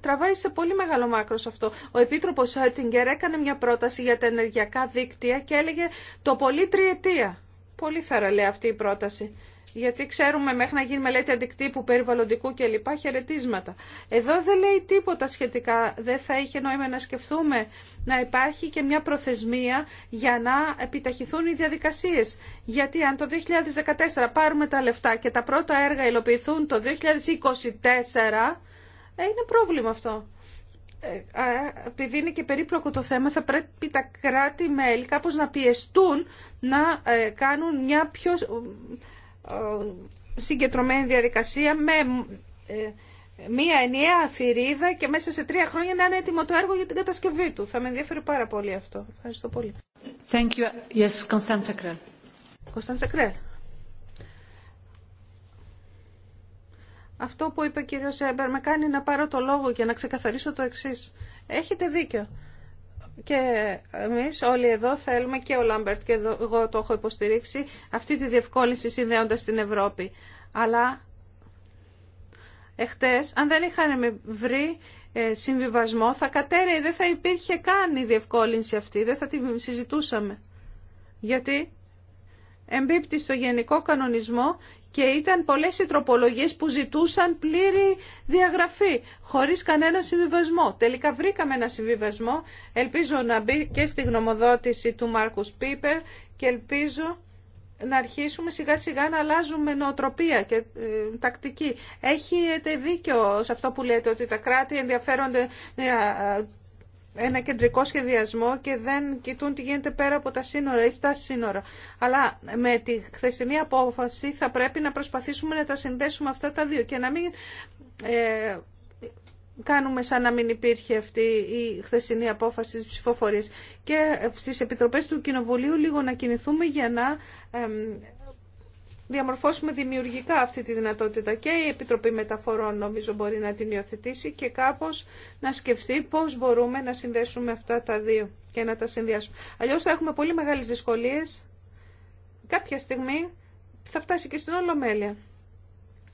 τραβάει σε πολύ μεγάλο μάκρο αυτό. Ο Επίτροπο Σόιτιγκερ έκανε μια πρόταση για τα ενεργειακά δίκτυα και έλεγε το πολύ τριετία. Πολύ θαραλέα αυτή η πρόταση. Γιατί ξέρουμε μέχρι να γίνει μελέτη αντικτύπου περιβαλλοντικού κλπ. χαιρετίσματα. Εδώ δεν λέει τίποτα σχετικά. Δεν θα είχε νόημα να σκεφτούμε να υπάρχει και μια προθεσμία για να επιταχυθούν οι διαδικασίες. Γιατί αν το 2014 πάρουμε τα λεφτά και τα πρώτα έργα υλοποιηθούν το 2024, ε, είναι πρόβλημα αυτό. Ε, επειδή είναι και περίπλοκο το θέμα, θα πρέπει τα κράτη-μέλη κάπως να πιεστούν να ε, κάνουν μια πιο ε, συγκεντρωμένη διαδικασία με μια ενιαία θηρίδα και μέσα σε τρία χρόνια να είναι έτοιμο το έργο για την κατασκευή του. Θα με ενδιαφέρει πάρα πολύ αυτό. Ευχαριστώ πολύ. Thank you. Yes, Constanza Constanza Αυτό που είπε ο κύριος Έμπερ με κάνει να πάρω το λόγο για να ξεκαθαρίσω το εξή. Έχετε δίκιο. Και εμείς όλοι εδώ θέλουμε και ο Λάμπερτ και εγώ το έχω υποστηρίξει αυτή τη διευκόλυνση συνδέοντας την Ευρώπη. Αλλά εχτες, αν δεν είχαν βρει ε, συμβιβασμό θα κατέρεε, δεν θα υπήρχε καν η διευκόλυνση αυτή, δεν θα τη συζητούσαμε. Γιατί εμπίπτει στο γενικό κανονισμό και ήταν πολλές οι τροπολογίες που ζητούσαν πλήρη διαγραφή, χωρίς κανένα συμβιβασμό. Τελικά βρήκαμε ένα συμβιβασμό, ελπίζω να μπει και στη γνωμοδότηση του Μάρκους Πίπερ και ελπίζω να αρχίσουμε σιγά σιγά να αλλάζουμε νοοτροπία και ε, τακτική. Έχετε δίκιο σε αυτό που λέτε ότι τα κράτη ενδιαφέρονται ε, ένα κεντρικό σχεδιασμό και δεν κοιτούν τι γίνεται πέρα από τα σύνορα ή στα σύνορα. Αλλά με τη χθεσινή απόφαση θα πρέπει να προσπαθήσουμε να τα συνδέσουμε αυτά τα δύο και να μην ε, κάνουμε σαν να μην υπήρχε αυτή η χθεσινή απόφαση της ψηφοφορίας. Και στις επιτροπές του Κοινοβουλίου λίγο να κινηθούμε για να διαμορφώσουμε δημιουργικά αυτή τη δυνατότητα και η Επιτροπή Μεταφορών νομίζω μπορεί να την υιοθετήσει και κάπως να σκεφτεί πώς μπορούμε να συνδέσουμε αυτά τα δύο και να τα συνδυάσουμε. Αλλιώς θα έχουμε πολύ μεγάλες δυσκολίες. Κάποια στιγμή θα φτάσει και στην Ολομέλεια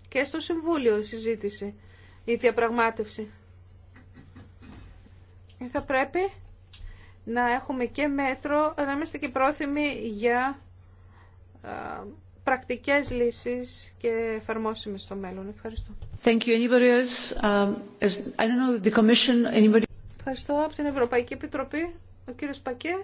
και στο Συμβούλιο η συζήτηση, η διαπραγμάτευση. Ε, θα πρέπει να έχουμε και μέτρο, να είμαστε και πρόθυμοι για πρακτικές λύσεις και εφαρμόσιμες στο μέλλον. Ευχαριστώ. Thank you. Anybody else? Um, I don't know the Commission. Anybody... Ευχαριστώ από την Ευρωπαϊκή Επιτροπή. Ο κύριος Πακέ.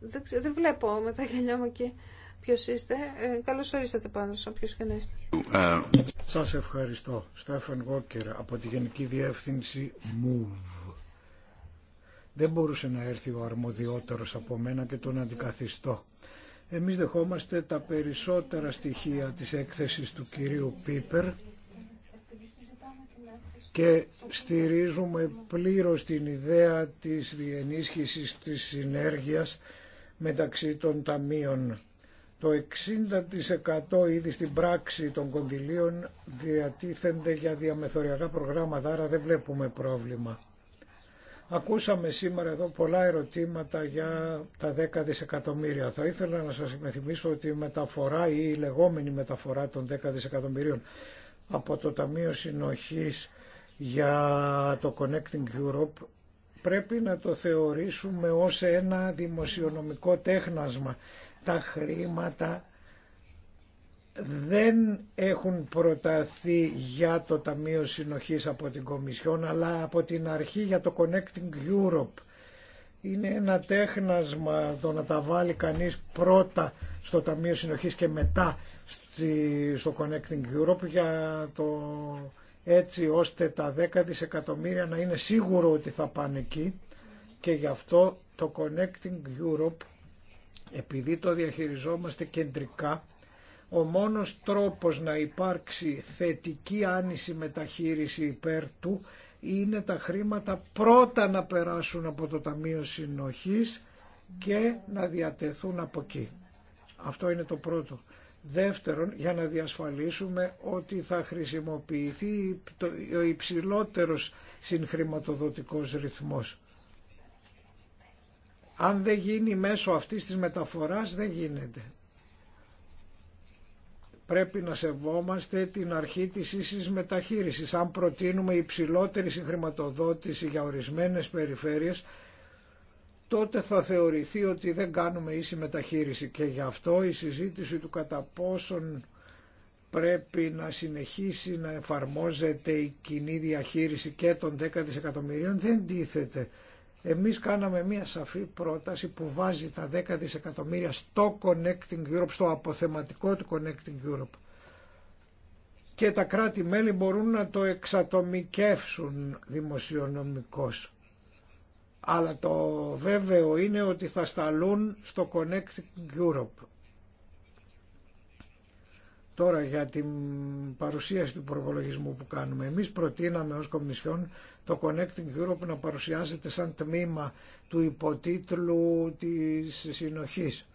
Δεν, δεν βλέπω με τα γυαλιά μου εκεί ποιος είστε. Ε, καλώς ορίσατε πάντως, όποιος και να είστε. Ε, σας ευχαριστώ. Στέφαν Γόκερ από τη Γενική Διεύθυνση MOVE. Δεν μπορούσε να έρθει ο αρμοδιότερος από μένα και τον αντικαθιστώ. Εμείς δεχόμαστε τα περισσότερα στοιχεία της έκθεσης του κυρίου Πίπερ και στηρίζουμε πλήρως την ιδέα της διενίσχυσης της συνέργειας μεταξύ των ταμείων. Το 60% ήδη στην πράξη των κονδυλίων διατίθενται για διαμεθοριακά προγράμματα, άρα δεν βλέπουμε πρόβλημα. Ακούσαμε σήμερα εδώ πολλά ερωτήματα για τα 10 δισεκατομμύρια. Θα ήθελα να σας υπενθυμίσω ότι η μεταφορά ή η λεγόμενη μεταφορά των 10 δισεκατομμυρίων από το Ταμείο Συνοχής για το Connecting Europe πρέπει να το θεωρήσουμε ως ένα δημοσιονομικό τέχνασμα. Τα χρήματα δεν έχουν προταθεί για το Ταμείο Συνοχής από την Κομισιόν αλλά από την αρχή για το Connecting Europe. Είναι ένα τέχνασμα το να τα βάλει κανείς πρώτα στο Ταμείο Συνοχής και μετά στο Connecting Europe για το έτσι ώστε τα 10 δισεκατομμύρια να είναι σίγουρο ότι θα πάνε εκεί και γι' αυτό το Connecting Europe επειδή το διαχειριζόμαστε κεντρικά ο μόνος τρόπος να υπάρξει θετική άνηση μεταχείριση υπέρ του είναι τα χρήματα πρώτα να περάσουν από το Ταμείο Συνοχής και να διατεθούν από εκεί. Αυτό είναι το πρώτο. Δεύτερον, για να διασφαλίσουμε ότι θα χρησιμοποιηθεί ο υψηλότερος συγχρηματοδοτικός ρυθμός. Αν δεν γίνει μέσω αυτής της μεταφοράς δεν γίνεται πρέπει να σεβόμαστε την αρχή της ίσης μεταχείρισης. Αν προτείνουμε υψηλότερη συγχρηματοδότηση για ορισμένες περιφέρειες, τότε θα θεωρηθεί ότι δεν κάνουμε ίση μεταχείριση και γι' αυτό η συζήτηση του κατά πόσον πρέπει να συνεχίσει να εφαρμόζεται η κοινή διαχείριση και των 10 δισεκατομμυρίων δεν τίθεται εμείς κάναμε μια σαφή πρόταση που βάζει τα 10 δισεκατομμύρια στο Connecting Europe, στο αποθεματικό του Connecting Europe. Και τα κράτη-μέλη μπορούν να το εξατομικεύσουν δημοσιονομικώς. Αλλά το βέβαιο είναι ότι θα σταλούν στο Connecting Europe. Τώρα για την παρουσίαση του προπολογισμού που κάνουμε. Εμείς προτείναμε ως Κομισιόν το Connecting Europe να παρουσιάζεται σαν τμήμα του υποτίτλου της συνοχής.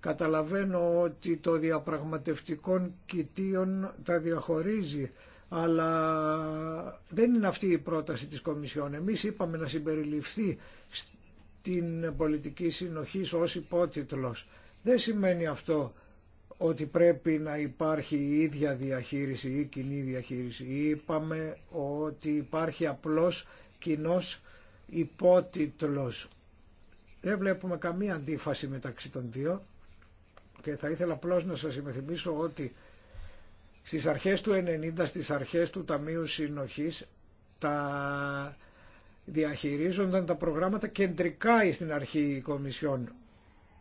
Καταλαβαίνω ότι το διαπραγματευτικών κοιτίων τα διαχωρίζει, αλλά δεν είναι αυτή η πρόταση της Κομισιόν. Εμείς είπαμε να συμπεριληφθεί στην πολιτική συνοχή ως υπότιτλος. Δεν σημαίνει αυτό ότι πρέπει να υπάρχει η ίδια διαχείριση ή κοινή διαχείριση. Είπαμε ότι υπάρχει απλώς κοινό υπότιτλος. Δεν βλέπουμε καμία αντίφαση μεταξύ των δύο και θα ήθελα απλώς να σας υπενθυμίσω ότι στις αρχές του 90, στις αρχές του Ταμείου Συνοχής τα διαχειρίζονταν τα προγράμματα κεντρικά στην αρχή η Κομισιόν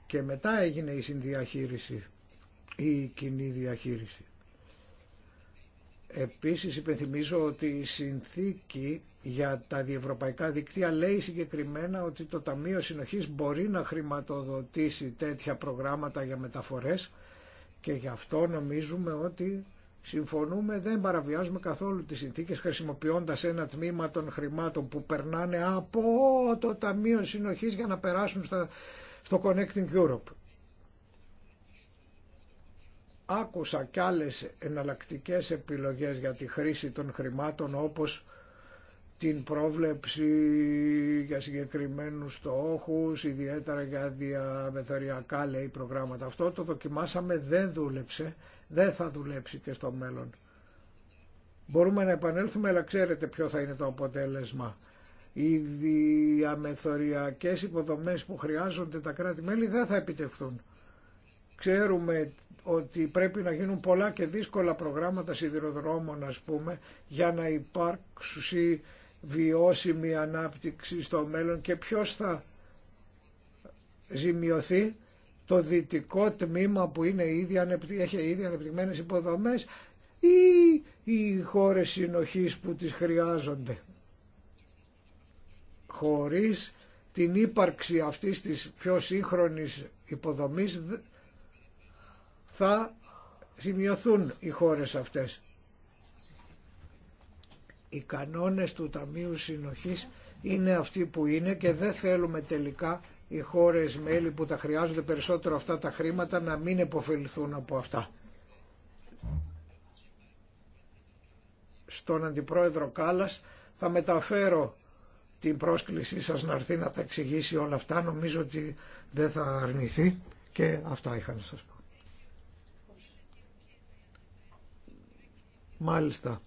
και μετά έγινε η συνδιαχείριση ή κοινή διαχείριση. Επίσης υπενθυμίζω ότι η συνθήκη για τα διευρωπαϊκά δικτύα λέει συγκεκριμένα ότι το Ταμείο Συνοχής μπορεί να χρηματοδοτήσει τέτοια προγράμματα για μεταφορές και γι' αυτό νομίζουμε ότι συμφωνούμε δεν παραβιάζουμε καθόλου τις συνθήκες χρησιμοποιώντας ένα τμήμα των χρημάτων που περνάνε από το Ταμείο Συνοχής για να περάσουν στο Connecting Europe. Άκουσα κι άλλες εναλλακτικές επιλογές για τη χρήση των χρημάτων όπως την πρόβλεψη για συγκεκριμένους στόχους, ιδιαίτερα για διαμεθοριακά λέει προγράμματα. Αυτό το δοκιμάσαμε, δεν δούλεψε, δεν θα δουλέψει και στο μέλλον. Μπορούμε να επανέλθουμε, αλλά ξέρετε ποιο θα είναι το αποτέλεσμα. Οι διαμεθοριακές υποδομές που χρειάζονται τα κράτη-μέλη δεν θα επιτευχθούν. Ξέρουμε ότι πρέπει να γίνουν πολλά και δύσκολα προγράμματα σιδηροδρόμων, ας πούμε, για να υπάρξουν βιώσιμη ανάπτυξη στο μέλλον και ποιος θα ζημιωθεί το δυτικό τμήμα που είναι ήδη, έχει ήδη ανεπτυγμένες υποδομές ή οι χώρες συνοχής που τις χρειάζονται. Χωρίς την ύπαρξη αυτής της πιο σύγχρονης υποδομής θα σημειωθούν οι χώρες αυτές. Οι κανόνες του Ταμείου Συνοχής είναι αυτοί που είναι και δεν θέλουμε τελικά οι χώρες μέλη που τα χρειάζονται περισσότερο αυτά τα χρήματα να μην επωφεληθούν από αυτά. Στον Αντιπρόεδρο Κάλλας θα μεταφέρω την πρόσκλησή σας να έρθει να τα εξηγήσει όλα αυτά. Νομίζω ότι δεν θα αρνηθεί και αυτά είχα να σας πω. Μάλιστα.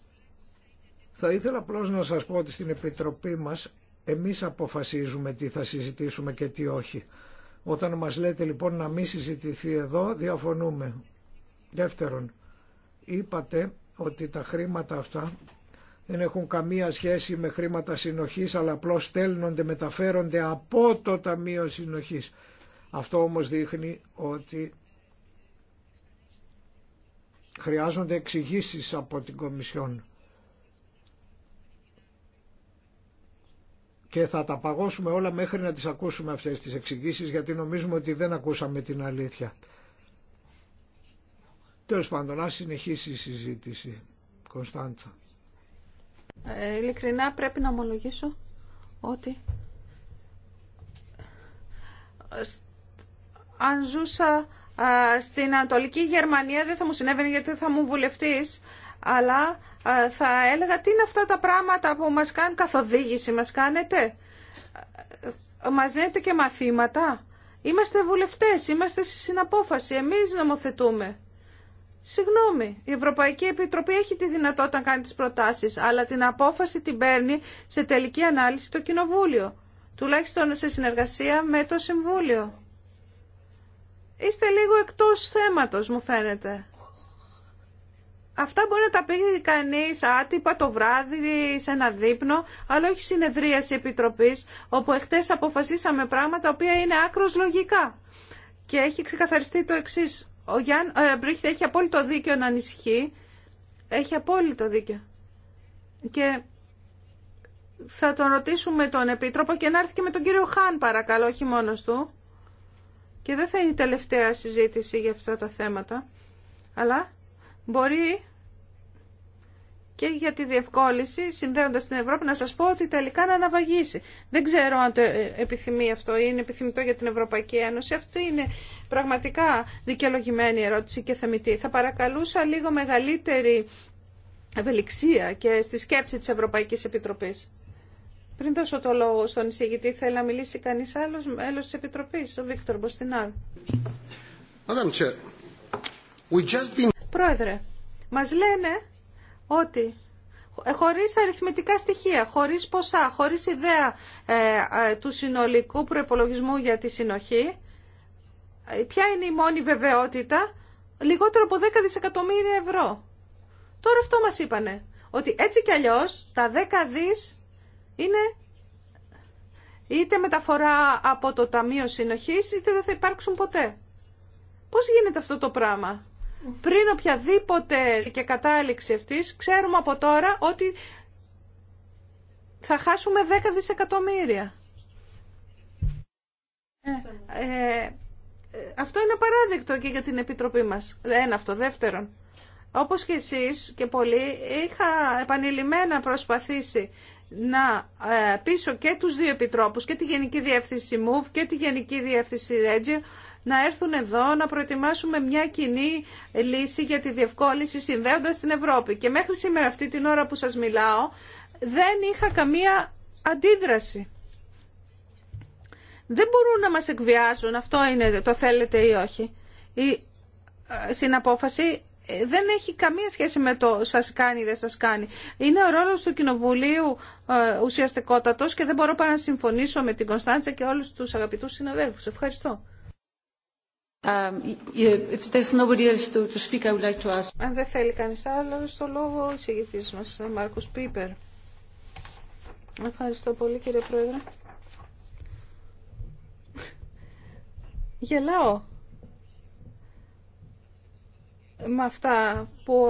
Θα ήθελα απλώ να σας πω ότι στην Επιτροπή μας εμείς αποφασίζουμε τι θα συζητήσουμε και τι όχι. Όταν μας λέτε λοιπόν να μην συζητηθεί εδώ, διαφωνούμε. Δεύτερον, είπατε ότι τα χρήματα αυτά δεν έχουν καμία σχέση με χρήματα συνοχής, αλλά απλώ στέλνονται, μεταφέρονται από το Ταμείο Συνοχής. Αυτό όμως δείχνει ότι χρειάζονται εξηγήσει από την Κομισιόν. Και θα τα παγώσουμε όλα μέχρι να τις ακούσουμε αυτές τις εξηγήσει γιατί νομίζουμε ότι δεν ακούσαμε την αλήθεια. Τέλος πάντων, να συνεχίσει η συζήτηση. Κωνσταντσα. Ε, ειλικρινά πρέπει να ομολογήσω ότι αν ζούσα στην Ανατολική Γερμανία δεν θα μου συνέβαινε γιατί θα μου βουλευτείς, αλλά θα έλεγα τι είναι αυτά τα πράγματα που μας κάνουν καθοδήγηση, μας κάνετε, ε, μας δίνετε και μαθήματα. Είμαστε βουλευτές, είμαστε στη συναπόφαση, εμείς νομοθετούμε. Συγγνώμη, η Ευρωπαϊκή Επιτροπή έχει τη δυνατότητα να κάνει τις προτάσεις, αλλά την απόφαση την παίρνει σε τελική ανάλυση το Κοινοβούλιο, τουλάχιστον σε συνεργασία με το Συμβούλιο. Είστε λίγο εκτός θέματος μου φαίνεται. Αυτά μπορεί να τα πει κανείς άτυπα το βράδυ σε ένα δείπνο, αλλά όχι συνεδρίαση επιτροπής, όπου εχθές αποφασίσαμε πράγματα, τα οποία είναι άκρος λογικά. Και έχει ξεκαθαριστεί το εξή. Ο Γιάνν ε, Μπρίχτ έχει απόλυτο δίκιο να ανησυχεί. Έχει απόλυτο δίκιο. Και θα τον ρωτήσουμε τον Επίτροπο και να έρθει και με τον κύριο Χάν παρακαλώ, όχι μόνος του και δεν θα είναι η τελευταία συζήτηση για αυτά τα θέματα, αλλά μπορεί και για τη διευκόλυνση, συνδέοντας την Ευρώπη, να σας πω ότι τελικά να αναβαγίσει. Δεν ξέρω αν το επιθυμεί αυτό ή είναι επιθυμητό για την Ευρωπαϊκή Ένωση. Αυτή είναι πραγματικά δικαιολογημένη ερώτηση και θεμητή. Θα παρακαλούσα λίγο μεγαλύτερη ευελιξία και στη σκέψη της Ευρωπαϊκής Επιτροπής. Πριν δώσω το λόγο στον εισηγητή, θέλει να μιλήσει κανεί άλλο μέλο τη επιτροπή, ο Βίκτορ Μποστινάρ. Been... Πρόεδρε, μα λένε ότι χωρί αριθμητικά στοιχεία, χωρί ποσά, χωρί ιδέα ε, ε, του συνολικού προπολογισμού για τη συνοχή, ποια είναι η μόνη βεβαιότητα, λιγότερο από 10 δισεκατομμύρια ευρώ. Τώρα αυτό μας είπανε, ότι έτσι κι αλλιώς τα 10 δις είναι είτε μεταφορά από το Ταμείο Συνοχής, είτε δεν θα υπάρξουν ποτέ. Πώς γίνεται αυτό το πράγμα. Πριν οποιαδήποτε και κατάληξη αυτής, ξέρουμε από τώρα ότι θα χάσουμε 10 δισεκατομμύρια. Ε, ε, αυτό είναι παράδειγμα και για την Επιτροπή μας. Ένα αυτό. Δεύτερον, όπως και εσείς και πολλοί, είχα επανειλημμένα προσπαθήσει να ε, πείσω και τους δύο επιτρόπους, και τη Γενική Διεύθυνση ΜΟΥΒ και τη Γενική Διεύθυνση Ρέτζιο, να έρθουν εδώ να προετοιμάσουμε μια κοινή λύση για τη διευκόλυση συνδέοντας την Ευρώπη. Και μέχρι σήμερα αυτή την ώρα που σας μιλάω δεν είχα καμία αντίδραση. Δεν μπορούν να μας εκβιάζουν, αυτό είναι το θέλετε ή όχι. Η ε, συναπόφαση δεν έχει καμία σχέση με το σας κάνει ή δεν σας κάνει. Είναι ο ρόλος του Κοινοβουλίου ε, ουσιαστικότατος και δεν μπορώ παρά να συμφωνήσω με την Κωνσταντζα και όλους τους αγαπητούς συναδέλφους. Ευχαριστώ. Αν δεν θέλει κανείς άλλο, στο λόγο ο μα μας, Μάρκος Πίπερ. Ευχαριστώ πολύ κύριε Πρόεδρε. Γελάω με αυτά που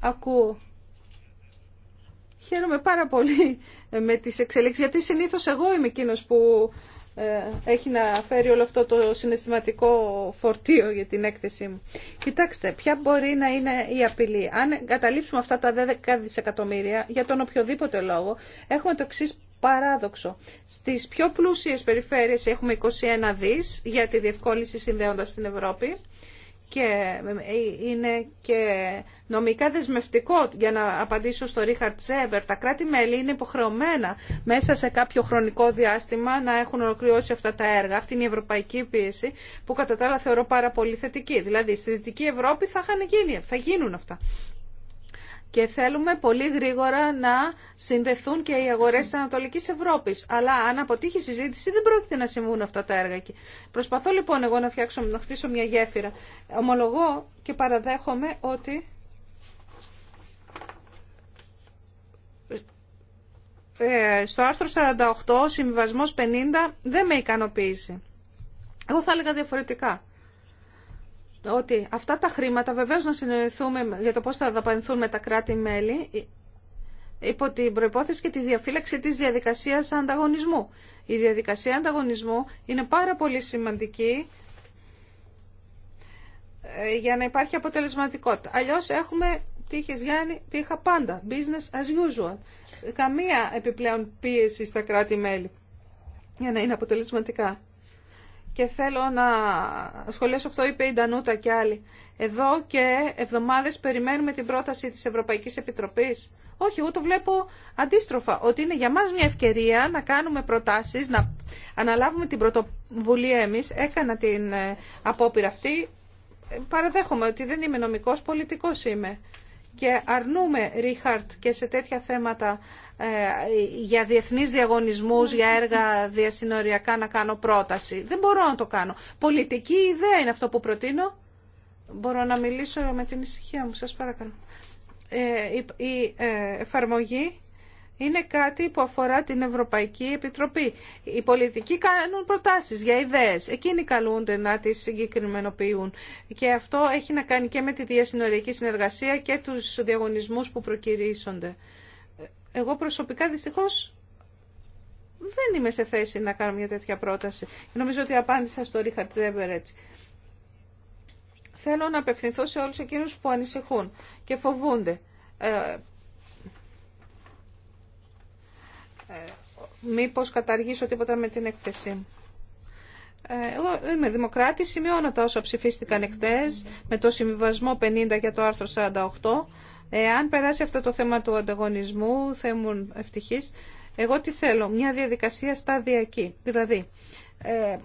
ακούω. Χαίρομαι πάρα πολύ με τις εξελίξεις, γιατί συνήθως εγώ είμαι εκείνος που ε, έχει να φέρει όλο αυτό το συναισθηματικό φορτίο για την έκθεσή μου. Κοιτάξτε, ποια μπορεί να είναι η απειλή. Αν καταλήψουμε αυτά τα 10 δισεκατομμύρια για τον οποιοδήποτε λόγο, έχουμε το εξή παράδοξο. Στις πιο πλούσιες περιφέρειες έχουμε 21 δις για τη διευκόλυνση συνδέοντας στην Ευρώπη και είναι και νομικά δεσμευτικό για να απαντήσω στο Ρίχαρτ Σέμπερ. Τα κράτη-μέλη είναι υποχρεωμένα μέσα σε κάποιο χρονικό διάστημα να έχουν ολοκληρώσει αυτά τα έργα. Αυτή είναι η ευρωπαϊκή πίεση που κατά τα άλλα θεωρώ πάρα πολύ θετική. Δηλαδή στη Δυτική Ευρώπη θα, θα γίνουν αυτά και θέλουμε πολύ γρήγορα να συνδεθούν και οι αγορές της ανατολική Ευρώπης. Αλλά αν αποτύχει η συζήτηση δεν πρόκειται να συμβούν αυτά τα έργα εκεί. Προσπαθώ λοιπόν εγώ να, φτιάξω, να χτίσω μια γέφυρα. Ομολογώ και παραδέχομαι ότι... Ε, στο άρθρο 48 ο συμβιβασμός 50 δεν με ικανοποίησε. Εγώ θα έλεγα διαφορετικά ότι αυτά τα χρήματα βεβαίω να συνοηθούμε για το πώς θα δαπανηθούν με τα κράτη-μέλη υπό την προπόθεση και τη διαφύλαξη της διαδικασίας ανταγωνισμού. Η διαδικασία ανταγωνισμού είναι πάρα πολύ σημαντική ε, για να υπάρχει αποτελεσματικότητα. Αλλιώ έχουμε τύχε Γιάννη, είχα πάντα, business as usual. Καμία επιπλέον πίεση στα κράτη-μέλη για να είναι αποτελεσματικά και θέλω να σχολιάσω αυτό είπε η Ντανούτα και άλλοι. Εδώ και εβδομάδες περιμένουμε την πρόταση της Ευρωπαϊκής Επιτροπής. Όχι, εγώ το βλέπω αντίστροφα, ότι είναι για μας μια ευκαιρία να κάνουμε προτάσεις, να αναλάβουμε την πρωτοβουλία εμείς. Έκανα την ε, απόπειρα αυτή. Ε, παραδέχομαι ότι δεν είμαι νομικός, πολιτικός είμαι και αρνούμε, Ρίχαρτ, και σε τέτοια θέματα ε, για διεθνείς διαγωνισμούς, για έργα διασυνοριακά να κάνω πρόταση. Δεν μπορώ να το κάνω. Πολιτική ιδέα είναι αυτό που προτείνω. Μπορώ να μιλήσω με την ησυχία μου, σας παρακαλώ. Ε, η ε, εφαρμογή είναι κάτι που αφορά την Ευρωπαϊκή Επιτροπή. Οι πολιτικοί κάνουν προτάσεις για ιδέες. Εκείνοι καλούνται να τις συγκεκριμενοποιούν. Και αυτό έχει να κάνει και με τη διασυνοριακή συνεργασία και τους διαγωνισμούς που προκυρήσονται. Εγώ προσωπικά δυστυχώ δεν είμαι σε θέση να κάνω μια τέτοια πρόταση. Νομίζω ότι απάντησα στο Ρίχαρτ Τζέμπερ έτσι. Θέλω να απευθυνθώ σε όλους εκείνους που ανησυχούν και φοβούνται ε, Ε, μήπως καταργήσω τίποτα με την έκθεσή ε, Εγώ είμαι δημοκράτη, σημειώνω τα όσα ψηφίστηκαν εκτές με το συμβιβασμό 50 για το άρθρο 48. Αν περάσει αυτό το θέμα του ανταγωνισμού, θα ήμουν ευτυχής. Εγώ τι θέλω, μια διαδικασία σταδιακή. Δηλαδή, ε,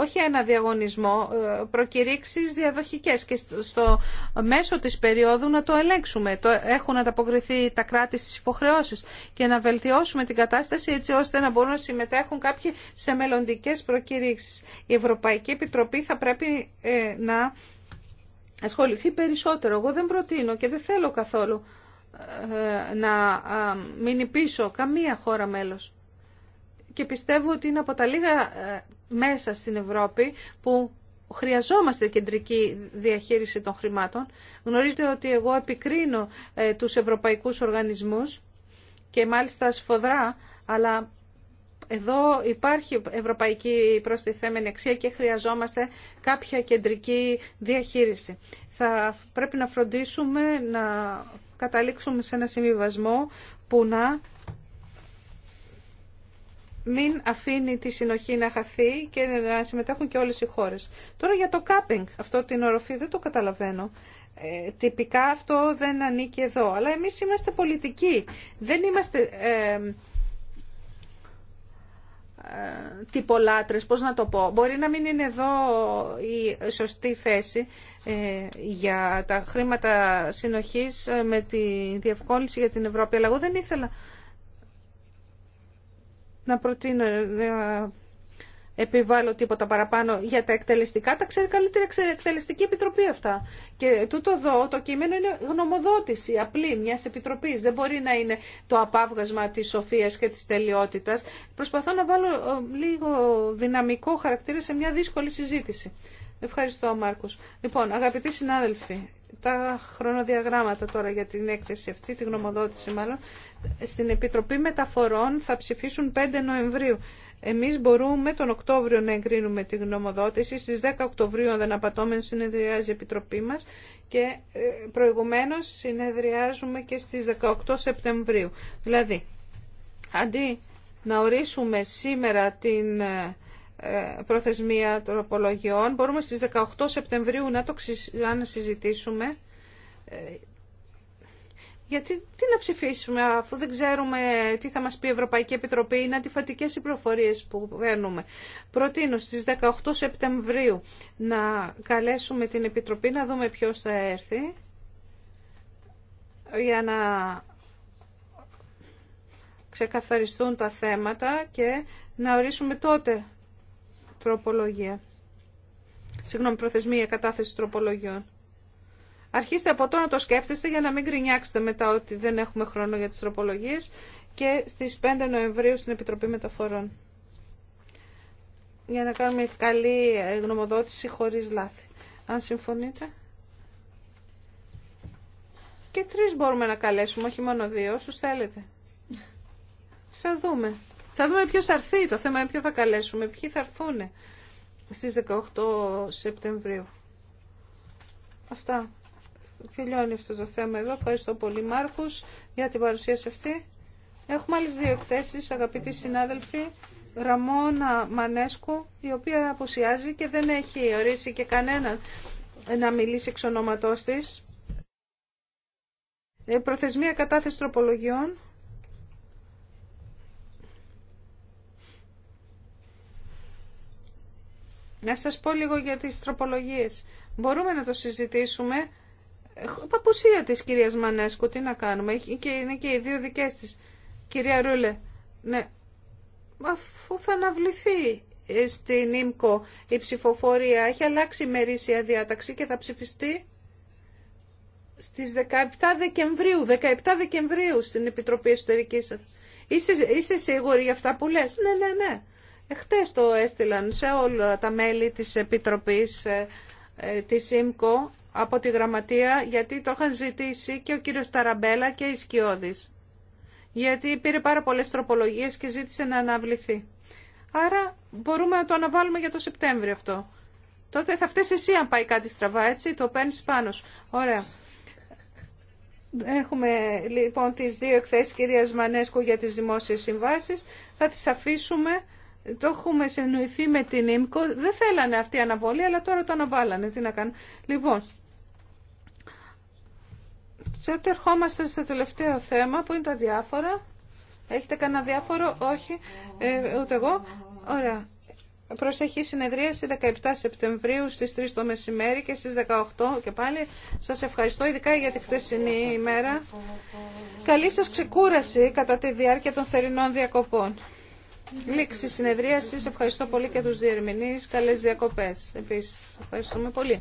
όχι ένα διαγωνισμό, ε, προκηρύξεις διαδοχικές και στο μέσο της περίοδου να το ελέγξουμε. Το έχουν ανταποκριθεί τα κράτη στις υποχρεώσεις και να βελτιώσουμε την κατάσταση έτσι ώστε να μπορούν να συμμετέχουν κάποιοι σε μελλοντικέ προκηρύξεις. Η Ευρωπαϊκή Επιτροπή θα πρέπει ε, να ασχοληθεί περισσότερο. Εγώ δεν προτείνω και δεν θέλω καθόλου ε, να μείνει πίσω καμία χώρα μέλος και πιστεύω ότι είναι από τα λίγα ε, μέσα στην Ευρώπη που χρειαζόμαστε κεντρική διαχείριση των χρημάτων. Γνωρίζετε ότι εγώ επικρίνω ε, τους ευρωπαϊκούς οργανισμούς και μάλιστα σφοδρά, αλλά εδώ υπάρχει ευρωπαϊκή προστιθέμενη αξία και χρειαζόμαστε κάποια κεντρική διαχείριση. Θα πρέπει να φροντίσουμε να καταλήξουμε σε ένα συμβιβασμό που να μην αφήνει τη συνοχή να χαθεί και να συμμετέχουν και όλες οι χώρες. Τώρα για το κάπινγκ, αυτό την οροφή δεν το καταλαβαίνω. Ε, τυπικά αυτό δεν ανήκει εδώ, αλλά εμείς είμαστε πολιτικοί. Δεν είμαστε ε, ε, τυπολάτρες, πώς να το πω. Μπορεί να μην είναι εδώ η σωστή θέση ε, για τα χρήματα συνοχής ε, με τη διευκόλυνση για την Ευρώπη, αλλά εγώ δεν ήθελα να προτείνω να επιβάλλω τίποτα παραπάνω για τα εκτελεστικά. Τα ξέρει καλύτερα η εκτελεστική επιτροπή αυτά. Και τούτο εδώ το κείμενο είναι γνωμοδότηση απλή μιας επιτροπής. Δεν μπορεί να είναι το απάβγασμα τη Σοφία και τη τελειότητας. Προσπαθώ να βάλω ε, λίγο δυναμικό χαρακτήρα σε μια δύσκολη συζήτηση. Ευχαριστώ Μάρκο. Λοιπόν, αγαπητοί συνάδελφοι, τα χρονοδιαγράμματα τώρα για την έκθεση αυτή, τη γνωμοδότηση μάλλον. Στην Επιτροπή Μεταφορών θα ψηφίσουν 5 Νοεμβρίου. Εμείς μπορούμε τον Οκτώβριο να εγκρίνουμε τη γνωμοδότηση. Στις 10 Οκτωβρίου, αν δεν απατώμεν, συνεδριάζει η Επιτροπή μας και ε, προηγουμένως συνεδριάζουμε και στις 18 Σεπτεμβρίου. Δηλαδή, αντί να ορίσουμε σήμερα την ε, ε, προθεσμία τροπολογιών. Μπορούμε στις 18 Σεπτεμβρίου να το συζητήσουμε. Ε, γιατί τι να ψηφίσουμε αφού δεν ξέρουμε τι θα μας πει η Ευρωπαϊκή Επιτροπή, είναι αντιφατικές οι προφορίες που παίρνουμε. Προτείνω στις 18 Σεπτεμβρίου να καλέσουμε την Επιτροπή να δούμε ποιος θα έρθει για να ξεκαθαριστούν τα θέματα και να ορίσουμε τότε τροπολογία. Συγγνώμη, προθεσμία κατάθεση τροπολογιών. Αρχίστε από τώρα να το σκέφτεστε για να μην γκρινιάξετε μετά ότι δεν έχουμε χρόνο για τις τροπολογίες και στις 5 Νοεμβρίου στην Επιτροπή Μεταφορών. Για να κάνουμε καλή ε, γνωμοδότηση χωρίς λάθη. Αν συμφωνείτε. Και τρεις μπορούμε να καλέσουμε, όχι μόνο δύο, όσους θέλετε. Θα δούμε. Θα δούμε ποιο θα Το θέμα είναι ποιο θα καλέσουμε. Ποιοι θα έρθουν στι 18 Σεπτεμβρίου. Αυτά. Τελειώνει αυτό το θέμα εδώ. Ευχαριστώ πολύ Μάρκους για την παρουσίαση αυτή. Έχουμε άλλε δύο εκθέσει. αγαπητοί συνάδελφοι. Ραμόνα Μανέσκου, η οποία αποσιάζει και δεν έχει ορίσει και κανένα να μιλήσει εξ ονόματός της. Ε, προθεσμία κατάθεση τροπολογιών. Να σας πω λίγο για τις τροπολογίες. Μπορούμε να το συζητήσουμε. Παπουσία της κυρίας Μανέσκου, τι να κάνουμε. είναι και οι δύο δικές της. Κυρία Ρούλε, ναι, αφού θα αναβληθεί ε, στην ΙΜΚΟ η ψηφοφορία, έχει αλλάξει η μερίσια διάταξη και θα ψηφιστεί στις 17 Δεκεμβρίου, 17 Δεκεμβρίου στην Επιτροπή Εσωτερικής. Είσαι, είσαι σίγουρη για αυτά που λες. Ναι, ναι, ναι. Χτες το έστειλαν σε όλα τα μέλη της Επιτροπής ε, ε, της ΣΥΜΚΟ από τη Γραμματεία γιατί το είχαν ζητήσει και ο κύριος Ταραμπέλα και η Σκιώδης. Γιατί πήρε πάρα πολλές τροπολογίες και ζήτησε να αναβληθεί. Άρα μπορούμε να το αναβάλουμε για το Σεπτέμβριο αυτό. Τότε θα φταίσει εσύ αν πάει κάτι στραβά, έτσι, το παίρνει πάνω σου. Ωραία. Έχουμε λοιπόν τις δύο εκθέσεις κυρίας Μανέσκου για τις δημόσιες συμβάσεις. Θα τις αφήσουμε το έχουμε συνοηθεί με την ΙΜΚΟ. Δεν θέλανε αυτή η αναβολή, αλλά τώρα το αναβάλανε. Τι να κάνουν. Λοιπόν, τότε ερχόμαστε στο τελευταίο θέμα που είναι τα διάφορα. Έχετε κανένα διάφορο, όχι, ε, ούτε εγώ. Ωραία. Προσεχή συνεδρία στις 17 Σεπτεμβρίου στις 3 το μεσημέρι και στις 18 και πάλι. Σας ευχαριστώ ειδικά για τη χθεσινή ημέρα. Καλή σας ξεκούραση κατά τη διάρκεια των θερινών διακοπών. Λήξη συνεδρίασης. Ευχαριστώ πολύ και τους διερμηνείς. Καλές διακοπές. Επίσης, ευχαριστούμε πολύ.